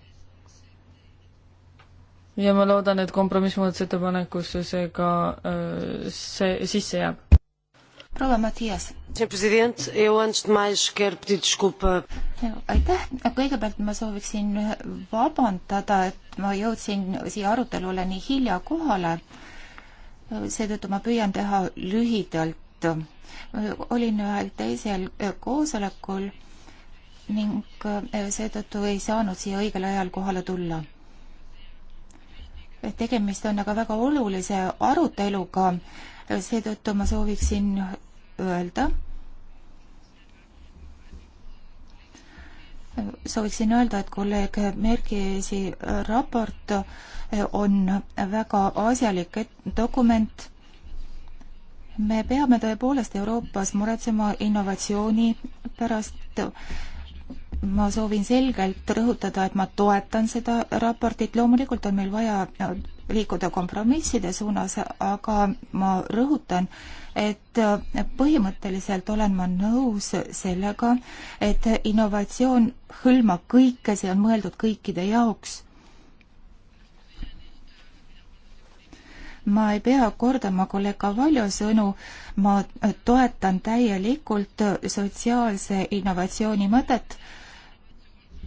ja ma loodan, et kompromissmuudatusettepanekusse see ka, äh, see sisse jääb. proua Mattias. Äh, aitäh, kõigepealt ma sooviksin vabandada, et ma jõudsin siia arutelule nii hilja kohale. Äh, seetõttu ma püüan teha lühidalt. olin ühel teisel koosolekul ning seetõttu ei saanud siia õigel ajal kohale tulla tegemist on aga väga olulise aruteluga, seetõttu ma sooviksin öelda, sooviksin öelda, et kolleeg Merkiesi raport on väga asjalik dokument. me peame tõepoolest Euroopas muretsema innovatsiooni pärast ma soovin selgelt rõhutada, et ma toetan seda raportit, loomulikult on meil vaja liikuda kompromisside suunas, aga ma rõhutan, et põhimõtteliselt olen ma nõus sellega, et innovatsioon hõlmab kõike, see on mõeldud kõikide jaoks. ma ei pea kordama kolleeg Kavaljo sõnu, ma toetan täielikult sotsiaalse innovatsiooni mõtet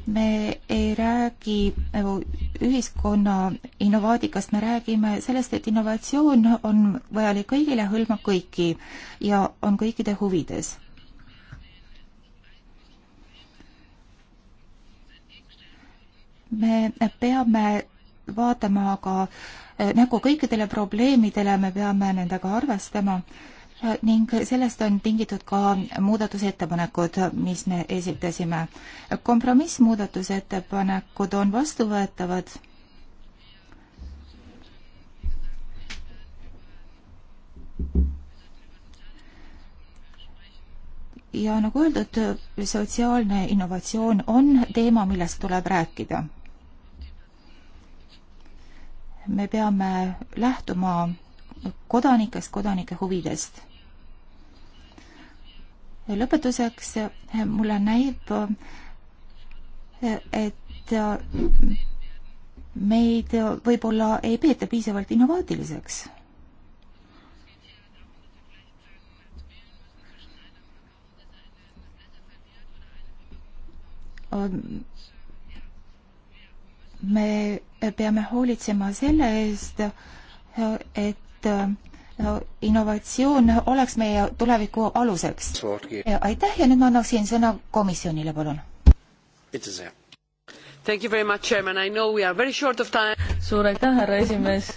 me ei räägi nagu ühiskonna innovaadikast, me räägime sellest, et innovatsioon on vajalik kõigile, hõlmab kõiki ja on kõikide huvides. me peame vaatama aga eh, nägu kõikidele probleemidele, me peame nendega arvestama ning sellest on tingitud ka muudatusettepanekud, mis me esitasime. kompromissmuudatusettepanekud on vastuvõetavad. ja nagu öeldud, sotsiaalne innovatsioon on teema, millest tuleb rääkida. me peame lähtuma kodanikest, kodanike huvidest. lõpetuseks mulle näib, et meid võib-olla ei peeta piisavalt innovaatiliseks me peame hoolitsema selle eest, et et äh, innovatsioon oleks meie tuleviku aluseks. aitäh ja nüüd ma annaksin sõna komisjonile, palun. suur aitäh, härra esimees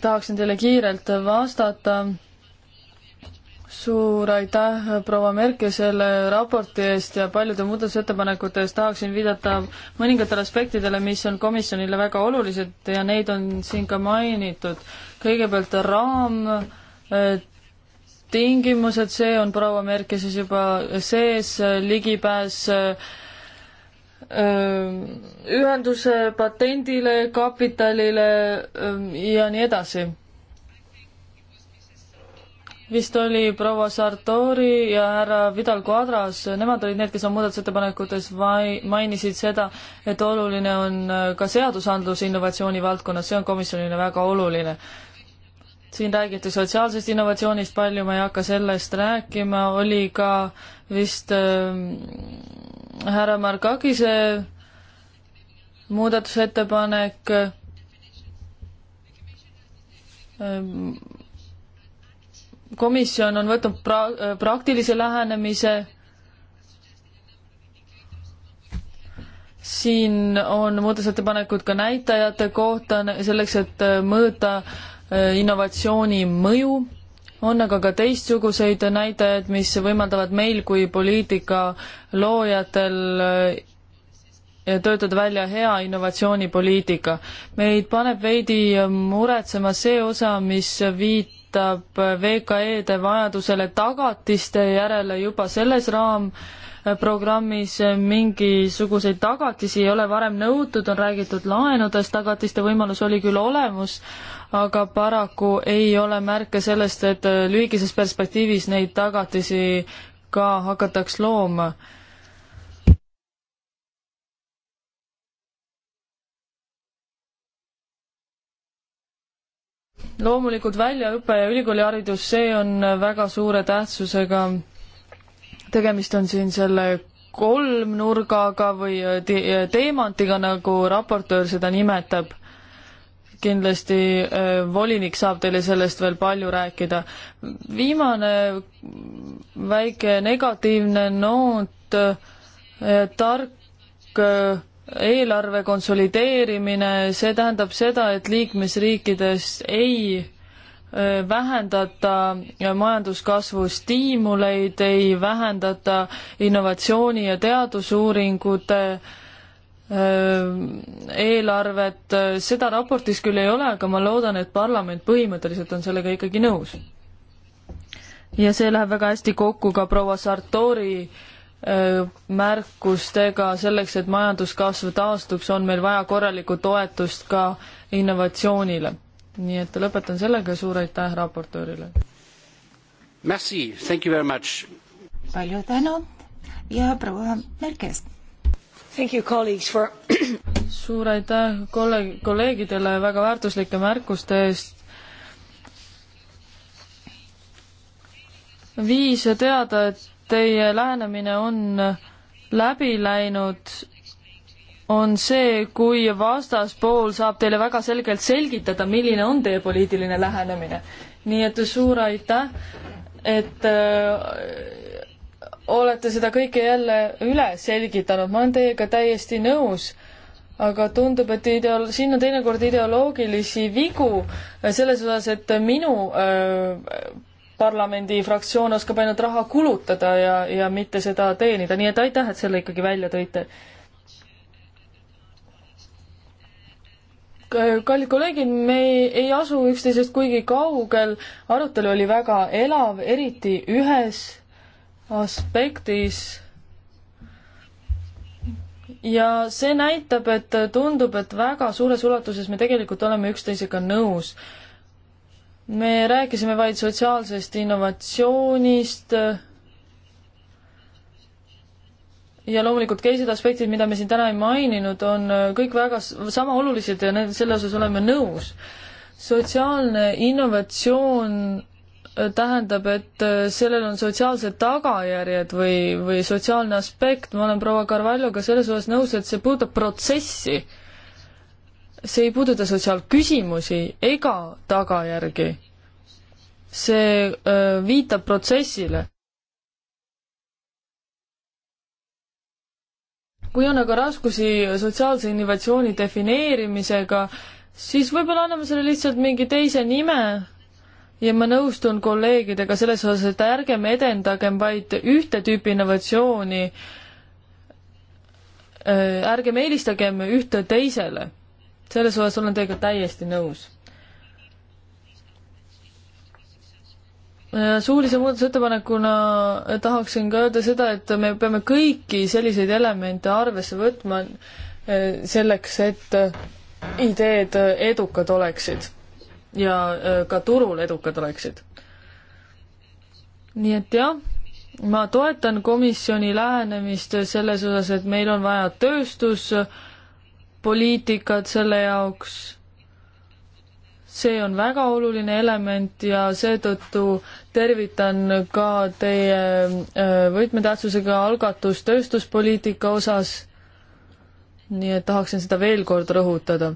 tahaksin teile kiirelt vastata suur aitäh proua Merke selle raporti eest ja paljude muudatusettepanekute eest tahaksin viidata mõningatele aspektidele, mis on komisjonile väga olulised ja neid on siin ka mainitud. kõigepealt raamtingimused, see on proua Merke siis juba sees, ligipääs äh, ühenduse patendile, kapitalile ähm, ja nii edasi vist oli proua Sartori ja härra Vidal Quadras, nemad olid need, kes on muudatusettepanekutes vai-, mainisid seda, et oluline on äh, ka seadusandlus innovatsiooni valdkonnas, see on komisjonile väga oluline. siin räägiti sotsiaalsest innovatsioonist palju, ma ei hakka sellest rääkima, oli ka vist äh, härra Markagise muudatusettepanek äh, komisjon on võtnud pra-, äh, praktilise lähenemise, siin on muudatusettepanekud ka näitajate kohta, selleks et äh, mõõta äh, innovatsiooni mõju, on aga ka teistsuguseid näitajaid, mis võimaldavad meil kui poliitika loojatel töötada välja hea innovatsioonipoliitika. meid paneb veidi muretsema see osa, mis viit-, viitab VKE-de vajadusele tagatiste järele juba selles raamprogrammis mingisuguseid tagatisi ei ole varem nõutud, on räägitud laenudest, tagatiste võimalus oli küll olemas, aga paraku ei ole märke sellest, et lühikeses perspektiivis neid tagatisi ka hakataks looma loomulikult väljaõpe ja ülikooliharidus, see on väga suure tähtsusega. tegemist on siin selle kolmnurgaga või äh, äh, teemantiga, nagu raportöör seda nimetab. kindlasti äh, volinik saab teile sellest veel palju rääkida. viimane väike negatiivne noot äh,, tark äh, eelarve konsolideerimine, see tähendab seda, et liikmesriikides ei vähendata majanduskasvu stiimuleid, ei vähendata innovatsiooni ja teadusuuringute eelarvet, seda raportis küll ei ole, aga ma loodan, et parlament põhimõtteliselt on sellega ikkagi nõus. ja see läheb väga hästi kokku ka proua Sartori äh, märkustega selleks, et majanduskasv taastuks, on meil vaja korralikku toetust ka innovatsioonile. nii et lõpetan sellega ja suur aitäh raportöörile! Merci, thank you very much! palju tänu ja proua Merkes! Thank you, colleagues for (clears throat) suur aitäh kolleeg-, kolleegidele väga väärtuslike märkuste eest. viis teada, et teie lähenemine on läbi läinud, on see, kui vastaspool saab teile väga selgelt selgitada, milline on teie poliitiline lähenemine. nii et suur aitäh, et öö, äh, olete seda kõike jälle üle selgitanud, ma olen teiega täiesti nõus aga tundub, et ideo-, siin on teinekord ideoloogilisi vigu selles osas, et minu öö, äh, parlamendi fraktsioon oskab ainult raha kulutada ja, ja mitte seda teenida, nii et aitäh, et selle ikkagi välja tõite. kallid kolleegid, me ei, ei asu üksteisest kuigi kaugel, arutelu oli väga elav, eriti ühes aspektis ja see näitab, et tundub, et väga suures ulatuses me tegelikult oleme üksteisega nõus me rääkisime vaid sotsiaalsest innovatsioonist ja loomulikult teised aspektid, mida me siin täna ei maininud, on kõik väga sama olulised ja need, selle osas oleme nõus. sotsiaalne innovatsioon äh, tähendab, et äh, sellel on sotsiaalsed tagajärjed või, või sotsiaalne aspekt, ma olen proua Carvalhoga selles osas nõus, et see puudutab protsessi see ei puuduta sotsiaalküsimusi ega tagajärgi. see öö, viitab protsessile. kui on aga raskusi sotsiaalse innovatsiooni defineerimisega, siis võib-olla anname sellele lihtsalt mingi teise nime ja ma nõustun kolleegidega selles osas, et ärgem edendagem vaid ühte tüüpi innovatsiooni, ärgem eelistagem ühte teisele selles osas olen teiega täiesti nõus. Äh, suulise muudatusettepanekuna tahaksin ka öelda seda, et me peame kõiki selliseid elemente arvesse võtma äh, selleks, et äh, ideed edukad oleksid ja ka turul edukad oleksid. nii et jah ma toetan komisjoni lähenemist selles osas, et meil on vaja tööstus äh, poliitikad selle jaoks. see on väga oluline element ja seetõttu tervitan ka teie äh, võtmetähtsusega algatust tööstuspoliitika osas. nii et tahaksin seda veel kord rõhutada.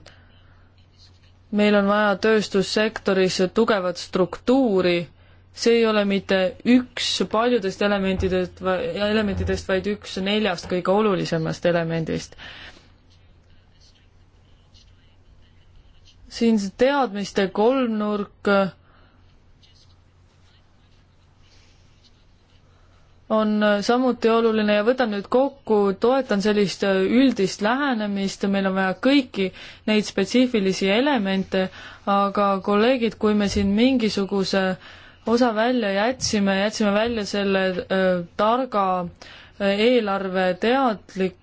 meil on vaja tööstussektoris tugevat struktuuri see ei ole mitte üks paljudest elementidest, elementidest, vaid üks neljast kõige olulisemast elemendist. siin see teadmiste kolmnurk on samuti oluline ja võtan nüüd kokku, toetan sellist üldist lähenemist, meil on vaja kõiki neid spetsiifilisi elemente, aga kolleegid, kui me siin mingisuguse osa välja jätsime, jätsime välja selle äh, targa äh, eelarve teadlik,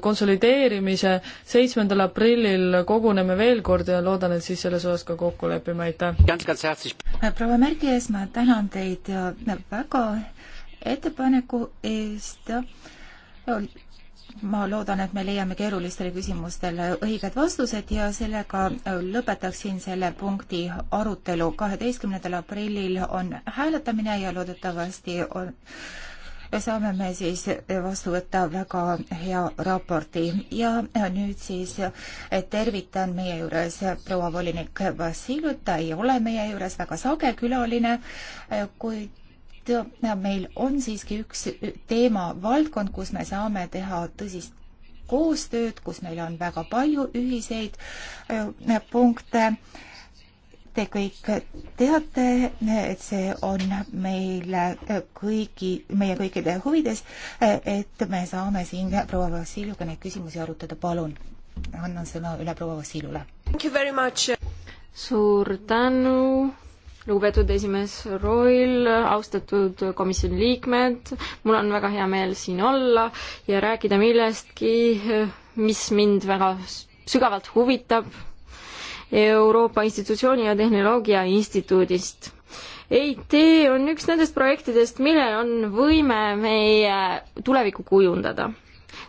konsolideerimise seitsmendal aprillil koguneme veel kord ja loodan, et siis selles osas ka kokku lepime, aitäh! proua Märgies, ma tänan teid ja väga ettepaneku eest ma loodan, et me leiame keerulistele küsimustele õiged vastused ja sellega lõpetaksin selle punkti arutelu. kaheteistkümnendal aprillil on hääletamine ja loodetavasti on saame me siis vastu võtta väga hea raporti ja nüüd siis tervitan meie juures proua volinik Vassiljut, ta ei ole meie juures väga sage külaline, kuid meil on siiski üks teema, valdkond, kus me saame teha tõsist koostööd, kus meil on väga palju ühiseid punkte Te kõik teate, et see on meile kõigi, meie kõikide huvides, et me saame siin proua Vassiljuga neid küsimusi arutada, palun. annan sõna üle proua Vassiljule. suur tänu, lugupeetud esimees Roil, austatud komisjoni liikmed, mul on väga hea meel siin olla ja rääkida millestki, mis mind väga sügavalt huvitab Euroopa Institutsiooni ja Tehnoloogia Instituudist. EIT on üks nendest projektidest, millel on võime meie tulevikku kujundada.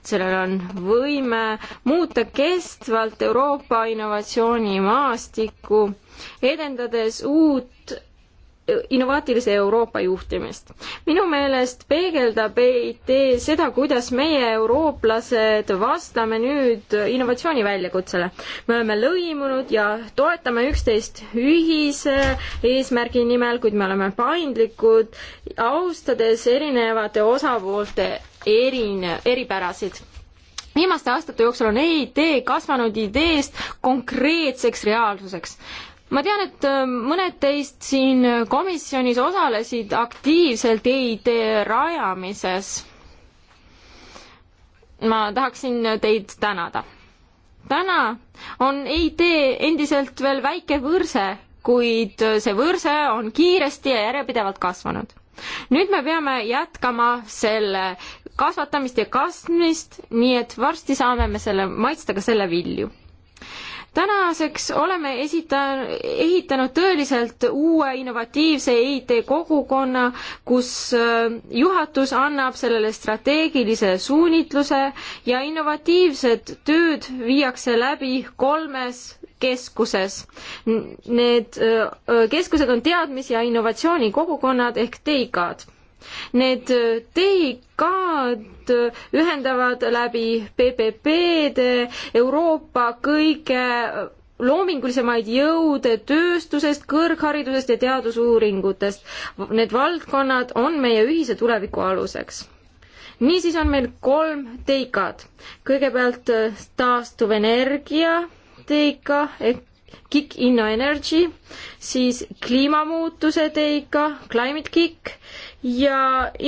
sellel on võime muuta kestvalt Euroopa innovatsioonimaastikku, edendades uut innovaatilise Euroopa juhtimist. minu meelest peegeldab EIT seda, kuidas meie, eurooplased, vastame nüüd innovatsiooni väljakutsele. me oleme lõimunud ja toetame üksteist ühise eesmärgi nimel, kuid me oleme paindlikud, austades erinevate osapoolte erine, eripärasid viimaste aastate jooksul on EIT kasvanud ideest konkreetseks reaalsuseks ma tean, et äh, mõned teist siin komisjonis osalesid aktiivselt EIT rajamises. ma tahaksin teid tänada. täna on EIT endiselt veel väike võrse, kuid see võrse on kiiresti ja järjepidevalt kasvanud nüüd me peame jätkama selle kasvatamist ja kasvamist, nii et varsti saame me selle, maitsta ka selle vilju tänaseks oleme esita-, ehitanud tõeliselt uue innovatiivse e IT kogukonna, kus äh, juhatus annab sellele strateegilise suunitluse ja innovatiivsed tööd viiakse läbi kolmes keskuses. Need äh, keskused on teadmis- ja innovatsioonikogukonnad ehk TEIKAD Need äh, TIK-d äh, ühendavad läbi PPP-de Euroopa kõige äh, loomingulisemaid jõude tööstusest, kõrgharidusest ja teadusuuringutest. Need valdkonnad on meie ühise tuleviku aluseks niisiis on meil kolm teikad. kõigepealt taastuvenergia teika ehk kick inno energy, siis kliimamuutused EIKA, climate kick ja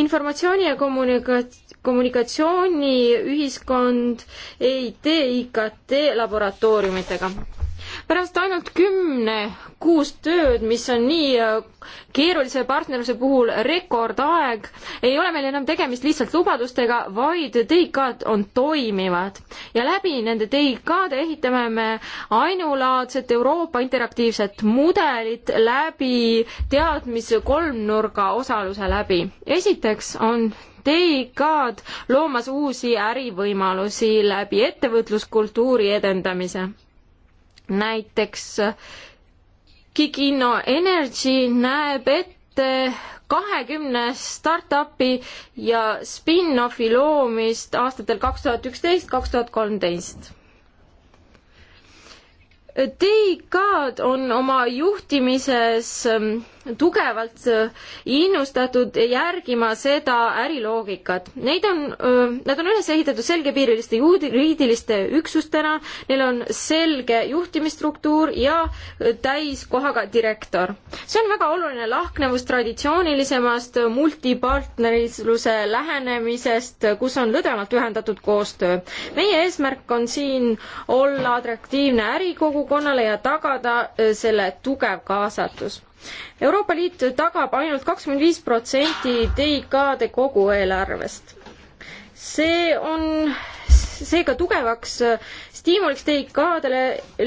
informatsiooni ja kommunikatsioon kommunikatsiooniühiskond EIT IKT laboratooriumitega pärast ainult kümne kuust tööd, mis on nii äh, keerulise partnerluse puhul rekordaeg, ei ole meil enam tegemist lihtsalt lubadustega, vaid TIK-d on toimivad. ja läbi nende TIK-de ehitame me ainulaadset Euroopa interaktiivset mudelit läbi teadmise kolmnurga osaluse läbi. esiteks on TIK-d loomas uusi ärivõimalusi läbi ettevõtluskultuuri edendamise näiteks äh, Kikino Energy näeb ette kahekümne startupi ja spin-offi loomist aastatel kaks tuhat üksteist, kaks tuhat kolmteist. TIK-d on oma juhtimises ähm, tugevalt äh, innustatud järgima seda äriloogikat. Neid on, äh, nad on üles ehitatud selgepiiriliste juriidiliste üksustena, neil on selge juhtimisstruktuur ja äh, täiskohaga direktor. see on väga oluline lahknevus traditsioonilisemast multipartnerisluse lähenemisest, kus on lõdvemalt ühendatud koostöö. meie eesmärk on siin olla atraktiivne ärikogukonnale ja tagada selle tugev kaasatus Euroopa Liit tagab ainult kakskümmend viis protsenti DIK-de kogu eelarvest. see on seega tugevaks stiimuliks DIK-dele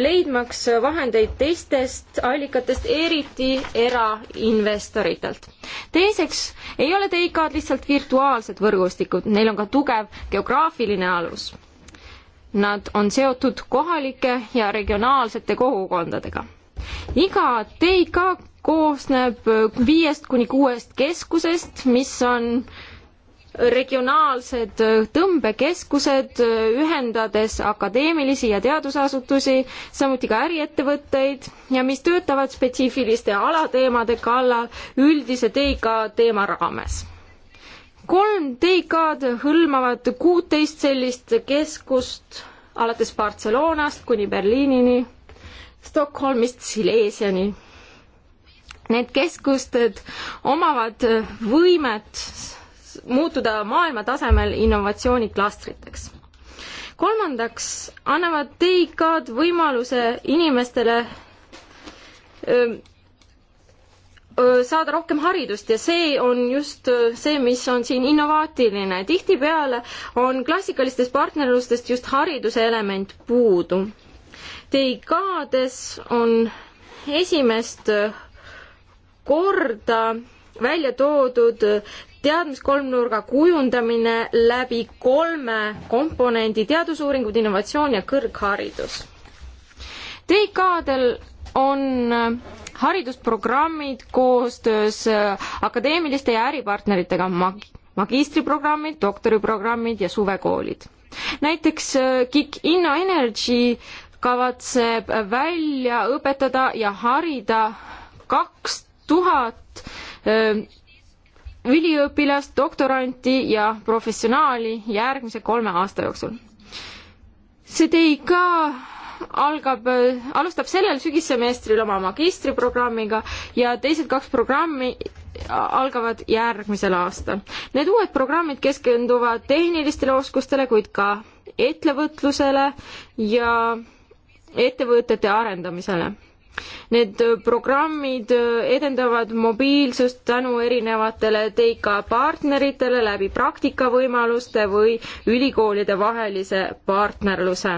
leidmaks vahendeid teistest allikatest, eriti erainvestoritelt. teiseks ei ole DIK-d lihtsalt virtuaalsed võrgustikud, neil on ka tugev geograafiline alus. Nad on seotud kohalike ja regionaalsete kogukondadega. iga DIK koosneb äh, viiest kuni kuuest keskusest, mis on regionaalsed äh, tõmbekeskused, äh, ühendades akadeemilisi ja teadusasutusi, samuti ka äriettevõtteid ja mis töötavad spetsiifiliste alateemade kallal üldise TIK teema raames. kolm TIK-d hõlmavad kuuteist sellist keskust alates Barcelonast kuni Berliinini, Stockholmist Silesiani Need keskused omavad võimet muutuda maailma tasemel innovatsiooniklastriteks. kolmandaks annavad TIK-d võimaluse inimestele ähm, öö, saada rohkem haridust ja see on just see, mis on siin innovaatiline. tihtipeale on klassikalistest partnerlustest just hariduse element puudu. TIK-des on esimest korda välja toodud teadmiskolmnurga kujundamine läbi kolme komponendi, teadusuuringud, innovatsioon ja kõrgharidus. TIK-del on haridusprogrammid koostöös akadeemiliste ja äripartneritega mag-, magistriprogrammid, doktoriprogrammid ja suvekoolid. näiteks äh, KIK Inno Energy kavatseb välja õpetada ja harida kaks tuhat üliõpilast, doktoranti ja professionaali järgmise kolme aasta jooksul. CDIK algab, alustab sellel sügissemestril oma magistriprogrammiga ja teised kaks programmi algavad järgmisel aastal. Need uued programmid keskenduvad tehnilistele oskustele, kuid ka ettevõtlusele ja ettevõtete arendamisele Need äh, programmid äh, edendavad mobiilsust tänu erinevatele TIK partneritele läbi praktikavõimaluste või ülikoolide vahelise partnerluse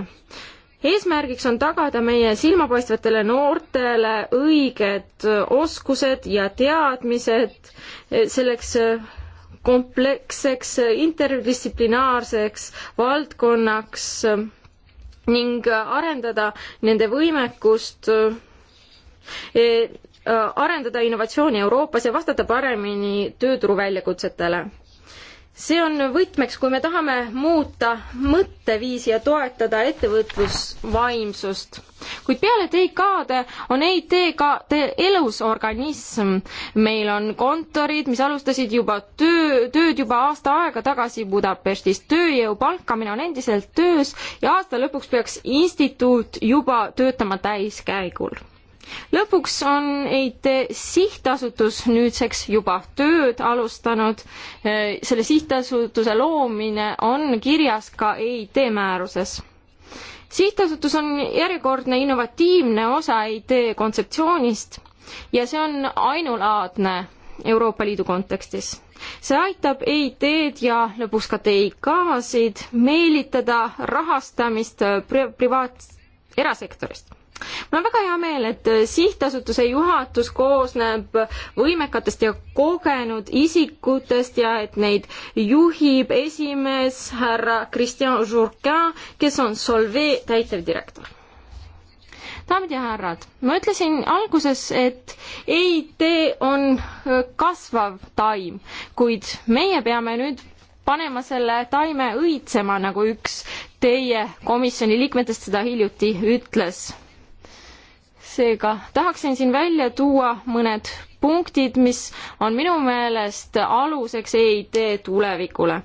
eesmärgiks on tagada meie silmapaistvatele noortele õiged äh, oskused ja teadmised selleks kompleksseks interdistsiplinaarseks valdkonnaks ning arendada nende võimekust E, arendada innovatsiooni Euroopas ja vastata paremini tööturu väljakutsetele. see on võtmeks, kui me tahame muuta mõtteviisi ja toetada ettevõtlusvaimsust. kuid peale TIK-de on EIT-de elus organism. meil on kontorid, mis alustasid juba töö, tööd juba aasta aega tagasi Budapestis. tööjõu palkamine on endiselt töös ja aasta lõpuks peaks instituut juba töötama täiskäigul lõpuks on EIT sihtasutus nüüdseks juba tööd alustanud. Eh, selle sihtasutuse loomine on kirjas ka EIT määruses. sihtasutus on järjekordne innovatiivne osa EIT kontseptsioonist ja see on ainulaadne Euroopa Liidu kontekstis. see aitab EIT-d ja lõpuks ka TIK-sid meelitada rahastamist pri-, privaat-, erasektorist mul on väga hea meel, et äh, sihtasutuse juhatus koosneb võimekatest ja kogenud isikutest ja et neid juhib esimees härra Christian Jourdain, kes on Solvee täitevdirektor. daamid ja härrad, ma ütlesin alguses, et EIT on äh, kasvav taim, kuid meie peame nüüd panema selle taime õitsema, nagu üks teie komisjoni liikmetest seda hiljuti ütles seega tahaksin siin välja tuua mõned punktid, mis on minu meelest aluseks EIT tulevikule.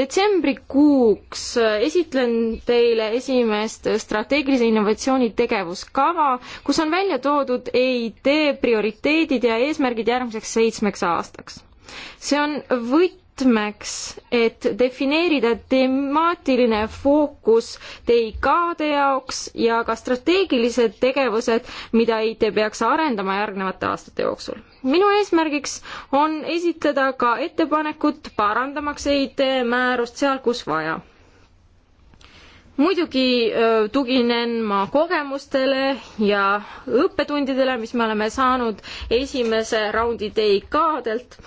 detsembrikuuks esitlen teile esimest strateegilise innovatsiooni tegevuskava, kus on välja toodud EIT prioriteedid ja eesmärgid järgmiseks seitsmeks aastaks see on võtmeks, et defineerida temaatiline fookus TIK-de jaoks ja ka strateegilised tegevused, mida IT peaks arendama järgnevate aastate jooksul. minu eesmärgiks on esitada ka ettepanekut parandamaks IT määrust seal, kus vaja muidugi tuginen ma kogemustele ja õppetundidele, mis me oleme saanud esimese raundi TIK-delt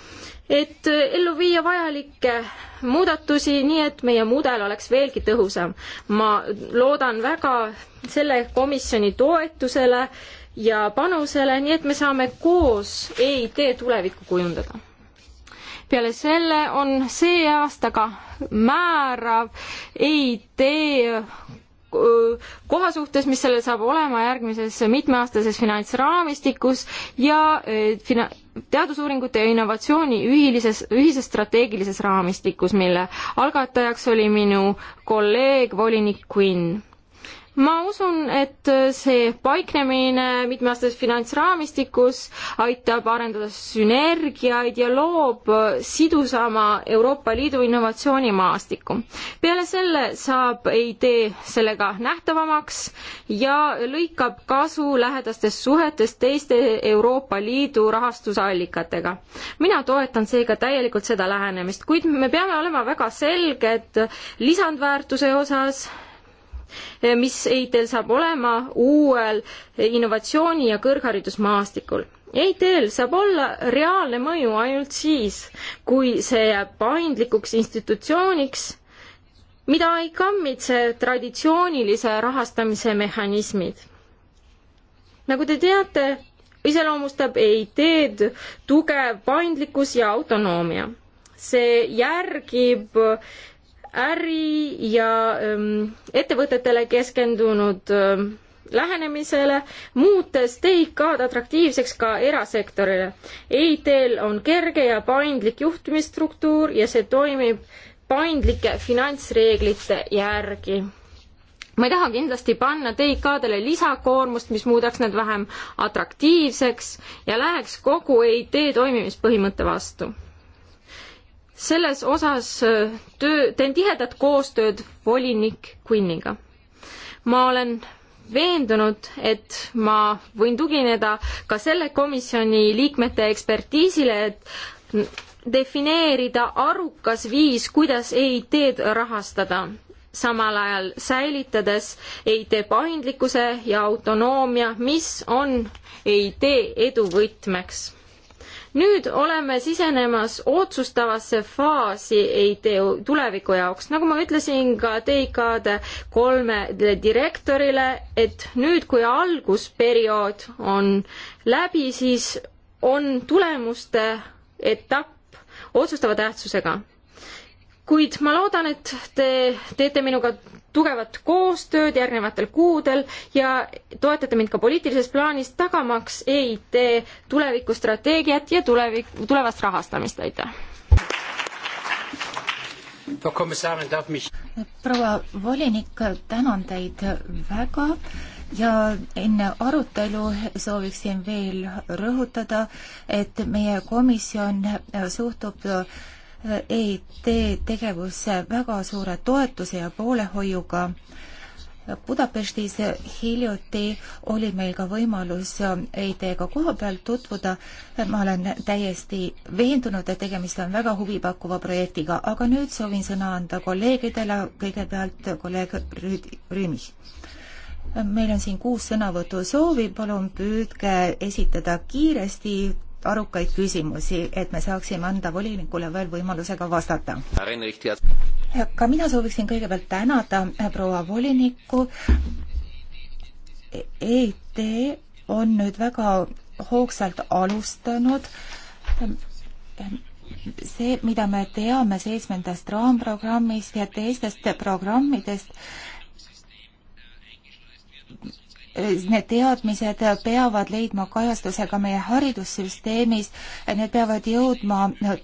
et äh, ellu viia vajalikke muudatusi, nii et meie mudel oleks veelgi tõhusam. ma loodan väga selle komisjoni toetusele ja panusele, nii et me saame koos EIT tulevikku kujundada. peale selle on see aasta ka määrav EIT äh, koha suhtes, mis sellel saab olema järgmises mitmeaastases finantsraamistikus ja äh, fina-, teadusuuringute ja innovatsiooni ühilises, ühises strateegilises raamistikus, mille algatajaks oli minu kolleeg, volinik Quinn ma usun, et see paiknemine mitmeaastases finantsraamistikus aitab arendada sünergiaid ja loob sidusama Euroopa Liidu innovatsioonimaastiku. peale selle saab idee sellega nähtavamaks ja lõikab kasu lähedastest suhetest teiste Euroopa Liidu rahastusallikatega. mina toetan seega täielikult seda lähenemist, kuid me peame olema väga selged lisandväärtuse osas mis EIT-l saab olema uuel innovatsiooni ja kõrgharidusmaastikul. EIT-l saab olla reaalne mõju ainult siis, kui see jääb paindlikuks institutsiooniks, mida ei kammitse traditsioonilise rahastamise mehhanismid. nagu te teate, iseloomustab EIT-d tugev paindlikkus ja autonoomia. see järgib äri ja ähm, ettevõtetele keskendunud ähm, lähenemisele, muutes TIK-d atraktiivseks ka erasektorile. EIT-l on kerge ja paindlik juhtimisstruktuur ja see toimib paindlike finantsreeglite järgi ma ei taha kindlasti panna TIK-dele lisakoormust, mis muudaks need vähem atraktiivseks ja läheks kogu EIT toimimispõhimõtte vastu selles osas äh, töö, teen tihedat koostööd volinik Queeniga. ma olen veendunud, et ma võin tugineda ka selle komisjoni liikmete ekspertiisile, et defineerida arukas viis, kuidas EIT-d rahastada, samal ajal säilitades EIT paindlikkuse ja autonoomia, mis on EIT edu võtmeks nüüd oleme sisenemas otsustavasse faasi EIT tuleviku jaoks. nagu ma ütlesin ka TIK-de kolmele direktorile, et nüüd, kui algusperiood on läbi, siis on tulemuste etapp otsustava tähtsusega kuid ma loodan, et te teete minuga tugevat koostööd järgnevatel kuudel ja toetate mind ka poliitilises plaanis, tagamaks EIT tulevikustrateegiat ja tulevik, tulevast rahastamist, aitäh! proua volinik, tänan teid väga ja enne arutelu sooviksin veel rõhutada, et meie komisjon suhtub EIT tegevus väga suure toetuse ja poolehoiuga. Budapestis hiljuti oli meil ka võimalus EIT-ga koha peal tutvuda. ma olen täiesti veendunud, et tegemist on väga huvipakkuva projektiga, aga nüüd soovin sõna anda kolleegidele, kõigepealt kolleeg Rüüd-, Rüümis. meil on siin kuus sõnavõtusoovi, palun püüdke esitada kiiresti arukaid küsimusi, et me saaksime anda volinikule veel võimaluse ka vastata. ka mina sooviksin kõigepealt tänada äh, proua volinikku. EIT on nüüd väga hoogsalt alustanud see, mida me teame seitsmendast raamprogrammist ja teistest programmidest, need teadmised peavad leidma kajastuse ka meie haridussüsteemis, need peavad jõudma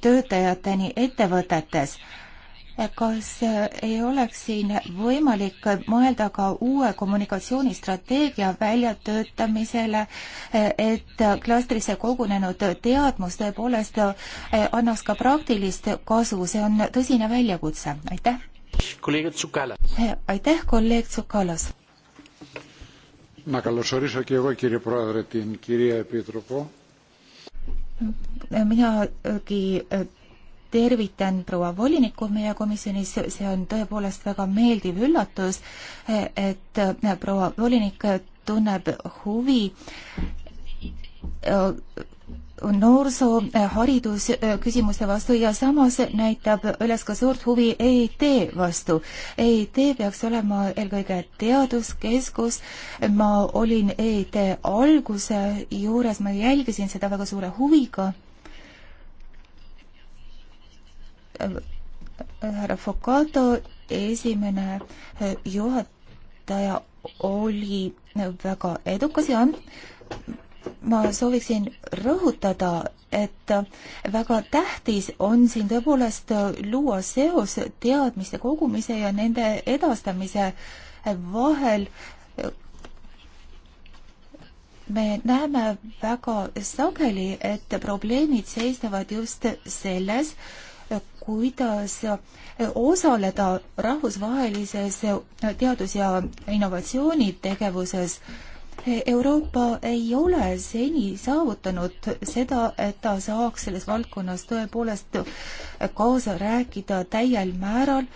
töötajateni ettevõtetes. kas ei oleks siin võimalik mõelda ka uue kommunikatsioonistrateegia väljatöötamisele, et klastrisse kogunenud teadmus tõepoolest annaks ka praktilist kasu, see on tõsine väljakutse, aitäh! aitäh, kolleeg Tsukalas! Να καλωσορίσω και εγώ κύριε Πρόεδρε την κυρία Επίτροπο. Minagi tervitan proua volinikku meie komisjonis, see on tõepoolest väga meeldiv üllatus, e, et e, proua volinik tunneb huvi e, noorsoo haridusküsimuste äh, vastu ja samas näitab üles ka suurt huvi EIT vastu. EIT peaks olema eelkõige teaduskeskus, ma olin EIT alguse juures, ma jälgisin seda väga suure huviga. härra Focato, esimene äh, juhataja oli väga edukas ja ma sooviksin rõhutada, et väga tähtis on siin tõepoolest luua seos teadmiste kogumise ja nende edastamise vahel. me näeme väga sageli, et probleemid seisnevad just selles, kuidas osaleda rahvusvahelises teadus- ja innovatsioonitegevuses Euroopa ei ole seni saavutanud seda, et ta saaks selles valdkonnas tõepoolest kaasa rääkida täiel määral.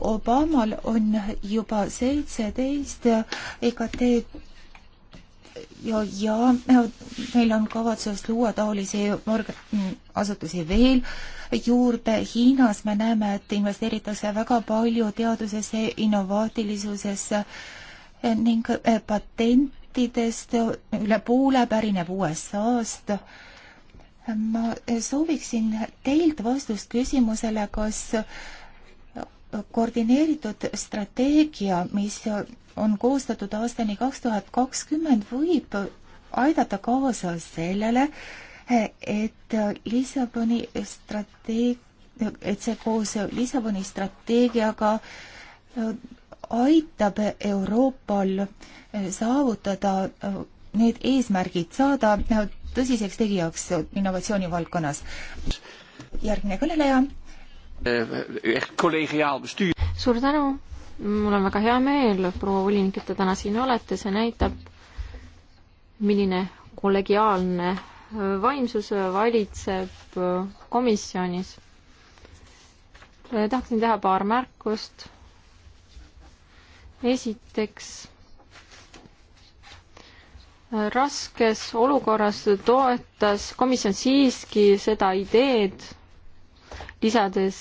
Obamal on juba seitseteist EKT ja, ja meil on kavatsus luua taolisi asutusi veel juurde. Hiinas me näeme, et investeeritakse väga palju teadusesse, innovaatilisusesse ning patent migrantidest üle poole pärineb USA-st. ma sooviksin teilt vastust küsimusele, kas koordineeritud strateegia, mis on koostatud aastani kaks tuhat kakskümmend, võib aidata kaasa sellele, et Lissaboni strateeg-, et see koos Lissaboni strateegiaga aitab Euroopal eh, saavutada eh, need eesmärgid, saada eh, tõsiseks tegijaks innovatsiooni valdkonnas. järgmine kõneleja. suur tänu, mul on väga hea meel, proua volinik, et te täna siin olete, see näitab, milline kollegiaalne vaimsus valitseb komisjonis. tahaksin teha paar märkust esiteks, raskes olukorras toetas komisjon siiski seda ideed, lisades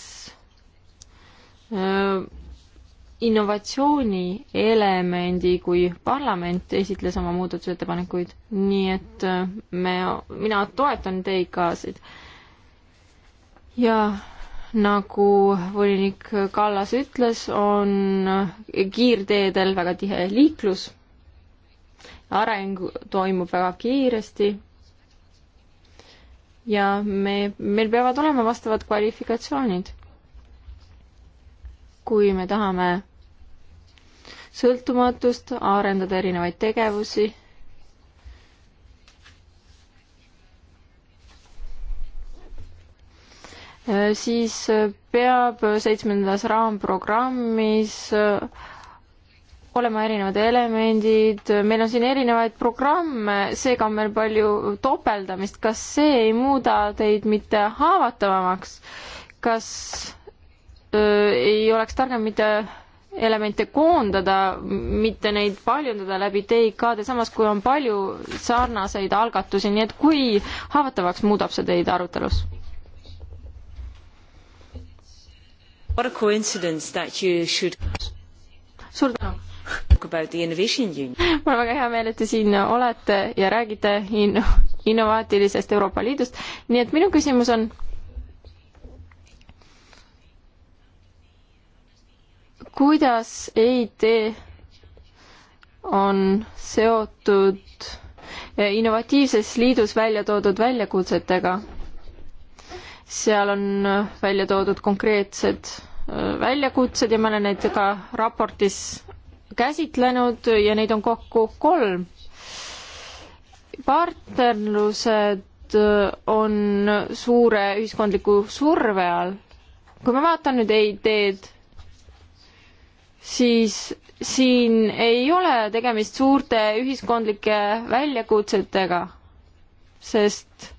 innovatsiooni elemendi, kui parlament esitles oma muudatusettepanekuid, nii et me, mina toetan teid kaasid. ja nagu volinik Kallas ütles, on kiirteedel väga tihe liiklus. areng toimub väga kiiresti. ja me, meil peavad olema vastavad kvalifikatsioonid. kui me tahame sõltumatust, arendada erinevaid tegevusi Äh, siis äh, peab seitsmendas raamprogrammis äh, olema erinevad elemendid, meil on siin erinevaid programme, seega on meil palju topeldamist, kas see ei muuda teid mitte haavatavamaks? kas öö, ei oleks targem mitte elemente koondada, mitte neid paljundada läbi TIK-de, samas kui on palju sarnaseid algatusi, nii et kui haavatavaks muudab see teid arutelus? What a coincidence that you should suur tänu! mul on väga hea meel, et te siin olete ja räägite in-, innovaatilisest Euroopa Liidust, nii et minu küsimus on, kuidas EIT on seotud innovatiivses liidus välja toodud väljakutsetega? seal on äh, välja toodud konkreetsed äh, väljakutsed ja me oleme neid ka raportis käsitlenud ja neid on kokku kolm. partnerlused äh, on suure ühiskondliku surve all. kui ma vaatan nüüd ei-teed, siis siin ei ole tegemist suurte ühiskondlike väljakutsetega, sest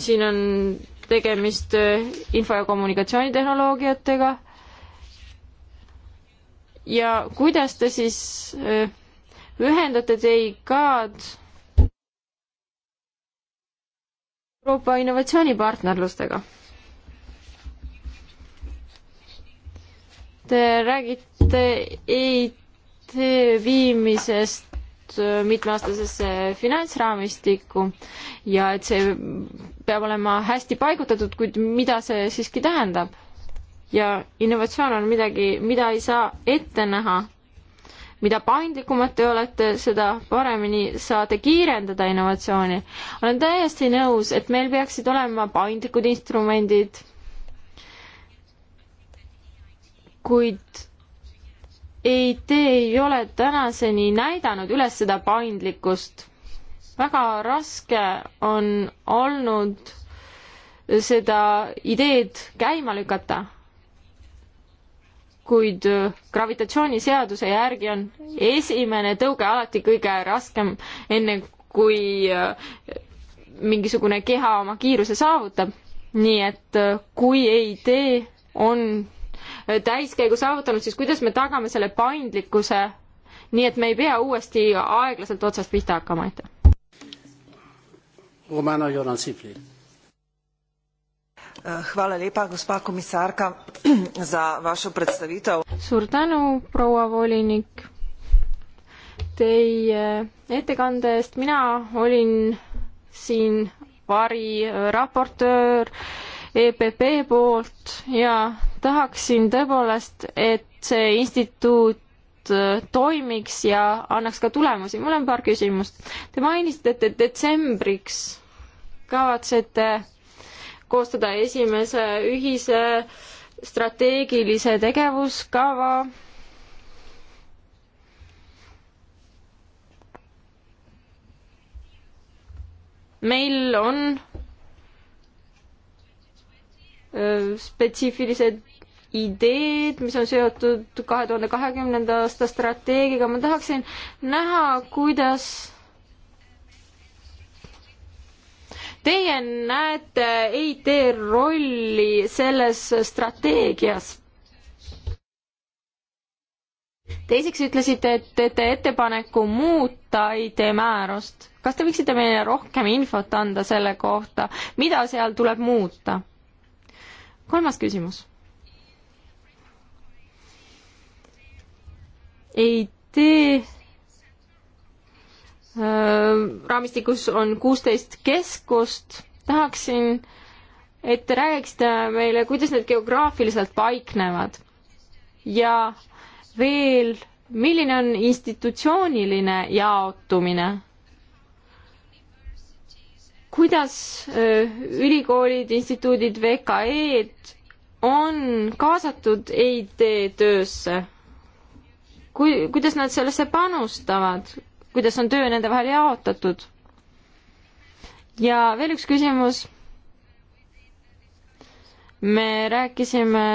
siin on tegemist äh, info- ja kommunikatsioonitehnoloogiatega. ja kuidas te siis äh, ühendate TIK-d Euroopa innovatsioonipartnerlustega? Te räägite EIT viimisest Äh, mitmeaastasesse finantsraamistikku ja et see peab olema hästi paigutatud, kuid mida see siiski tähendab? ja innovatsioon on midagi, mida ei saa ette näha. mida paindlikumad te olete, seda paremini saate kiirendada innovatsiooni. olen täiesti nõus, et meil peaksid olema paindlikud instrumendid, kuid EIT ei ole tänaseni näidanud üles seda paindlikkust. väga raske on olnud seda ideed käima lükata. kuid gravitatsiooniseaduse järgi on esimene tõuge alati kõige raskem, enne kui äh, mingisugune keha oma kiiruse saavutab. nii et äh, kui EIT on täiskäigu saavutanud, siis kuidas me tagame selle paindlikkuse, nii et me ei pea uuesti aeglaselt otsast pihta hakkama, aitäh. Romana Joran Sipli. Eh, hvala lepa, gospa komisarka, (clears throat) za vašo predstavitev. suur tänu, proua volinik, teie ettekande eest. mina olin siin variraportöör äh, EPP poolt ja tahaksin tõepoolest, et see instituut äh, toimiks ja annaks ka tulemusi. mul on paar küsimust. Te mainisite, et detsembriks kavatsete koostada esimese ühise strateegilise tegevuskava. meil on spetsiifilised ideed, mis on seotud kahe tuhande kahekümnenda aasta strateegiaga, ma tahaksin näha, kuidas teie näete EIT rolli selles strateegias? teiseks ütlesite, et teete ettepaneku muuta IT määrust. kas te võiksite meile rohkem infot anda selle kohta, mida seal tuleb muuta? kolmas küsimus. ei tee raamistikus on kuusteist keskust, tahaksin, et te räägiksite meile, kuidas need geograafiliselt paiknevad ja veel, milline on institutsiooniline jaotumine? kuidas ülikoolid, instituudid, VKE-d on kaasatud EIT töösse? kui, kuidas nad sellesse panustavad, kuidas on töö nende vahel jaotatud? ja veel üks küsimus. me rääkisime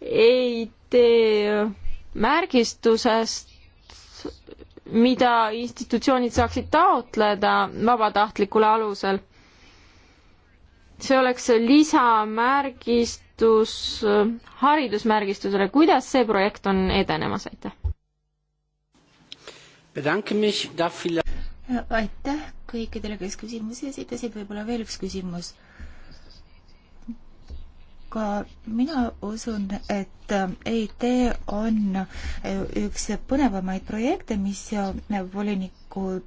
EIT märgistusest mida institutsioonid saaksid taotleda vabatahtlikule alusel. see oleks lisamärgistus haridusmärgistusele, kuidas see projekt on edenemas, aitäh? aitäh kõikidele, kes küsimusi esitasid, võib-olla veel üks küsimus aga mina usun, et äh, EIT on äh, üks põnevamaid projekte, mis äh, volinikul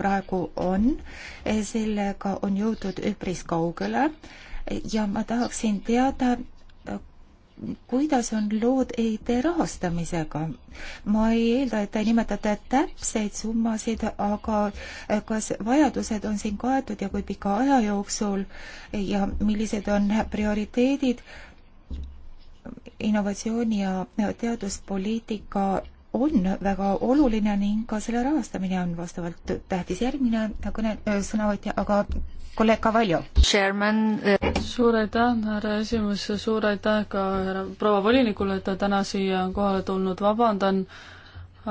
praegu on. sellega on jõutud üpris kaugele ja ma tahaksin teada, kuidas on lood EIT rahastamisega? ma ei eelda, et te nimetate täpseid summasid, aga äh, kas vajadused on siin kaetud ja kui pika aja jooksul ja millised on prioriteedid innovatsiooni ja teaduspoliitika on väga oluline ning ka selle rahastamine on vastavalt tähtis. järgmine kõne, äh, sõnavõtja, aga kolleeg Cavallo. Eh, suur aitäh, härra esimees, suur aitäh ka härra proua volinikule, et ta täna siia on kohale tulnud, vabandan,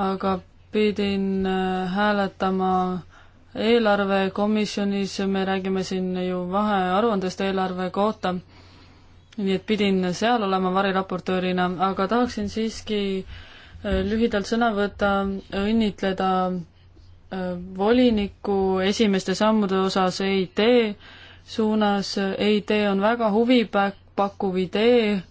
aga pidin eh, hääletama eelarvekomisjonis, me räägime siin ju vahearuandest eelarve kohta, nii et pidin seal olema variraportöörina, aga tahaksin siiski eh, lühidalt sõna võtta, õnnitleda Äh, voliniku esimeste sammude osas EIT suunas. EIT on väga huvipakkuv idee.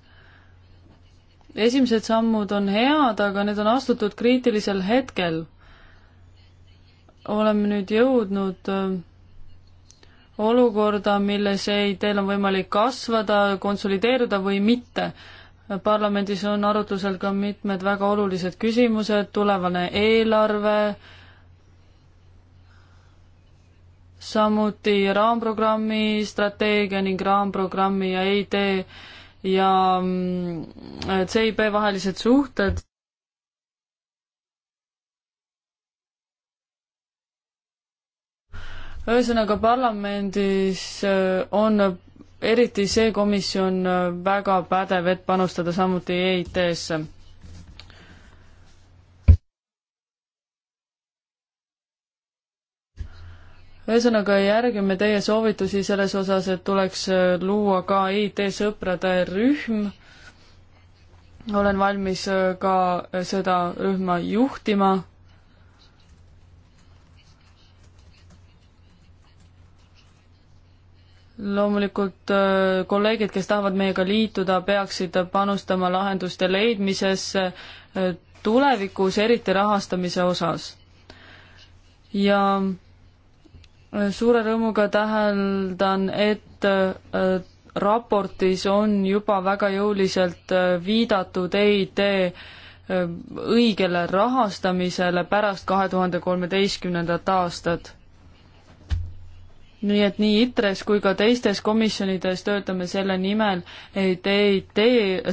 esimesed sammud on head, aga need on astutud kriitilisel hetkel. oleme nüüd jõudnud äh, olukorda, milles EIT-l on võimalik kasvada, konsolideeruda või mitte parlamendis on arutlusel ka mitmed väga olulised küsimused, tulevane eelarve, samuti raamprogrammi strateegia ning raamprogrammi ja EIT ja mm, CIP vahelised suhted. ühesõnaga, parlamendis äh, on eriti see komisjon äh, väga pädev, et panustada samuti EIT-sse ühesõnaga, järgime teie soovitusi selles osas, et tuleks äh, luua ka IT-sõprade rühm. olen valmis äh, ka äh, seda rühma juhtima. loomulikult kolleegid, kes tahavad meiega liituda, peaksid panustama lahenduste leidmisesse tulevikus, eriti rahastamise osas. ja suure rõõmuga täheldan, et äh, raportis on juba väga jõuliselt äh, viidatud EIT äh, õigele rahastamisele pärast kahe tuhande kolmeteistkümnendat aastat. nii et nii ITRES kui ka teistes komisjonides töötame selle nimel, et EIT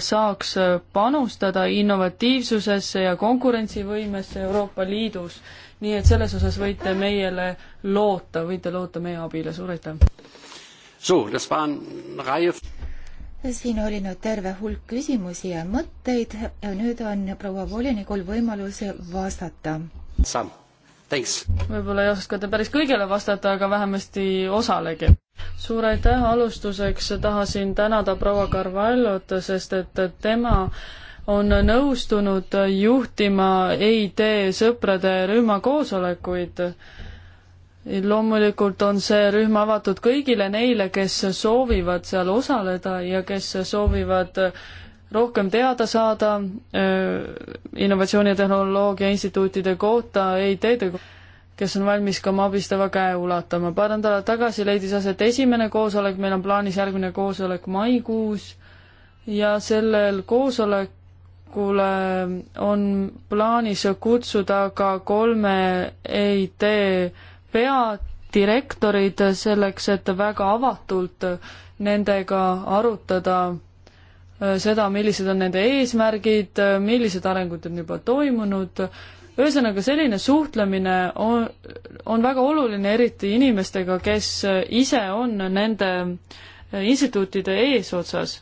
saaks panustada innovatiivsusesse ja konkurentsivõimesse Euroopa Liidus nii et selles osas võite meiele loota, võite loota meie abile, suur aitäh! siin oli nüüd terve hulk küsimusi ja mõtteid ja nüüd on proua volinikul võimalus vastata. võib-olla ei oskata päris kõigele vastata, aga vähemasti osalegi. suur aitäh, alustuseks tahasin tänada proua Carvallot, sest et tema äh, on nõustunud juhtima EIT sõprade rühma koosolekuid. loomulikult on see rühm avatud kõigile neile, kes soovivad seal osaleda ja kes soovivad rohkem teada saada innovatsiooni ja tehnoloogia instituutide kohta, EIT-de kohta kes on valmis ka oma abistava käe ulatama. paar nädalat tagasi leidis aset esimene koosolek, meil on plaanis järgmine koosolek maikuus ja sellel koosolek koosolekule on plaanis kutsuda ka kolme EIT peadirektorid selleks, et väga avatult nendega arutada äh, seda, millised on nende eesmärgid, äh, millised arengud on juba toimunud, ühesõnaga, selline suhtlemine on, on väga oluline, eriti inimestega, kes ise on nende instituutide eesotsas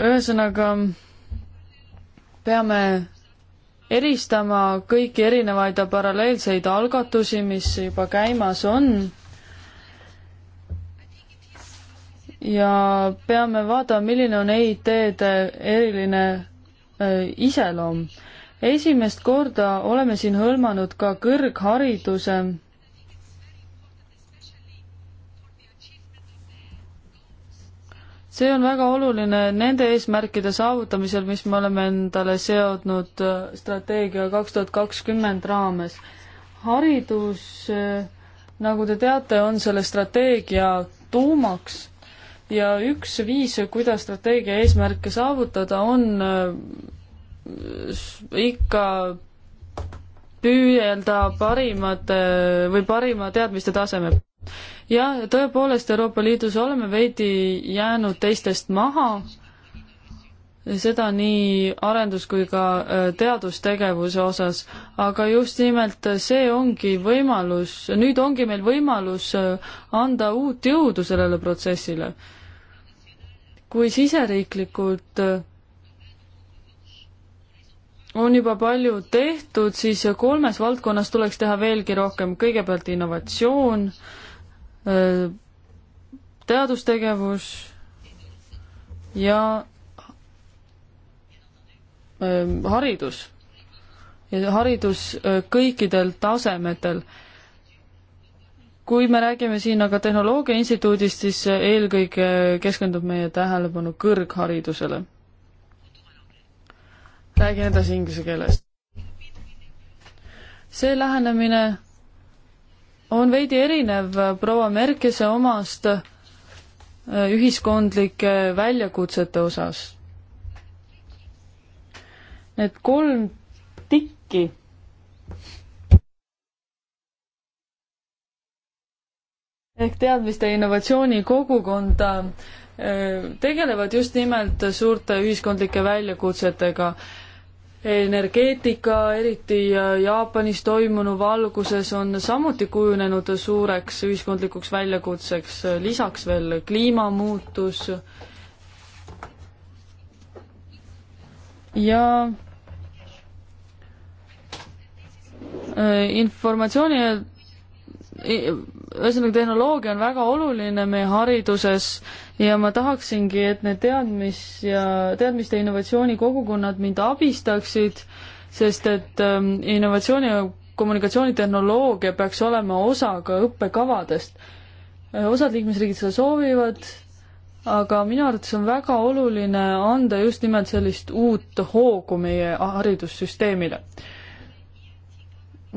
ühesõnaga peame eristama kõiki erinevaid paralleelseid algatusi, mis juba käimas on. ja peame vaatama, milline on EIT-de eriline äh, iseloom. esimest korda oleme siin hõlmanud ka kõrghariduse see on väga oluline nende eesmärkide saavutamisel, mis me oleme endale seadnud äh, strateegia kaks tuhat kakskümmend raames. haridus, äh, nagu te teate, on selle strateegia tuumaks ja üks viis, kuidas strateegia eesmärke saavutada, on äh, ikka püüelda parimate või parima teadmiste taseme jah, tõepoolest Euroopa Liidus oleme veidi jäänud teistest maha, seda nii arendus- kui ka äh, teadustegevuse osas, aga just nimelt see ongi võimalus, nüüd ongi meil võimalus äh, anda uut jõudu sellele protsessile. kui siseriiklikult äh, on juba palju tehtud, siis kolmes valdkonnas tuleks teha veelgi rohkem, kõigepealt innovatsioon, teadustegevus ja ähm, haridus. ja haridus äh, kõikidel tasemetel. kui me räägime siin aga Tehnoloogia Instituudist, siis äh, eelkõige keskendub meie tähelepanu kõrgharidusele. räägin edasi inglise keeles. see lähenemine on veidi erinev proua Merkese omast äh, ühiskondlike väljakutsete osas. Need kolm tikki ehk teadmiste innovatsiooni kogukonda äh, tegelevad just nimelt suurte ühiskondlike väljakutsetega energeetika, eriti Jaapanis toimunu valguses, on samuti kujunenud suureks ühiskondlikuks väljakutseks, lisaks veel kliimamuutus ja äh, informatsiooni ühesõnaga, tehnoloogia on väga oluline meie hariduses ja ma tahaksingi, et need teadmis- ja teadmiste innovatsioonikogukonnad mind abistaksid, sest et ähm, innovatsiooni ja kommunikatsioonitehnoloogia peaks olema osa ka õppekavadest. Äh, osad liikmesriigid seda soovivad, aga minu arvates on väga oluline anda just nimelt sellist uut hoogu meie haridussüsteemile.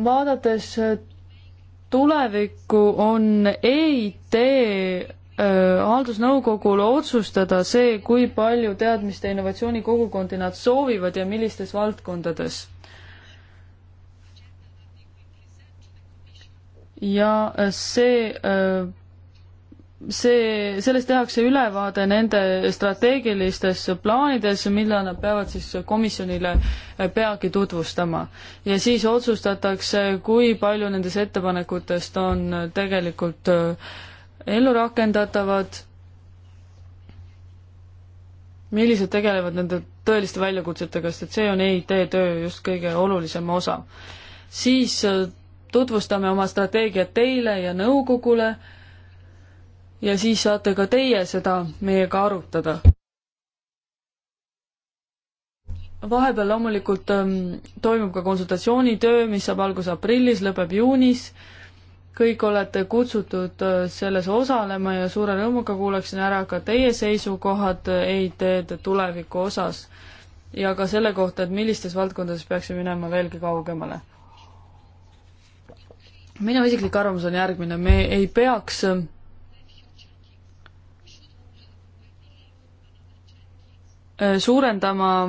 vaadates äh, tulevikku on EIT haldusnõukogul otsustada see, kui palju teadmiste innovatsiooni kogukondi nad soovivad ja millistes valdkondades. ja see öö, see, sellest tehakse ülevaade nende strateegilistes plaanides, mida nad peavad siis komisjonile peagi tutvustama. ja siis otsustatakse, kui palju nendest ettepanekutest on tegelikult äh, ellurakendatavad, millised tegelevad nende tõeliste väljakutsetega, sest et see on EIT töö just kõige olulisem osa. siis äh, tutvustame oma strateegiat teile ja nõukogule ja siis saate ka teie seda meiega arutada. vahepeal loomulikult ähm, toimub ka konsultatsioonitöö, mis saab alguse aprillis, lõpeb juunis. kõik olete kutsutud äh, selles osalema ja suure rõõmuga kuulaksin ära ka teie seisukohad EIT-d tuleviku osas ja ka selle kohta, et millistes valdkondades peaksime minema veelgi kaugemale minu isiklik arvamus on järgmine, me ei peaks äh, Äh, suurendama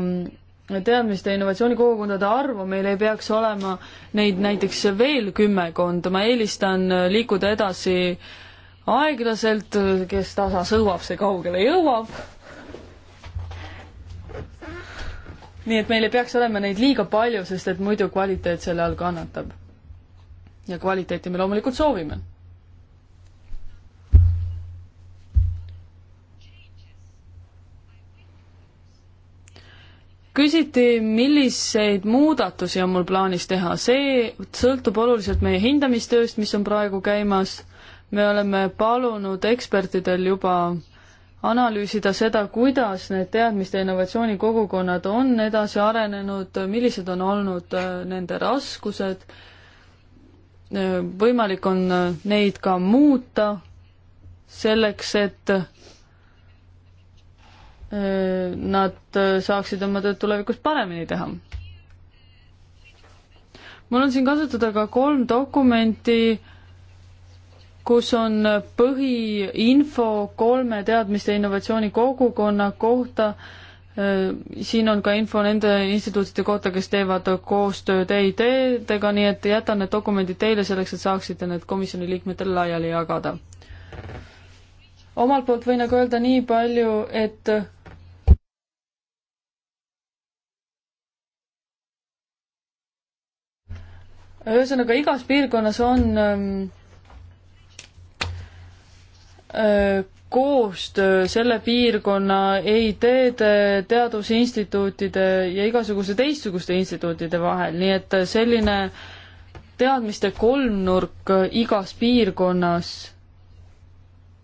äh, teadmiste ja innovatsioonikogukondade arvu, meil ei peaks olema neid näiteks veel kümmekond, ma eelistan äh, liikuda edasi aeglaselt, kes tasa sõuab, see kaugele jõuab. nii et meil ei peaks olema neid liiga palju, sest et muidu kvaliteet selle all kannatab. ja kvaliteeti me loomulikult soovime küsiti, milliseid muudatusi on mul plaanis teha, see sõltub oluliselt meie hindamistööst, mis on praegu käimas. me oleme palunud ekspertidel juba analüüsida seda, kuidas need teadmiste innovatsioonikogukonnad on edasi arenenud, millised on olnud äh, nende raskused, äh, võimalik on äh, neid ka muuta selleks, et nad saaksid oma tööd tulevikus paremini teha. mul on siin kasutada ka kolm dokumenti, kus on põhiinfo kolme teadmiste innovatsiooni kogukonna kohta. siin on ka info nende instituutide kohta, kes teevad koostööd EIT-dega, nii et jätan need dokumendid teile selleks, et saaksite need komisjoni liikmetele laiali jagada. omalt poolt võin aga öelda nii palju, et ühesõnaga, igas piirkonnas on öö, ähm, äh, koostöö selle piirkonna EIT-de, teadusinstituutide ja igasuguste teistsuguste instituutide vahel, nii et selline teadmiste kolmnurk igas piirkonnas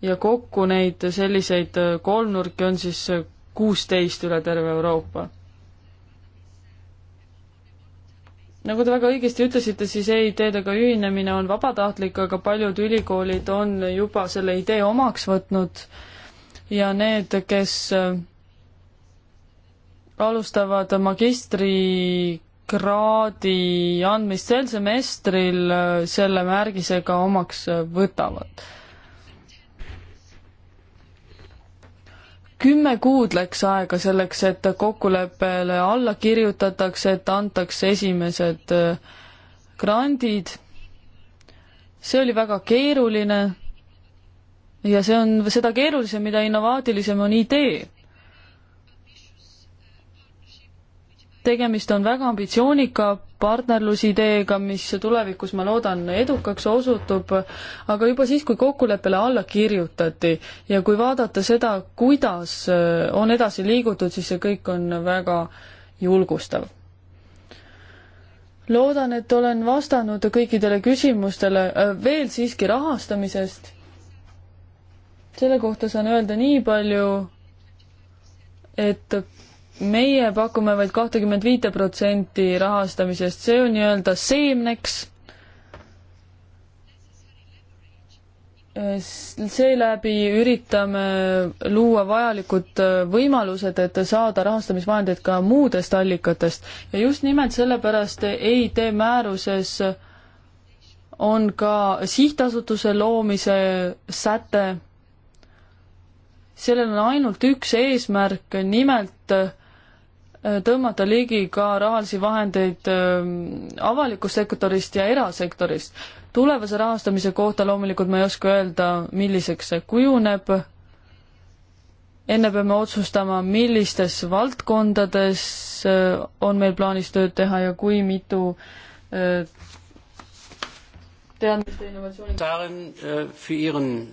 ja kokku neid selliseid kolmnurki on siis kuusteist üle terve Euroopa nagu te väga õigesti ütlesite, siis e-ideedega ühinemine on vabatahtlik, aga paljud ülikoolid on juba selle idee omaks võtnud ja need, kes äh, alustavad magistrikraadi andmist sel semestril, äh, selle märgisega omaks äh, võtavad kümme kuud läks aega selleks, et kokkuleppele alla kirjutatakse, et antakse esimesed äh, grandid. see oli väga keeruline ja see on seda keerulisem, mida innovaatilisem on idee. tegemist on väga ambitsioonika partnerlusideega, mis tulevikus, ma loodan, edukaks osutub, aga juba siis, kui kokkuleppele alla kirjutati ja kui vaadata seda, kuidas äh, on edasi liigutud, siis see kõik on väga julgustav. loodan, et olen vastanud kõikidele küsimustele, äh, veel siiski rahastamisest. selle kohta saan öelda nii palju, et meie pakume vaid kahtekümmet viite protsenti rahastamisest, see on nii-öelda seemneks. seeläbi üritame luua vajalikud võimalused, et saada rahastamisvahendeid ka muudest allikatest ja just nimelt sellepärast EIT määruses on ka sihtasutuse loomise säte. sellel on ainult üks eesmärk, nimelt Äh, tõmmata ligi ka rahalisi vahendeid ähm, avalikust sektorist ja erasektorist. tulevase rahastamise kohta loomulikult ma ei oska öelda, milliseks see kujuneb, enne peame otsustama, millistes valdkondades äh, on meil plaanis tööd teha ja kui mitu äh, teadmiste innovatsiooni.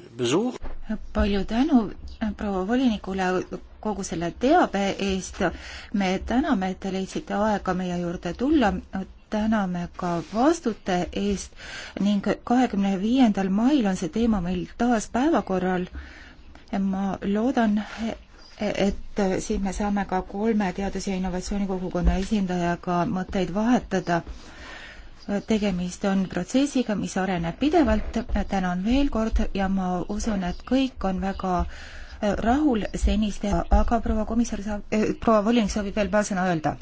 Äh, palju tänu proua volinikule kogu selle teabe eest. me täname, et te leidsite aega meie juurde tulla täname ka vastute eest ning kahekümne viiendal mail on see teema meil taas päevakorral. ma loodan, et siin me saame ka kolme teadus- ja innovatsioonikogukonna esindajaga mõtteid vahetada tegemist on protsessiga, mis areneb pidevalt, tänan veel kord ja ma usun, et kõik on väga äh, rahul seniste, aga proua komissar saab eh,, proua volinik soovib veel paar sõna öelda.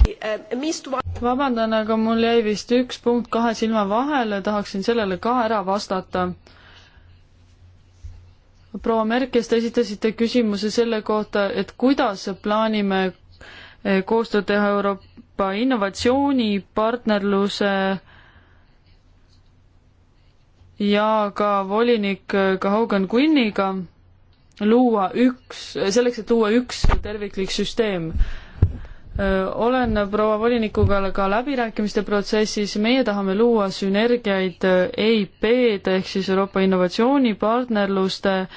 vabandan, aga mul jäi vist üks punkt kahe silma vahele, tahaksin sellele ka ära vastata. proua Merkes, te esitasite küsimuse selle kohta, et kuidas plaanime äh, koostööd teha Euroopa innovatsioonipartnerluse ja ka volinik ka Hogan Quinniga luua üks, selleks, et luua üks terviklik süsteem. olen proua volinikuga ka läbirääkimiste protsessis, meie tahame luua sünergiaid EIP-de ehk siis Euroopa innovatsioonipartnerluste,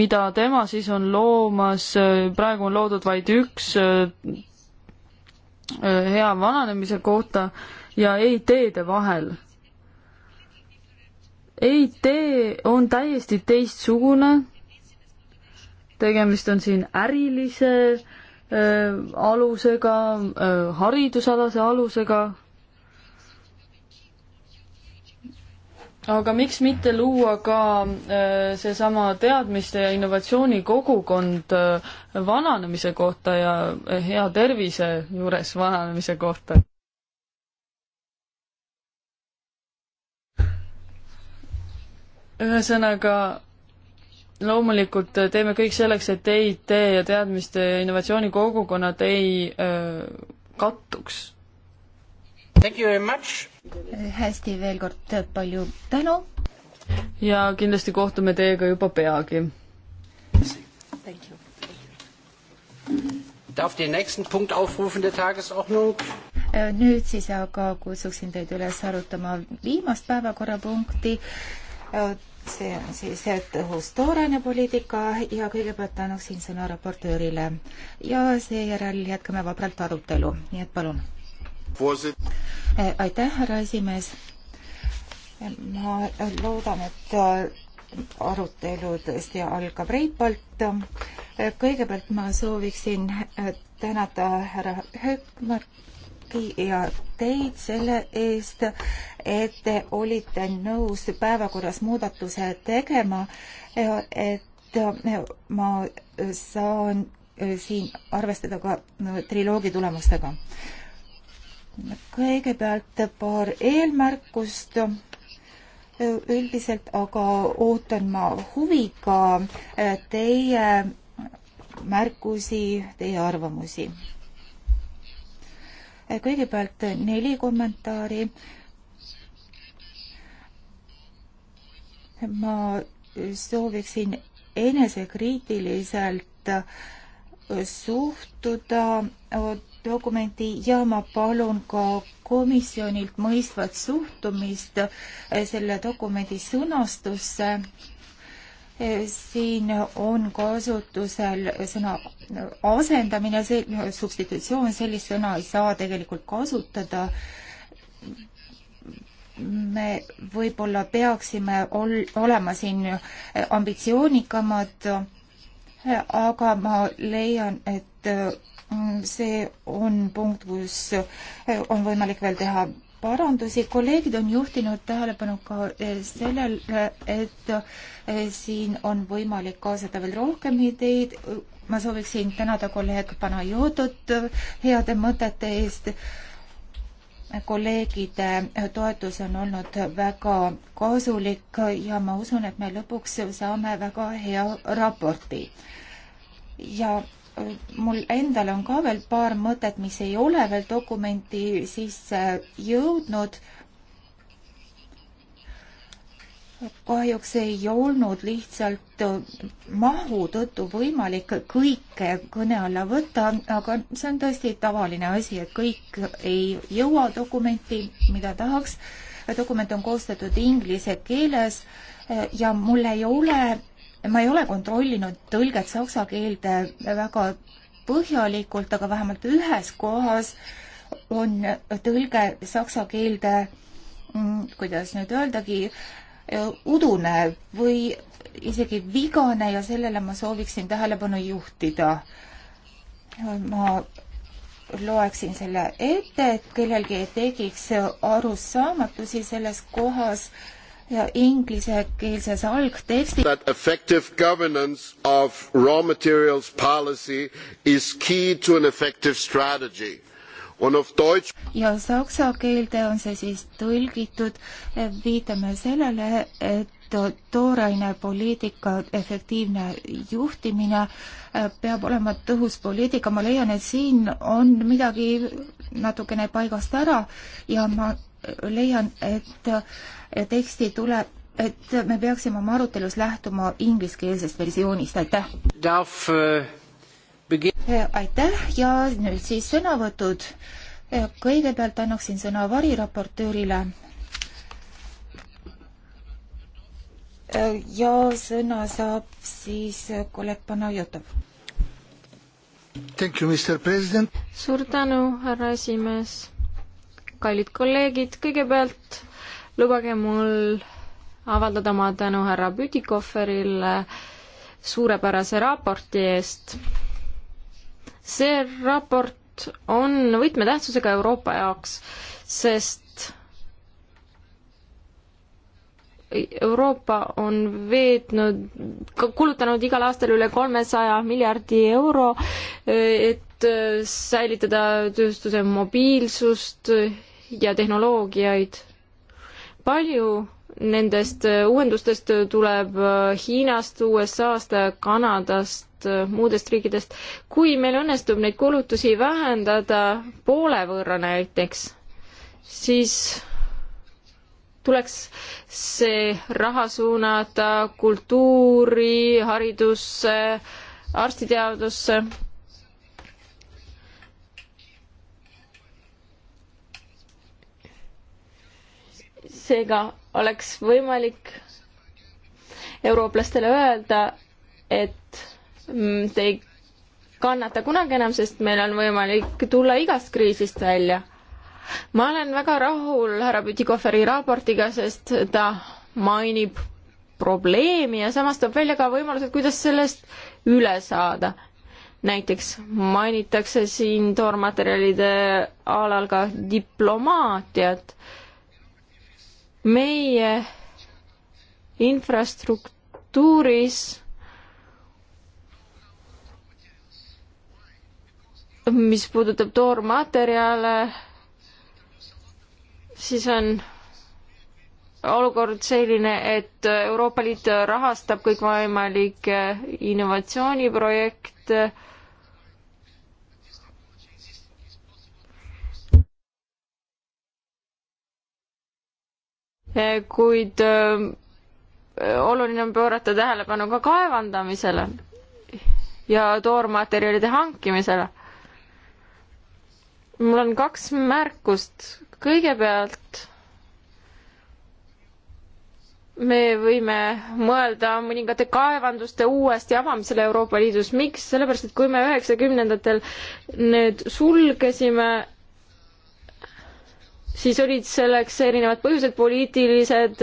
mida tema siis on loomas, praegu on loodud vaid üks hea vananemise kohta ja EIT-de vahel. EIT on täiesti teistsugune, tegemist on siin ärilise äh, alusega äh,, haridusalase alusega, aga miks mitte luua ka äh, seesama teadmiste ja innovatsiooni kogukond äh, vananemise kohta ja äh, hea tervise juures vananemise kohta? ühesõnaga, loomulikult äh, teeme kõik selleks, et EIT ja teadmiste ja innovatsioonikogukonnad ei öö, äh, kattuks. hästi, veel kord palju tänu. ja kindlasti kohtume teiega juba peagi. Darf den nächsten Punkt aufrufen der Tagesordnung? Äh, nüüd siis aga kutsuksin teid üles arutama viimast päevakorrapunkti see on siis tõhus toorane poliitika ja kõigepealt annaksin sõna raportöörile ja seejärel jätkame vabralt arutelu, nii et palun. aitäh, härra esimees. ma loodan, et arutelu tõesti algab reipalt. kõigepealt ma sooviksin tänada härra Höökmart Paki ja teid selle eest, et te olite nõus päevakorras muudatuse tegema, et ma saan siin arvestada ka triloogi tulemustega. kõigepealt paar eelmärkust üldiselt aga ootan ma huviga teie märkusi, teie arvamusi kõigepealt neli kommentaari. ma sooviksin enesekriitiliselt suhtuda dokumenti ja ma palun ka komisjonilt mõistvat suhtumist selle dokumendi sõnastusse siin on kasutusel sõna asendamine, see substitutsioon, sellist sõna ei saa tegelikult kasutada. me võib-olla peaksime ol-, olema siin ambitsioonikamad, aga ma leian, et see on punkt, kus on võimalik veel teha parandusi. kolleegid on juhtinud tähelepanu ka eh, sellele, eh, et eh, siin on võimalik kaasada veel rohkem ideid. ma sooviksin tänada kolleeg Panajotot heade mõtete eest. kolleegide toetus on olnud väga kasulik ja ma usun, et me lõpuks saame väga hea raporti. ja mul endal on ka veel paar mõtet, mis ei ole veel dokumenti sisse jõudnud. kahjuks ei olnud lihtsalt mahu tõttu võimalik kõike kõne alla võtta, aga see on tõesti tavaline asi, et kõik ei jõua dokumenti, mida tahaks. dokument on koostatud inglise keeles ja mul ei ole ma ei ole kontrollinud tõlget saksa keelde väga põhjalikult, aga vähemalt ühes kohas on tõlge saksa keelde, mm, kuidas nüüd öeldagi, udune või isegi vigane ja sellele ma sooviksin tähelepanu juhtida. ma loeksin selle ette, et kellelgi ei tekiks arusaamatusi selles kohas ja inglisekeelses algtekstis. That effective governance of raw materials policy is key to an effective strategy ja saksa keelde on see siis tõlgitud, viitame sellele, et tooraine poliitika efektiivne juhtimine peab olema tõhus poliitika, ma leian, et siin on midagi natukene paigast ära ja ma leian, et teksti tuleb, et me peaksime oma arutelus lähtuma ingliskeelsest versioonist, aitäh! Äh, äh, aitäh ja nüüd siis sõnavõtud. Äh, kõigepealt annaksin sõna variraportöörile. ja sõna saab siis kolleeg Panajotov. suur tänu, härra esimees kallid kolleegid, kõigepealt lubage mul avaldada oma tänu härra Pütikoferile suurepärase raporti eest. see raport on võtmetähtsusega Euroopa jaoks, sest Euroopa on veetnud, kulutanud igal aastal üle kolmesaja miljardi euro, et säilitada tööstuse mobiilsust ja tehnoloogiaid. palju nendest äh, uuendustest tuleb äh, Hiinast, USA-st, Kanadast, äh, muudest riikidest. kui meil õnnestub neid kulutusi vähendada poole võrra näiteks, siis tuleks see raha suunata kultuuri, haridusse, arstiteadusse seega oleks võimalik eurooplastele öelda, et mm, te ei kannata kunagi enam, sest meil on võimalik tulla igast kriisist välja. ma olen väga rahul härra Pütikoferi raportiga, sest ta mainib probleemi ja samas toob välja ka võimalused, kuidas sellest üle saada. näiteks mainitakse siin toormaterjalide alal ka diplomaatiat meie infrastruktuuris mis puudutab toormaterjale, siis on olukord selline, et Euroopa Liit rahastab kõikvõimalikke innovatsiooniprojekte Eh, kuid eh, oluline on pöörata tähelepanu ka kaevandamisele ja toormaterjalide hankimisele. mul on kaks märkust. kõigepealt me võime mõelda mõningate kaevanduste uuesti avamisele Euroopa Liidus. miks? sellepärast, et kui me üheksakümnendatel need sulgesime, siis olid selleks erinevad põhjused, poliitilised,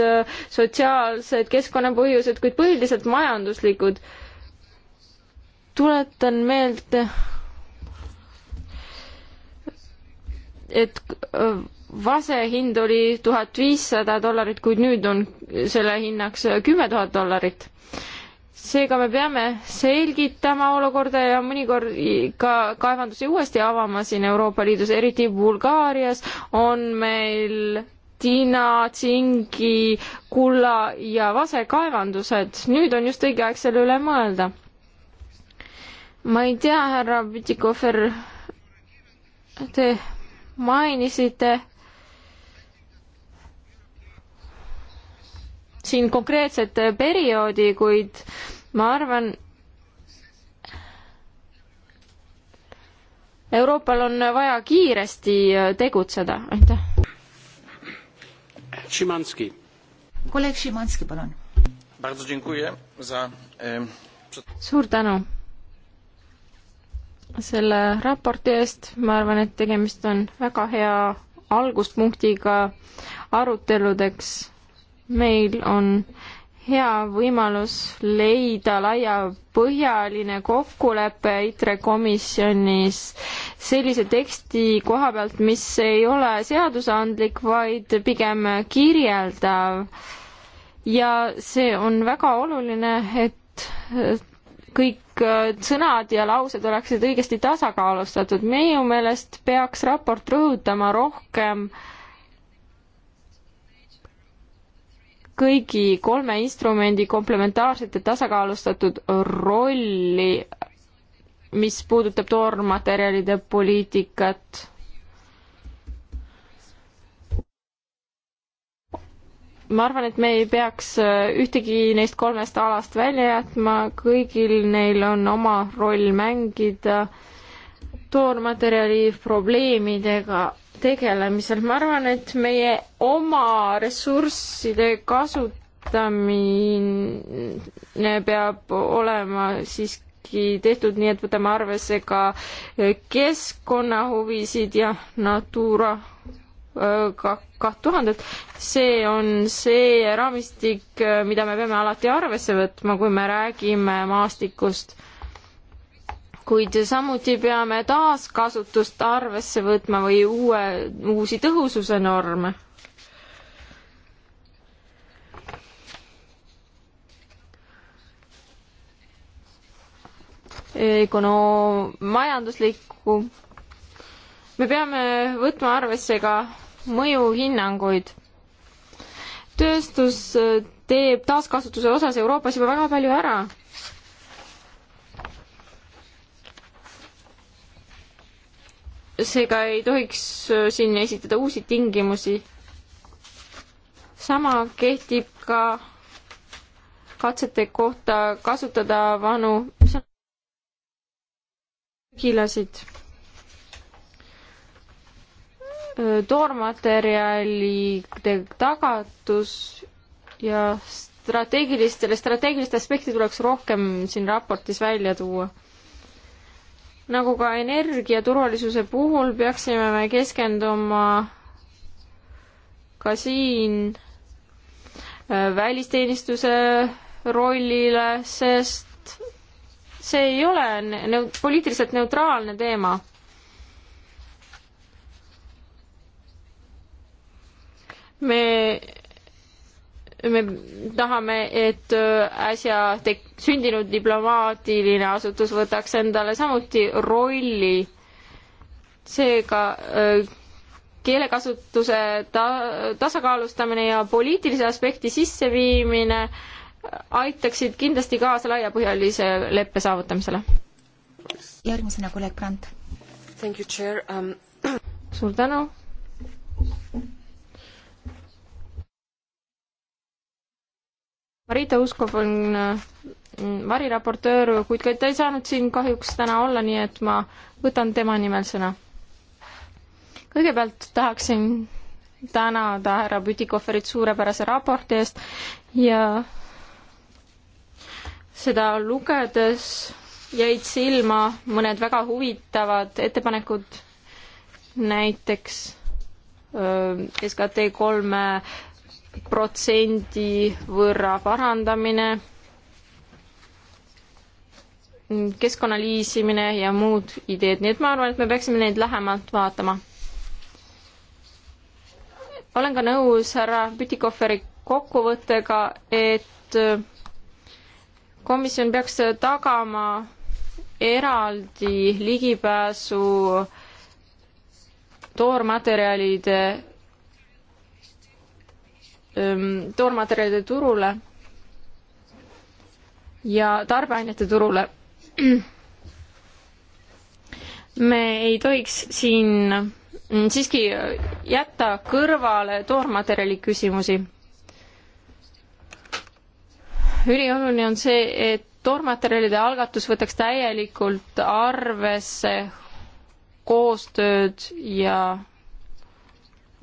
sotsiaalsed, keskkonnapõhjused, kuid põhiliselt majanduslikud. tuletan meelde, et äh, vase hind oli tuhat viissada dollarit, kuid nüüd on selle hinnaks kümme tuhat dollarit seega me peame selgitama olukorda ja mõnikord ka kaevandusi uuesti avama siin Euroopa Liidus, eriti Bulgaarias on meil tina, tsingi, kulla ja vasekaevandused. nüüd on just õige aeg selle üle mõelda. ma ei tea, härra Pütikofer, te mainisite siin konkreetset perioodi, kuid ma arvan, Euroopal on vaja kiiresti tegutseda, aitäh. Szymanski. kolleeg Szymanski, palun. suur tänu selle raporti eest, ma arvan, et tegemist on väga hea alguspunktiga aruteludeks meil on hea võimalus leida laiapõhjaline kokkulepe ITRE komisjonis sellise teksti koha pealt, mis ei ole seadusandlik, vaid pigem kirjeldav. ja see on väga oluline, et kõik sõnad ja laused oleksid õigesti tasakaalustatud. minu meelest peaks raport rõhutama rohkem äh, kõigi kolme instrumendi komplementaarset ja tasakaalustatud rolli, mis puudutab toormaterjalide poliitikat. ma arvan, et me ei peaks äh, ühtegi neist kolmest alast välja jätma, kõigil neil on oma roll mängida toormaterjali probleemidega tegelemisel. ma arvan, et meie oma ressursside kasutamine peab olema siiski tehtud nii, et võtame arvesse ka keskkonnahuvisid ja Natura äh, ka kaht tuhandet. see on see raamistik, äh, mida me peame alati arvesse võtma, kui me räägime maastikust kuid samuti peame taaskasutust arvesse võtma või uue, uusi tõhususe norme. ökono-, majanduslikku. me peame võtma arvesse ka mõjuhinnanguid. tööstus äh, teeb taaskasutuse osas Euroopas juba väga palju ära seega ei tohiks äh, siin esitada uusi tingimusi. sama kehtib ka katsete kohta kasutada vanu prügilasid. Äh, toormaterjalide tagatus ja strateegilistele, strateegilist aspekti tuleks rohkem siin raportis välja tuua nagu ka energiaturvalisuse puhul peaksime me keskenduma ka siin äh, välisteenistuse rollile, sest see ei ole neud-, poliitiliselt neutraalne teema. me me tahame, et äh, äsja tek-, sündinud diplomaatiline asutus võtaks endale samuti rolli. seega äh, keelekasutuse ta-, tasakaalustamine ja poliitilise aspekti sisseviimine aitaksid kindlasti kaasa laiapõhjalise leppe saavutamisele. järgmisena kolleeg Brandt. Um... suur tänu Marita Uskov on äh, variraportöör, kuid ta ei saanud siin kahjuks täna olla, nii et ma võtan tema nimel sõna. kõigepealt tahaksin tänada härra Pütikoferit suurepärase raporti eest ja seda lugedes jäid silma mõned väga huvitavad ettepanekud, näiteks äh, SKT kolme protsendi võrra parandamine, keskkonna liisimine ja muud ideed, nii et ma arvan, et me peaksime neid lähemalt vaatama. olen ka nõus härra Pütikoferi kokkuvõttega, et komisjon peaks tagama eraldi ligipääsu toormaterjalide toormaterjalide turule ja tarbeainete turule. me ei tohiks siin mm, siiski jätta kõrvale toormaterjali küsimusi. ülioluline on see, et toormaterjalide algatus võtaks täielikult arvesse koostööd ja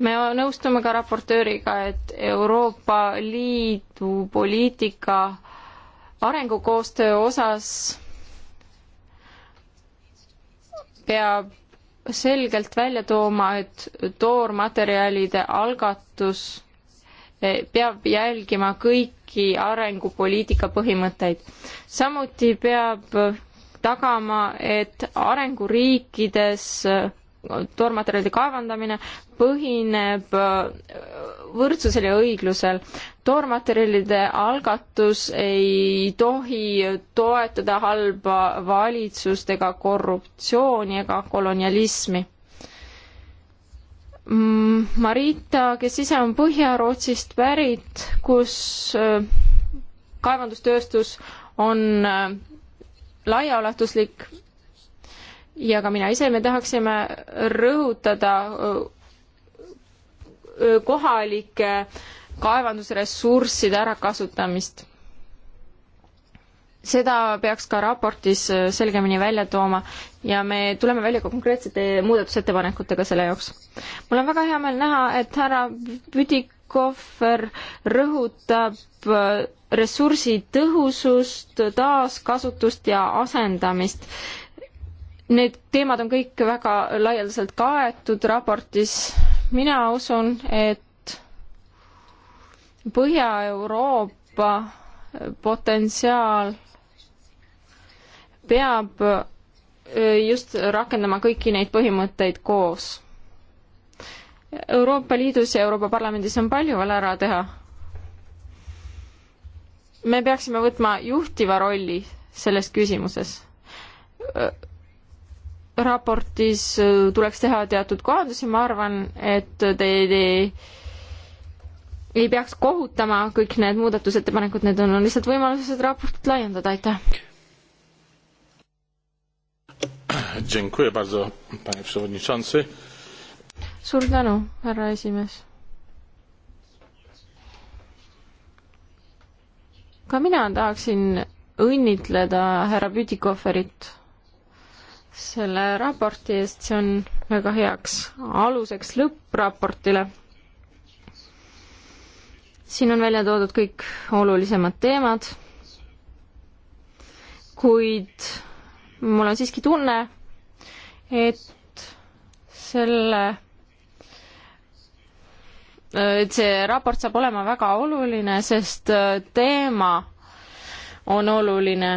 me nõustume ka raportööriga, et Euroopa Liidu poliitika arengukoostöö osas peab selgelt välja tooma, et toormaterjalide algatus eh, peab jälgima kõiki arengupoliitika põhimõtteid. samuti peab tagama, et arenguriikides toormaterjalide kaevandamine põhineb äh, võrdsusel ja õiglusel. toormaterjalide algatus ei tohi toetada halba valitsust ega korruptsiooni ega kolonialismi. Mm, Marita, kes ise on Põhja-Rootsist pärit, kus äh, kaevandustööstus on äh, laiaulatuslik ja ka mina ise, me tahaksime rõhutada kohalike kaevandusressursside ärakasutamist. seda peaks ka raportis selgemini välja tooma ja me tuleme välja ka konkreetsete muudatusettepanekutega selle jaoks. mul on väga hea meel näha, et härra Püdikohver rõhutab ressursi tõhusust, taaskasutust ja asendamist Need teemad on kõik väga laialdaselt kaetud raportis. mina usun, et Põhja-Euroopa potentsiaal peab just rakendama kõiki neid põhimõtteid koos. Euroopa Liidus ja Euroopa Parlamendis on palju veel ära teha. me peaksime võtma juhtiva rolli selles küsimuses raportis äh, tuleks teha teatud kohandusi, ma arvan, et teid ei, ei peaks kohutama kõik need muudatusettepanekud, need on, on lihtsalt võimalused raportit laiendada, aitäh. suur tänu, härra esimees. ka mina tahaksin õnnitleda härra Pütikoferit selle raporti eest, see on väga heaks aluseks lõppraportile. siin on välja toodud kõik olulisemad teemad, kuid mul on siiski tunne, et selle, et see raport saab olema väga oluline, sest teema on oluline.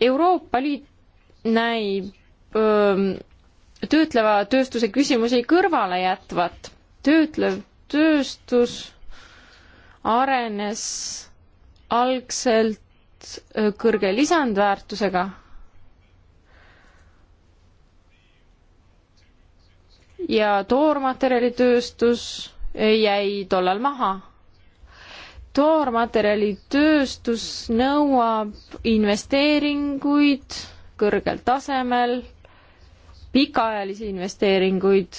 Euroopa Liit näib öö, töötleva tööstuse küsimusi kõrvale jätvat. töötlev tööstus arenes algselt kõrge lisandväärtusega ja toormaterjalitööstus jäi tollal maha. toormaterjalitööstus nõuab investeeringuid kõrgel tasemel pikaajalisi investeeringuid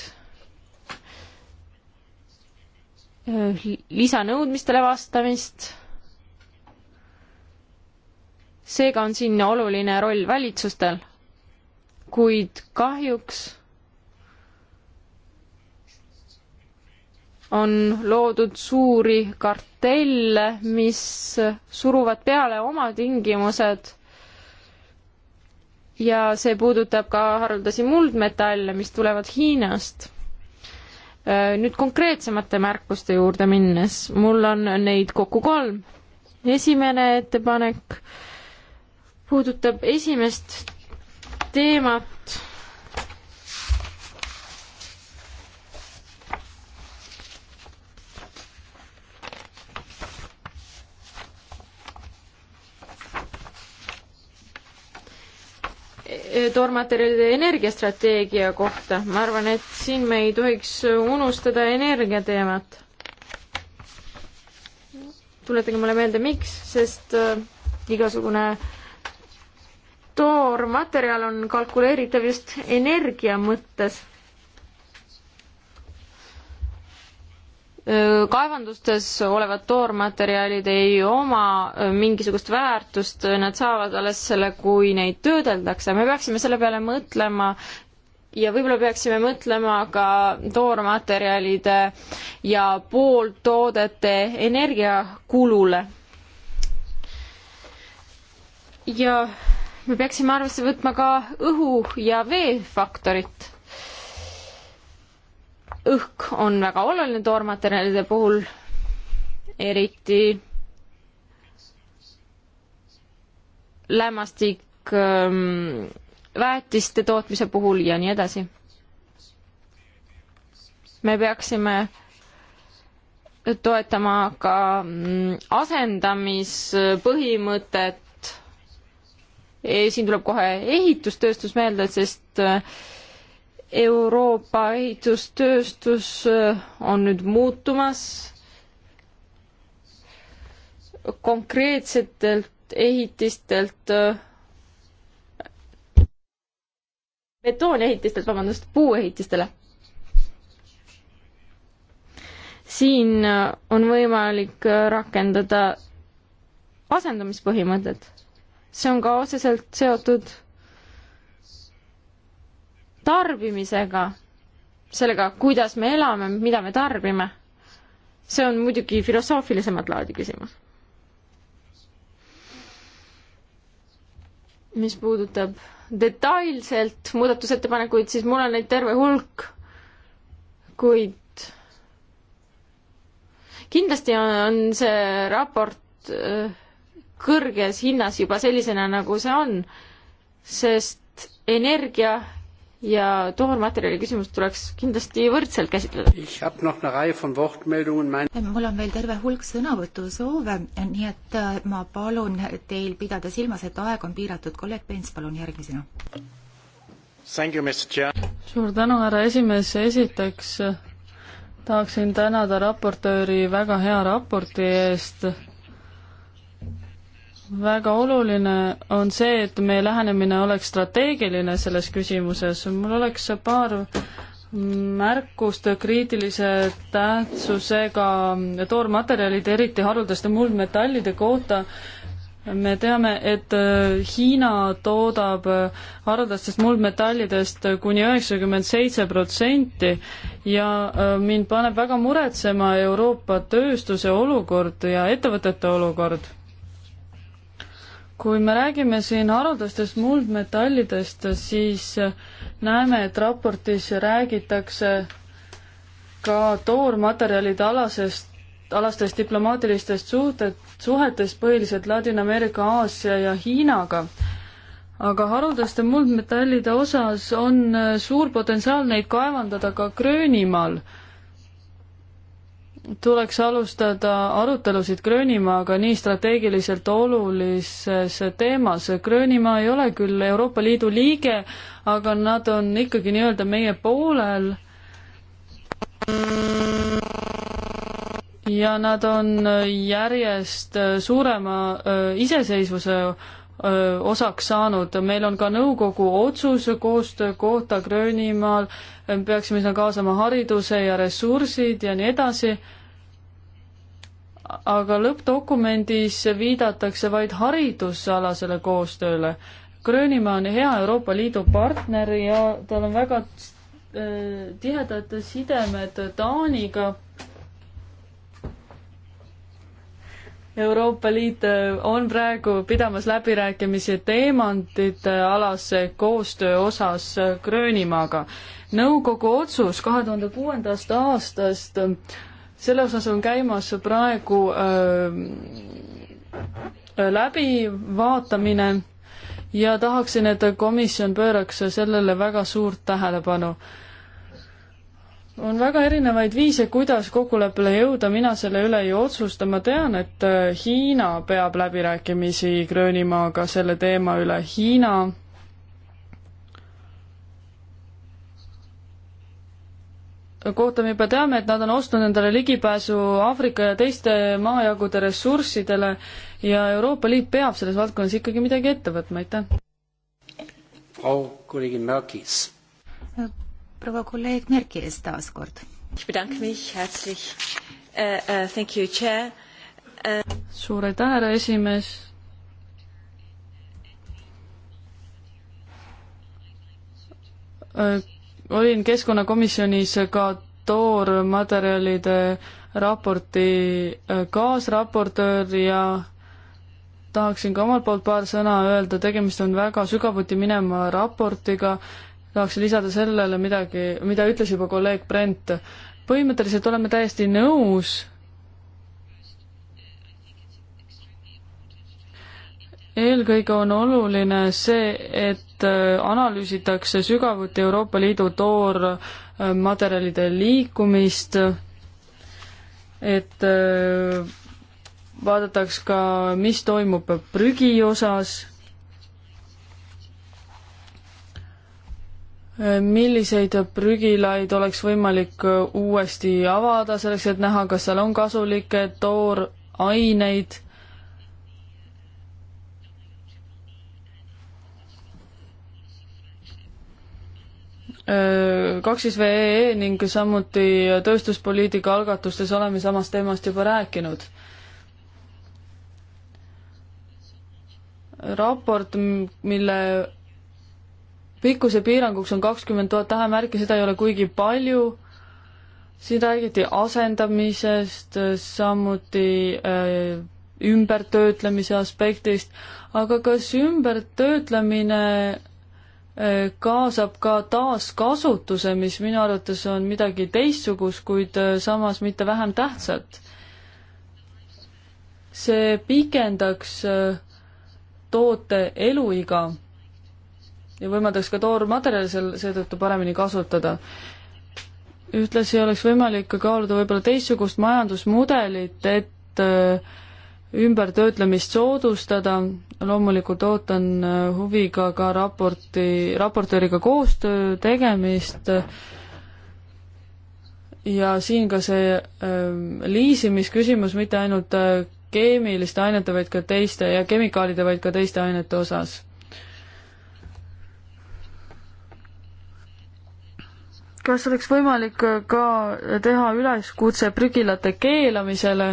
äh, lisanõudmistele vastamist. seega on siin oluline roll valitsustel, kuid kahjuks on loodud suuri kartelle, mis suruvad peale oma tingimused ja see puudutab ka haruldasi muldmetalle, mis tulevad Hiinast. Äh, nüüd konkreetsemate märkuste juurde minnes, mul on neid kokku kolm. esimene ettepanek puudutab esimest teemat Eh, toormaterjalide energiastrateegia kohta. ma arvan, et siin me ei tohiks unustada energia teemat. tuletage mulle meelde, miks, sest eh, igasugune toormaterjal on kalkuleeritav just energia mõttes. kaevandustes olevad toormaterjalid ei oma mingisugust väärtust, nad saavad alles selle, kui neid töödeldakse. me peaksime selle peale mõtlema ja võib-olla peaksime mõtlema ka toormaterjalide ja pooltoodete energiakulule. ja me peaksime arvesse võtma ka õhu ja vee faktorit õhk on väga oluline toormaterjalide puhul, eriti lämmastik, ähm, väetiste tootmise puhul ja nii edasi. me peaksime toetama ka mm, asendamispõhimõtet. siin tuleb kohe ehitustööstus meelde, sest äh, Euroopa ehitustööstus äh, on nüüd muutumas konkreetsetelt ehitistelt äh, betoonehitistelt, vabandust, puuehitistele. siin äh, on võimalik rakendada asendamispõhimõtet. see on ka otseselt seotud tarbimisega, sellega, kuidas me elame, mida me tarbime. see on muidugi filosoofilisemat laadi küsimus. mis puudutab detailselt muudatusettepanekuid, siis mul on neid terve hulk, kuid kindlasti on, on see raport äh, kõrges hinnas juba sellisena, nagu see on, sest energia ja toormaterjali küsimust tuleks kindlasti võrdselt käsitleda. Äh, mul on veel terve hulk sõnavõtusoove, äh, nii et äh, ma palun teil pidada silmas, et aeg on piiratud. kolleeg Pents, palun järgmisena. suur tänu, härra esimees, esiteks tahaksin tänada raportööri väga hea raporti eest väga oluline on see, et meie lähenemine oleks strateegiline selles küsimuses. mul oleks paar märkust kriitilise tähtsusega toormaterjalide, eriti haruldaste muldmetallide kohta. me teame, et Hiina toodab haruldastest muldmetallidest kuni üheksakümmend seitse protsenti ja mind paneb väga muretsema Euroopa tööstuse olukord ja ettevõtete olukord kui me räägime siin haruldastest muldmetallidest, siis näeme, et raportis räägitakse ka toormaterjalide alasest, alastest diplomaatilistest suhted, suhetest põhiliselt Ladina-Ameerika, Aasia ja Hiinaga. aga haruldaste muldmetallide osas on suur potentsiaal neid kaevandada ka Gröönimaal tuleks alustada arutelusid Gröönimaaga nii strateegiliselt olulises teemas. Gröönimaa ei ole küll Euroopa Liidu liige, aga nad on ikkagi nii-öelda meie poolel. ja nad on järjest suurema äh, iseseisvuse osaks saanud, meil on ka nõukogu otsus koostöö kohta Gröönimaal, peaksime sinna kaasama hariduse ja ressursid ja nii edasi, aga lõppdokumendis viidatakse vaid haridusalasele koostööle. Gröönimaa on hea Euroopa Liidu partner ja tal on väga tihedad sidemed Taaniga Euroopa Liit äh, on praegu pidamas läbirääkimisi teemantide alase koostöö osas äh, Gröönimaaga. nõukogu otsus kahe tuhande kuuendast aastast, äh, selle osas on käimas praegu öö, läbivaatamine ja tahaksin, et komisjon pööraks sellele väga suurt tähelepanu on väga erinevaid viise, kuidas kokkuleppele jõuda, mina selle üle ei otsusta, ma tean, et äh, Hiina peab läbirääkimisi Gröönimaaga selle teema üle, Hiina kohta me juba teame, et nad on ostnud endale ligipääsu Aafrika ja teiste maajagude ressurssidele ja Euroopa Liit peab selles valdkonnas ikkagi midagi ette võtma, aitäh. Frau kolleegin Merkis. Äh, proua kolleeg Merki ees taas kord. Äh, äh, äh, suur aitäh, härra esimees. olin keskkonnakomisjonis ka toormaterjalide raporti kaasraportöör ja tahaksin ka omalt poolt paar sõna öelda, tegemist on väga sügavuti minema raportiga, tahaks lisada sellele midagi, mida ütles juba kolleeg Brent. põhimõtteliselt oleme täiesti nõus eelkõige on oluline see, et äh, analüüsitakse sügavuti Euroopa Liidu toormaterjalide liikumist, et äh, vaadataks ka, mis toimub prügi osas milliseid prügilaid oleks võimalik äh, uuesti avada selleks, et näha, kas seal on kasulikke tooraineid? Äh, kaks siis VEE e ning samuti tööstuspoliitika algatustes oleme samast teemast juba rääkinud raport, mille pikkuse piiranguks on kakskümmend tuhat tähemärki, seda ei ole kuigi palju. siin räägiti asendamisest, samuti äh, ümbertöötlemise aspektist, aga kas ümbertöötlemine äh, kaasab ka taaskasutuse, mis minu arvates on midagi teistsugust, kuid äh, samas mitte vähem tähtsat? see pikendaks äh, toote eluiga ja võimaldaks ka toormaterjali seal seetõttu paremini kasutada. ühtlasi oleks võimalik ka kaaluda võib-olla teistsugust majandusmudelit, et äh, ümbertöötlemist soodustada, loomulikult ootan äh, huviga ka raporti, raportööriga koostöö tegemist ja siin ka see äh, liisimisküsimus mitte ainult keemiliste ainete, vaid ka teiste ja kemikaalide, vaid ka teiste ainete osas kas oleks võimalik ka teha üleskutse prügilate keelamisele,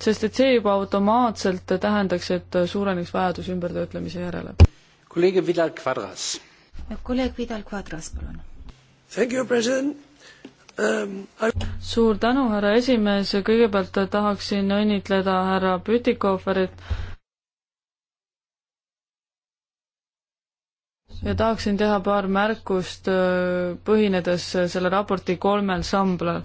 sest et see juba automaatselt tähendaks, et suureneks vajadus ümbertöötlemise järele? kolleeg Vidal Quadras. kolleeg Vidal Quadras, palun. Thank you, president um,. I... suur tänu, härra esimees, kõigepealt tahaksin õnnitleda härra Pütikoferit ja tahaksin teha paar märkust, äh, põhinedes selle raporti kolmel samblal.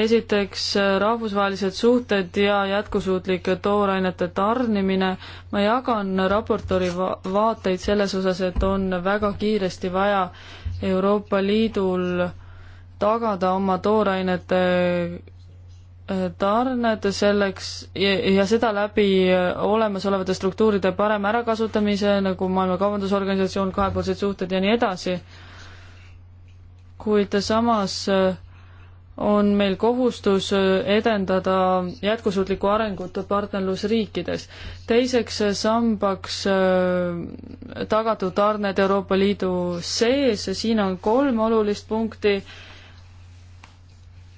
esiteks, äh, rahvusvahelised suhted ja jätkusuutlike toorainete tarnimine. ma jagan raportori va vaateid selles osas, et on väga kiiresti vaja Euroopa Liidul tagada oma toorainete tarned selleks ja, ja seda läbi äh, olemasolevate struktuuride parema ärakasutamise, nagu Maailma Kaubandusorganisatsioon, kahepoolsed suhted ja nii edasi. kuid samas äh, on meil kohustus äh, edendada jätkusuutlikku arengut partnerlusriikides. teiseks sambaks tagatud tarned Euroopa Liidu sees, siin on kolm olulist punkti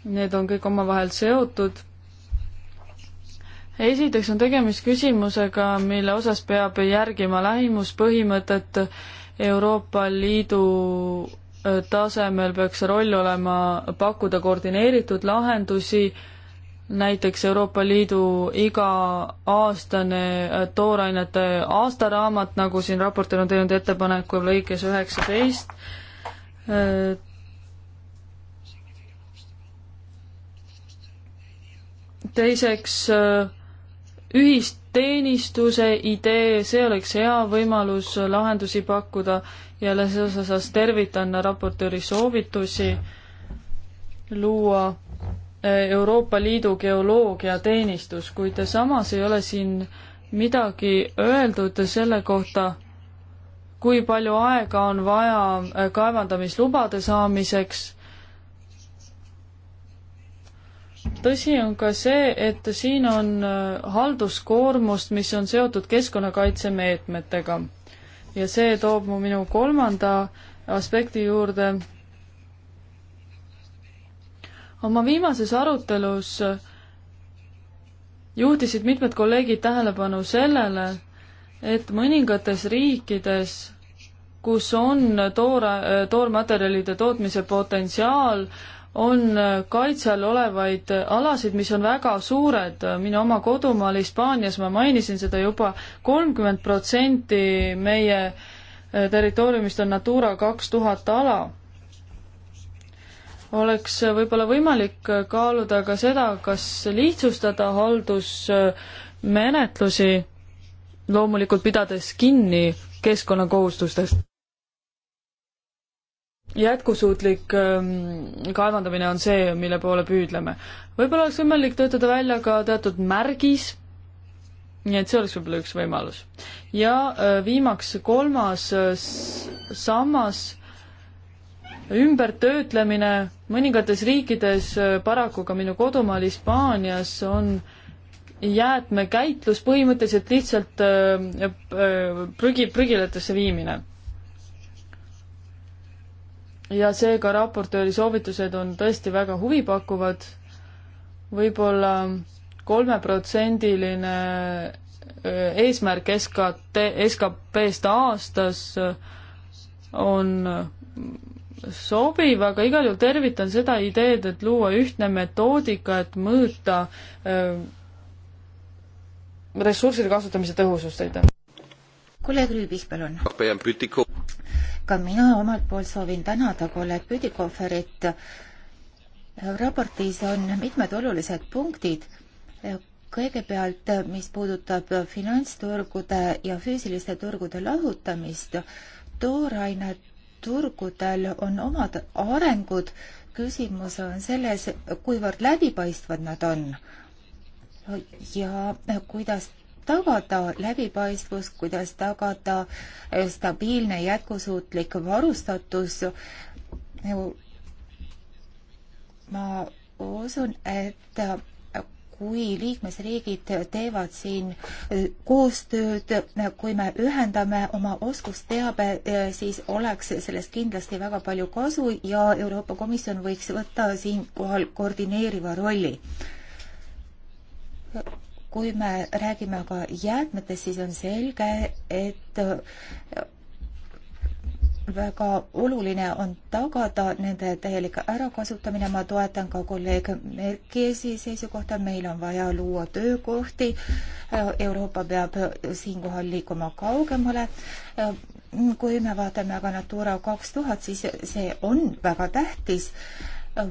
need on kõik omavahel seotud. esiteks on tegemist küsimusega, mille osas peab järgima lähimuspõhimõtet. Euroopa Liidu äh, tasemel peaks roll olema pakkuda koordineeritud lahendusi, näiteks Euroopa Liidu iga-aastane äh, toorainete aastaraamat, nagu siin raportil on teinud ettepaneku lõikes üheksateist äh, teiseks äh, ühisteenistuse idee, see oleks hea võimalus lahendusi pakkuda ja selles osas tervitan raportööri soovitusi luua äh, Euroopa Liidu geoloogiateenistus, kuid samas ei ole siin midagi öeldud selle kohta, kui palju aega on vaja äh, kaevandamislubade saamiseks tõsi on ka see, et siin on äh, halduskoormust, mis on seotud keskkonnakaitsemeetmetega. ja see toob mu minu kolmanda aspekti juurde. oma viimases arutelus äh, juhtisid mitmed kolleegid tähelepanu sellele, et mõningates riikides, kus on toora, äh, toormaterjalide tootmise potentsiaal, on kaitse all olevaid alasid, mis on väga suured, minu oma kodumaal Hispaanias, ma mainisin seda juba, kolmkümmend protsenti meie eh, territooriumist on Natura kaks tuhat ala. oleks võib-olla võimalik kaaluda ka seda, kas lihtsustada haldusmenetlusi, loomulikult pidades kinni keskkonnakohustustest jätkusuutlik ähm, kaevandamine on see, mille poole püüdleme. võib-olla oleks võimalik töötada välja ka teatud märgis, nii et see oleks võib-olla üks võimalus. ja äh, viimaks kolmas äh, sammas, ümbertöötlemine, mõningates riikides, äh, paraku ka minu kodumaal Hispaanias on jäätmekäitlus põhimõtteliselt lihtsalt prügi, prügilatesse viimine ja seega raportööri soovitused on tõesti väga huvipakkuvad võib. võib-olla kolmeprotsendiline äh, eesmärk SKT, SKP-st aastas äh, on äh, sobiv, aga igal juhul tervitan seda ideed, et luua ühtne metoodika, et mõõta ressursside kasutamise tõhusust, aitäh. kolleeg Rüübis, palun ka mina omalt poolt soovin tänada kolleeg Püdikohverit. raportis on mitmed olulised punktid. kõigepealt, mis puudutab finantsturgude ja füüsiliste turgude lahutamist, tooraine turgudel on omad arengud. küsimus on selles, kuivõrd läbipaistvad nad on ja kuidas tagada läbipaistvus, kuidas tagada äh, stabiilne jätkusuutlik varustatus. ma usun, et äh, kui liikmesriigid teevad siin äh, koostööd, kui me ühendame oma oskusteabe, siis oleks sellest kindlasti väga palju kasu ja Euroopa Komisjon võiks võtta siinkohal koordineeriva rolli kui me räägime aga jäätmetest, siis on selge, et väga oluline on tagada nende täielik ärakasutamine, ma toetan ka kolleeg Merkiesi seisukohta, meil on vaja luua töökohti, Euroopa peab siinkohal liikuma kaugemale, kui me vaatame aga Natura kaks tuhat, siis see on väga tähtis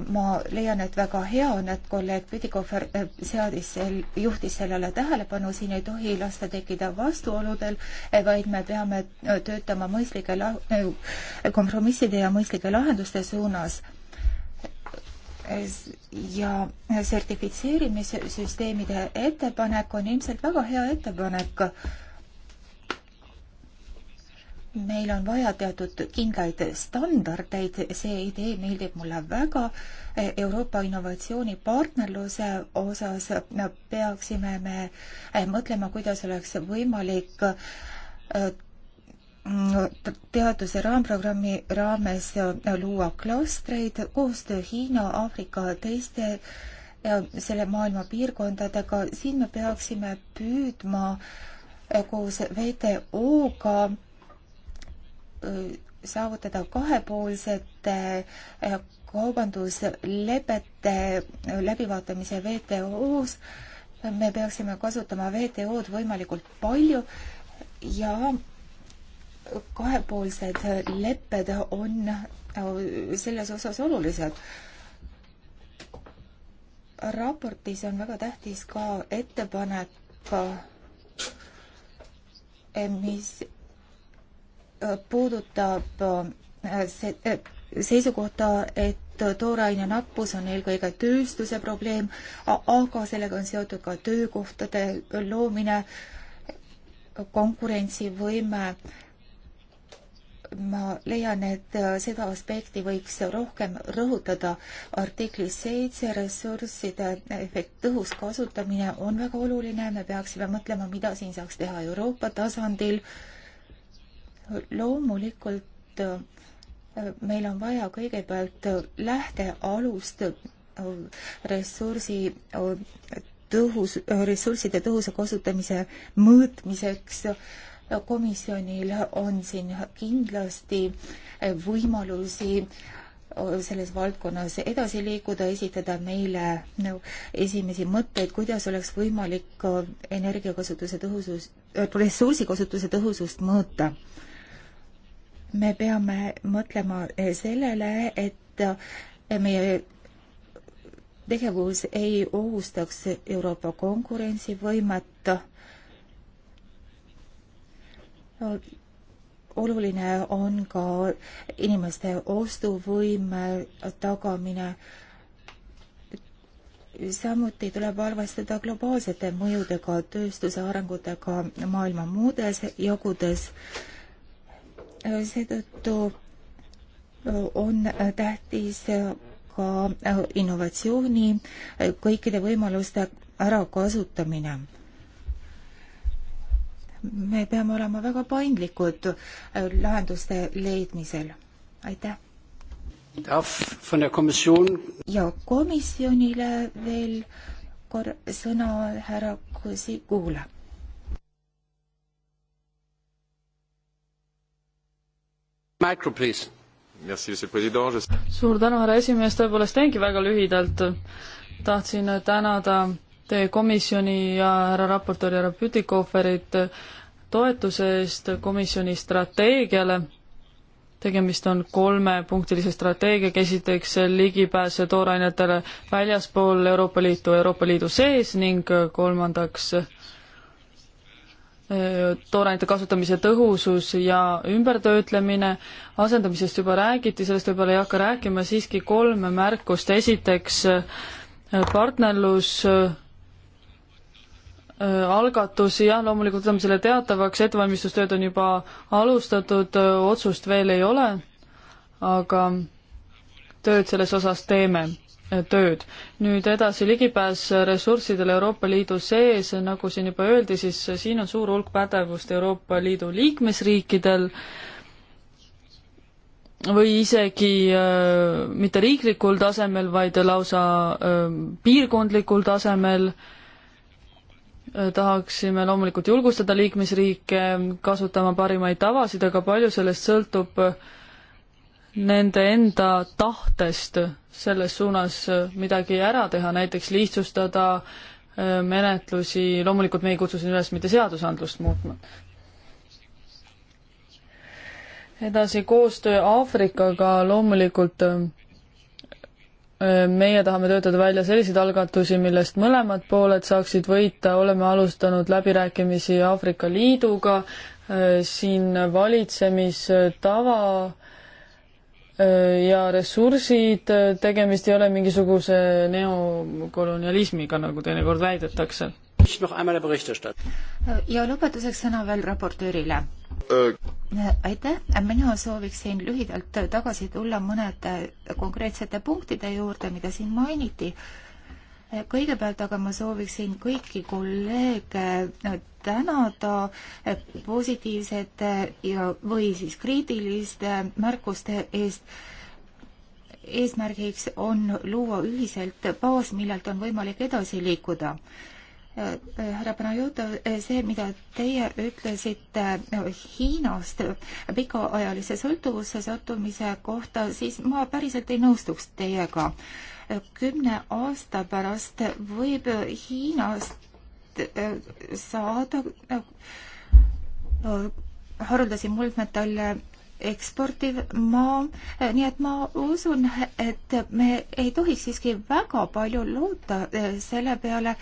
ma leian, et väga hea on, et kolleeg Püdikofer äh, seadis sel, juhtis sellele tähelepanu, siin ei tohi lasta tekkida vastuoludel, vaid me peame äh, töötama mõistlike la-, äh, kompromisside ja mõistlike lahenduste suunas. ja sertifitseerimissüsteemide ettepanek on ilmselt väga hea ettepanek meil on vaja teatud kindlaid standardeid, see idee meeldib mulle väga. Euroopa innovatsioonipartnerluse osas me peaksime me mõtlema, kuidas oleks võimalik äh, teaduse raamprogrammi raames luua klastreid, koostöö Hiina, Aafrika, teiste selle maailma piirkondadega, siin me peaksime püüdma koos WTO-ga saavutada kahepoolsete eh, kaubanduslepete eh, läbivaatamise WTO-s. me peaksime kasutama WTO-d võimalikult palju ja kahepoolsed lepped on eh, selles osas olulised. raportis on väga tähtis ka ettepanek, mis puudutab äh, see äh, seisukohta, et tooraine nappus on eelkõige tööstuse probleem, aga sellega on seotud ka töökohtade loomine, konkurentsivõime. ma leian, et äh, seda aspekti võiks rohkem rõhutada. artiklis seitse ressursside efekt, tõhus kasutamine on väga oluline, me peaksime mõtlema, mida siin saaks teha Euroopa tasandil loomulikult äh, meil on vaja kõigepealt lähtealust äh, ressursi äh, tõhus, ressursside tõhusa kasutamise mõõtmiseks. komisjonil on siin kindlasti võimalusi selles valdkonnas edasi liikuda, esitada meile no, esimesi mõtteid, kuidas oleks võimalik energiakasutuse tõhusus, ressursikasutuse tõhusust mõõta me peame mõtlema eh, sellele, et eh, meie tegevus ei ohustaks Euroopa konkurentsivõimet. oluline on ka inimeste ostuvõime tagamine. samuti tuleb arvestada globaalsete mõjudega, tööstuse arengutega maailma muudes jagudes seetõttu äh, on äh, tähtis äh, ka innovatsiooni kõikide võimaluste ärakasutamine. me peame olema väga paindlikud lahenduste leidmisel. aitäh! ja komisjonile veel kor-, sõna härra Kusikule suur tänu, härra esimees, tõepoolest teengi väga lühidalt. tahtsin tänada teie komisjoni ja härra raportööri härra Pütikoferit toetuse eest komisjoni strateegiale. tegemist on kolmepunktilise strateegiaga, esiteks ligipääs toorainetele väljaspool Euroopa Liitu, Euroopa Liidu sees ning kolmandaks toorainete kasutamise tõhusus ja ümbertöötlemine, asendamisest juba räägiti, sellest võib-olla ei hakka rääkima, siiski kolm märkust, esiteks partnerlus, äh, algatusi, jah, loomulikult võtame selle teatavaks, ettevalmistustööd on juba alustatud, otsust veel ei ole, aga tööd selles osas teeme tööd. nüüd edasi, ligipääs ressurssidele Euroopa Liidu sees, nagu siin juba öeldi, siis siin on suur hulk pädevust Euroopa Liidu liikmesriikidel või isegi äh, mitte riiklikul tasemel, vaid lausa äh, piirkondlikul tasemel äh, tahaksime loomulikult julgustada liikmesriike kasutama parimaid tavasid, aga palju sellest sõltub äh, nende enda tahtest selles suunas äh, midagi ära teha, näiteks lihtsustada äh, menetlusi, loomulikult me ei kutsu siin üles mitte seadusandlust muutma. edasi, koostöö Aafrikaga loomulikult äh, meie tahame töötada välja selliseid algatusi, millest mõlemad pooled saaksid võita, oleme alustanud läbirääkimisi Aafrika Liiduga, siin valitsemistava Äh, ja ressursid, äh, tegemist ei ole mingisuguse neokolonialismiga, nagu teinekord väidetakse. Äh, ja lõpetuseks sõna veel raportöörile. aitäh, mina sooviksin lühidalt tagasi tulla mõnede konkreetsete punktide juurde, mida siin mainiti kõigepealt aga ma sooviksin kõiki kolleege äh, tänada äh, positiivsete äh, ja, või siis kriitiliste märkuste eest. eesmärgiks on luua ühiselt baas, millelt on võimalik edasi liikuda härra Panajuta, see, mida teie ütlesite Hiinast pikaajalise sõltuvusse sattumise kohta, siis ma päriselt ei nõustuks teiega kümne aasta pärast võib Hiinast äh, saada äh, haruldasi muldmetalle eksportiv maa, nii et ma usun, et me ei tohiks siiski väga palju loota äh, selle peale,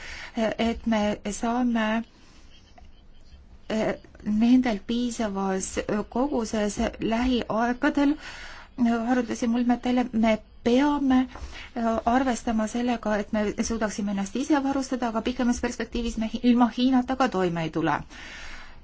et me saame nendel piisavas koguses lähiaegadel äh, haruldase muldmetele me peame äh, arvestama sellega, et me suudaksime ennast ise varustada, aga pikemas perspektiivis me ilma Hiinata ka toime ei tule.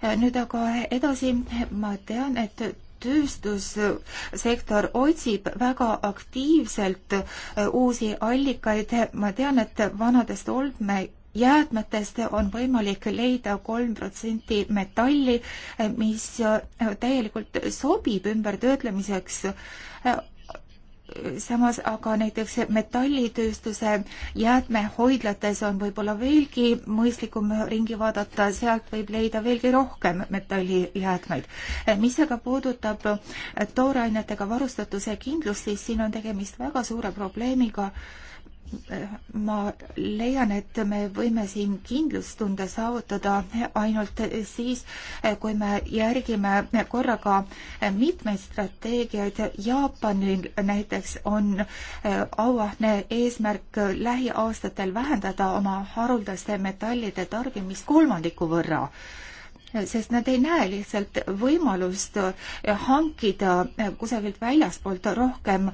Äh, nüüd aga edasi, ma tean, et tööstussektor otsib väga aktiivselt äh, uusi allikaid. ma tean, et vanadest oldme jäätmetest on võimalik leida kolm protsenti metalli, mis täielikult sobib ümbertöötlemiseks samas aga näiteks metallitööstuse jäätmehoidlates on võib-olla veelgi mõistlikum ringi vaadata, sealt võib leida veelgi rohkem metallijäätmeid. mis aga puudutab toorainetega varustatuse kindlust, siis siin on tegemist väga suure probleemiga äh, ma leian, et me võime siin kindlustunde saavutada ainult siis, kui me järgime korraga mitmeid strateegiaid. Jaapanil näiteks on auahne eesmärk lähiaastatel vähendada oma haruldaste metallide tarbimist kolmandiku võrra sest nad ei näe lihtsalt võimalust eh, hankida eh, kusagilt väljaspoolt rohkem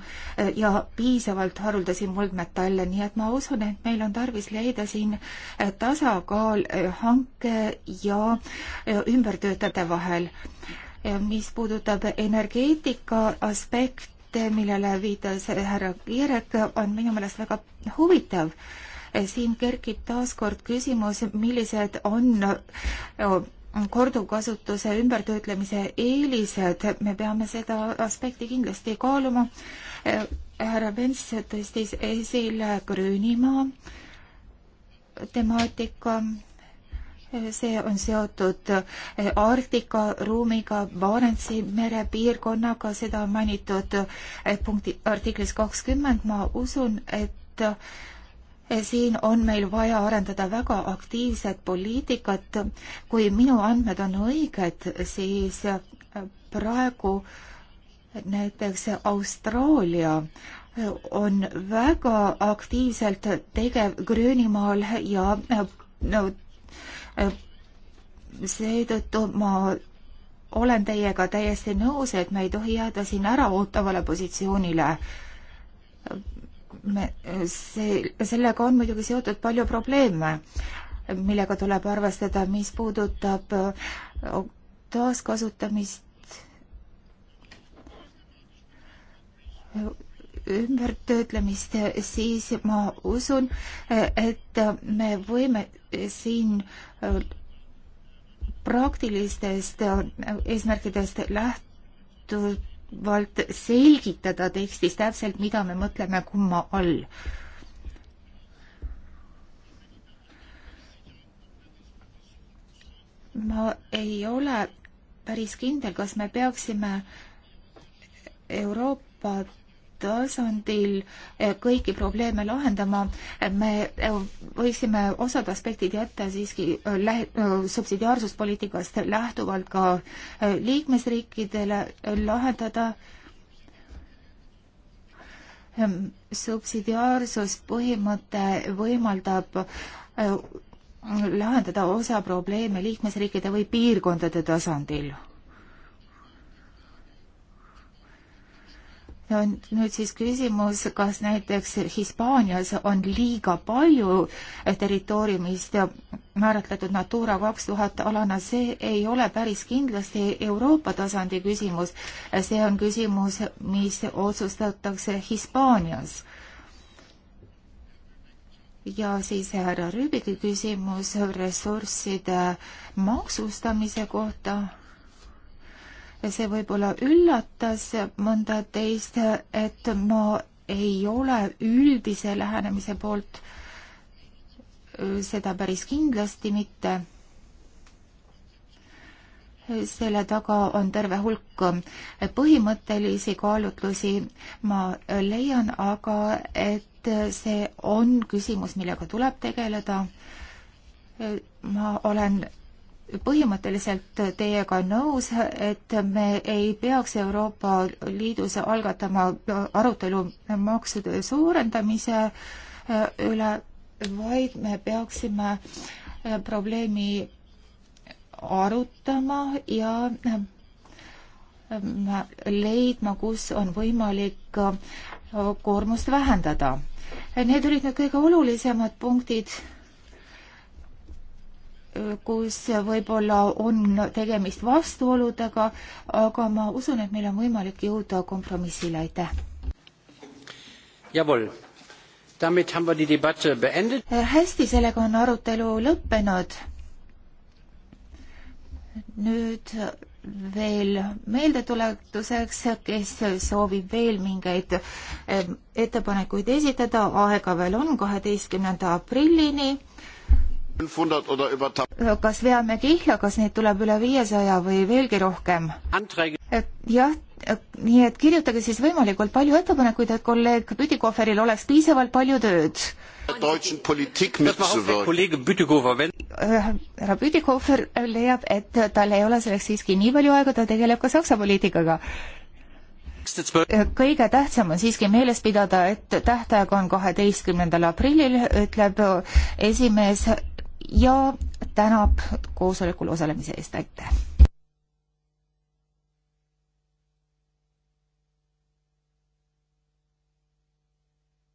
eh, ja piisavalt haruldasi muldmetalle, nii et ma usun, et meil on tarvis leida siin tasakaal hanke ja ümbertöötajate vahel. mis puudutab energeetika aspekti, millele viitas härra Kiirek, on minu meelest väga huvitav siin kerkib taaskord küsimus, millised on korduvkasutuse ümbertöötlemise eelised, me peame seda aspekti kindlasti kaaluma. Äh, härra Pents tõstis esile Gröönimaa temaatika. Äh, see on seotud äh, Arktika ruumiga, Barentsi mere piirkonnaga, seda on mainitud punkti artiklis kakskümmend, ma usun, et siin on meil vaja arendada väga aktiivset poliitikat. kui minu andmed on õiged, siis äh, praegu näiteks Austraalia on väga aktiivselt tegev Gröönimaal ja äh, no, äh, seetõttu ma olen teiega täiesti nõus, et me ei tohi jääda siin äraootavale positsioonile see, sellega on muidugi seotud palju probleeme, millega tuleb arvestada, mis puudutab äh, taaskasutamist, ümbertöötlemist, siis ma usun, et me võime siin äh, praktilistest äh, eesmärkidest lähtuda piisavalt selgitada tekstis täpselt, mida me mõtleme kumma all. ma ei ole päris kindel, kas me peaksime Euroopa tasandil eh, kõiki probleeme lahendama, me eh, võiksime osad aspektid jätta siiski eh, lähe-, subsidiaarsuspoliitikast lähtuvalt ka liikmesriikidele lahendada ehm, subsidiaarsuspõhimõte võimaldab lahendada osa probleeme liikmesriikide või piirkondade tasandil no nüüd siis küsimus, kas näiteks Hispaanias on liiga palju eh, territooriumist määratletud Natura kaks tuhat alana, see ei ole päris kindlasti Euroopa tasandi küsimus. Eh, see on küsimus, mis otsustatakse Hispaanias ja siis härra Rüübiki küsimus ressursside maksustamise kohta see võib-olla üllatas mõnda teist, et ma ei ole üldise lähenemise poolt, seda päris kindlasti mitte. selle taga on terve hulk põhimõttelisi kaalutlusi. ma leian aga, et see on küsimus, millega tuleb tegeleda ma olen põhimõtteliselt teiega nõus, et me ei peaks Euroopa Liidus algatama arutelu maksude suurendamise äh, üle, vaid me peaksime äh, probleemi arutama ja äh, leidma, kus on võimalik koormust vähendada. Need olid need kõige olulisemad punktid kus võib-olla on tegemist vastuoludega, aga ma usun, et meil on võimalik jõuda kompromissile, aitäh. Jawohl. Damit haben wir die Debatte beendet. Äh, hästi, sellega on arutelu lõppenud. nüüd veel meeldetuletuseks, kes soovib veel mingeid äh, ettepanekuid esitada, aega veel on kaheteistkümnenda aprillini Äh, kas veame tihja, kas neid tuleb üle viiesaja või veelgi rohkem? jah, äh, nii et kirjutage siis võimalikult palju ettepanekuid, et kolleeg Püdikoferil oleks piisavalt palju tööd. Äh, härra Püdikofer leiab, et tal ei ole selleks siiski nii palju aega, ta tegeleb ka Saksa poliitikaga kõige tähtsam on siiski meeles pidada, et tähtaeg on kaheteistkümnendal aprillil, ütleb esimees ja tänab koosolekul osalemise eest, aitäh!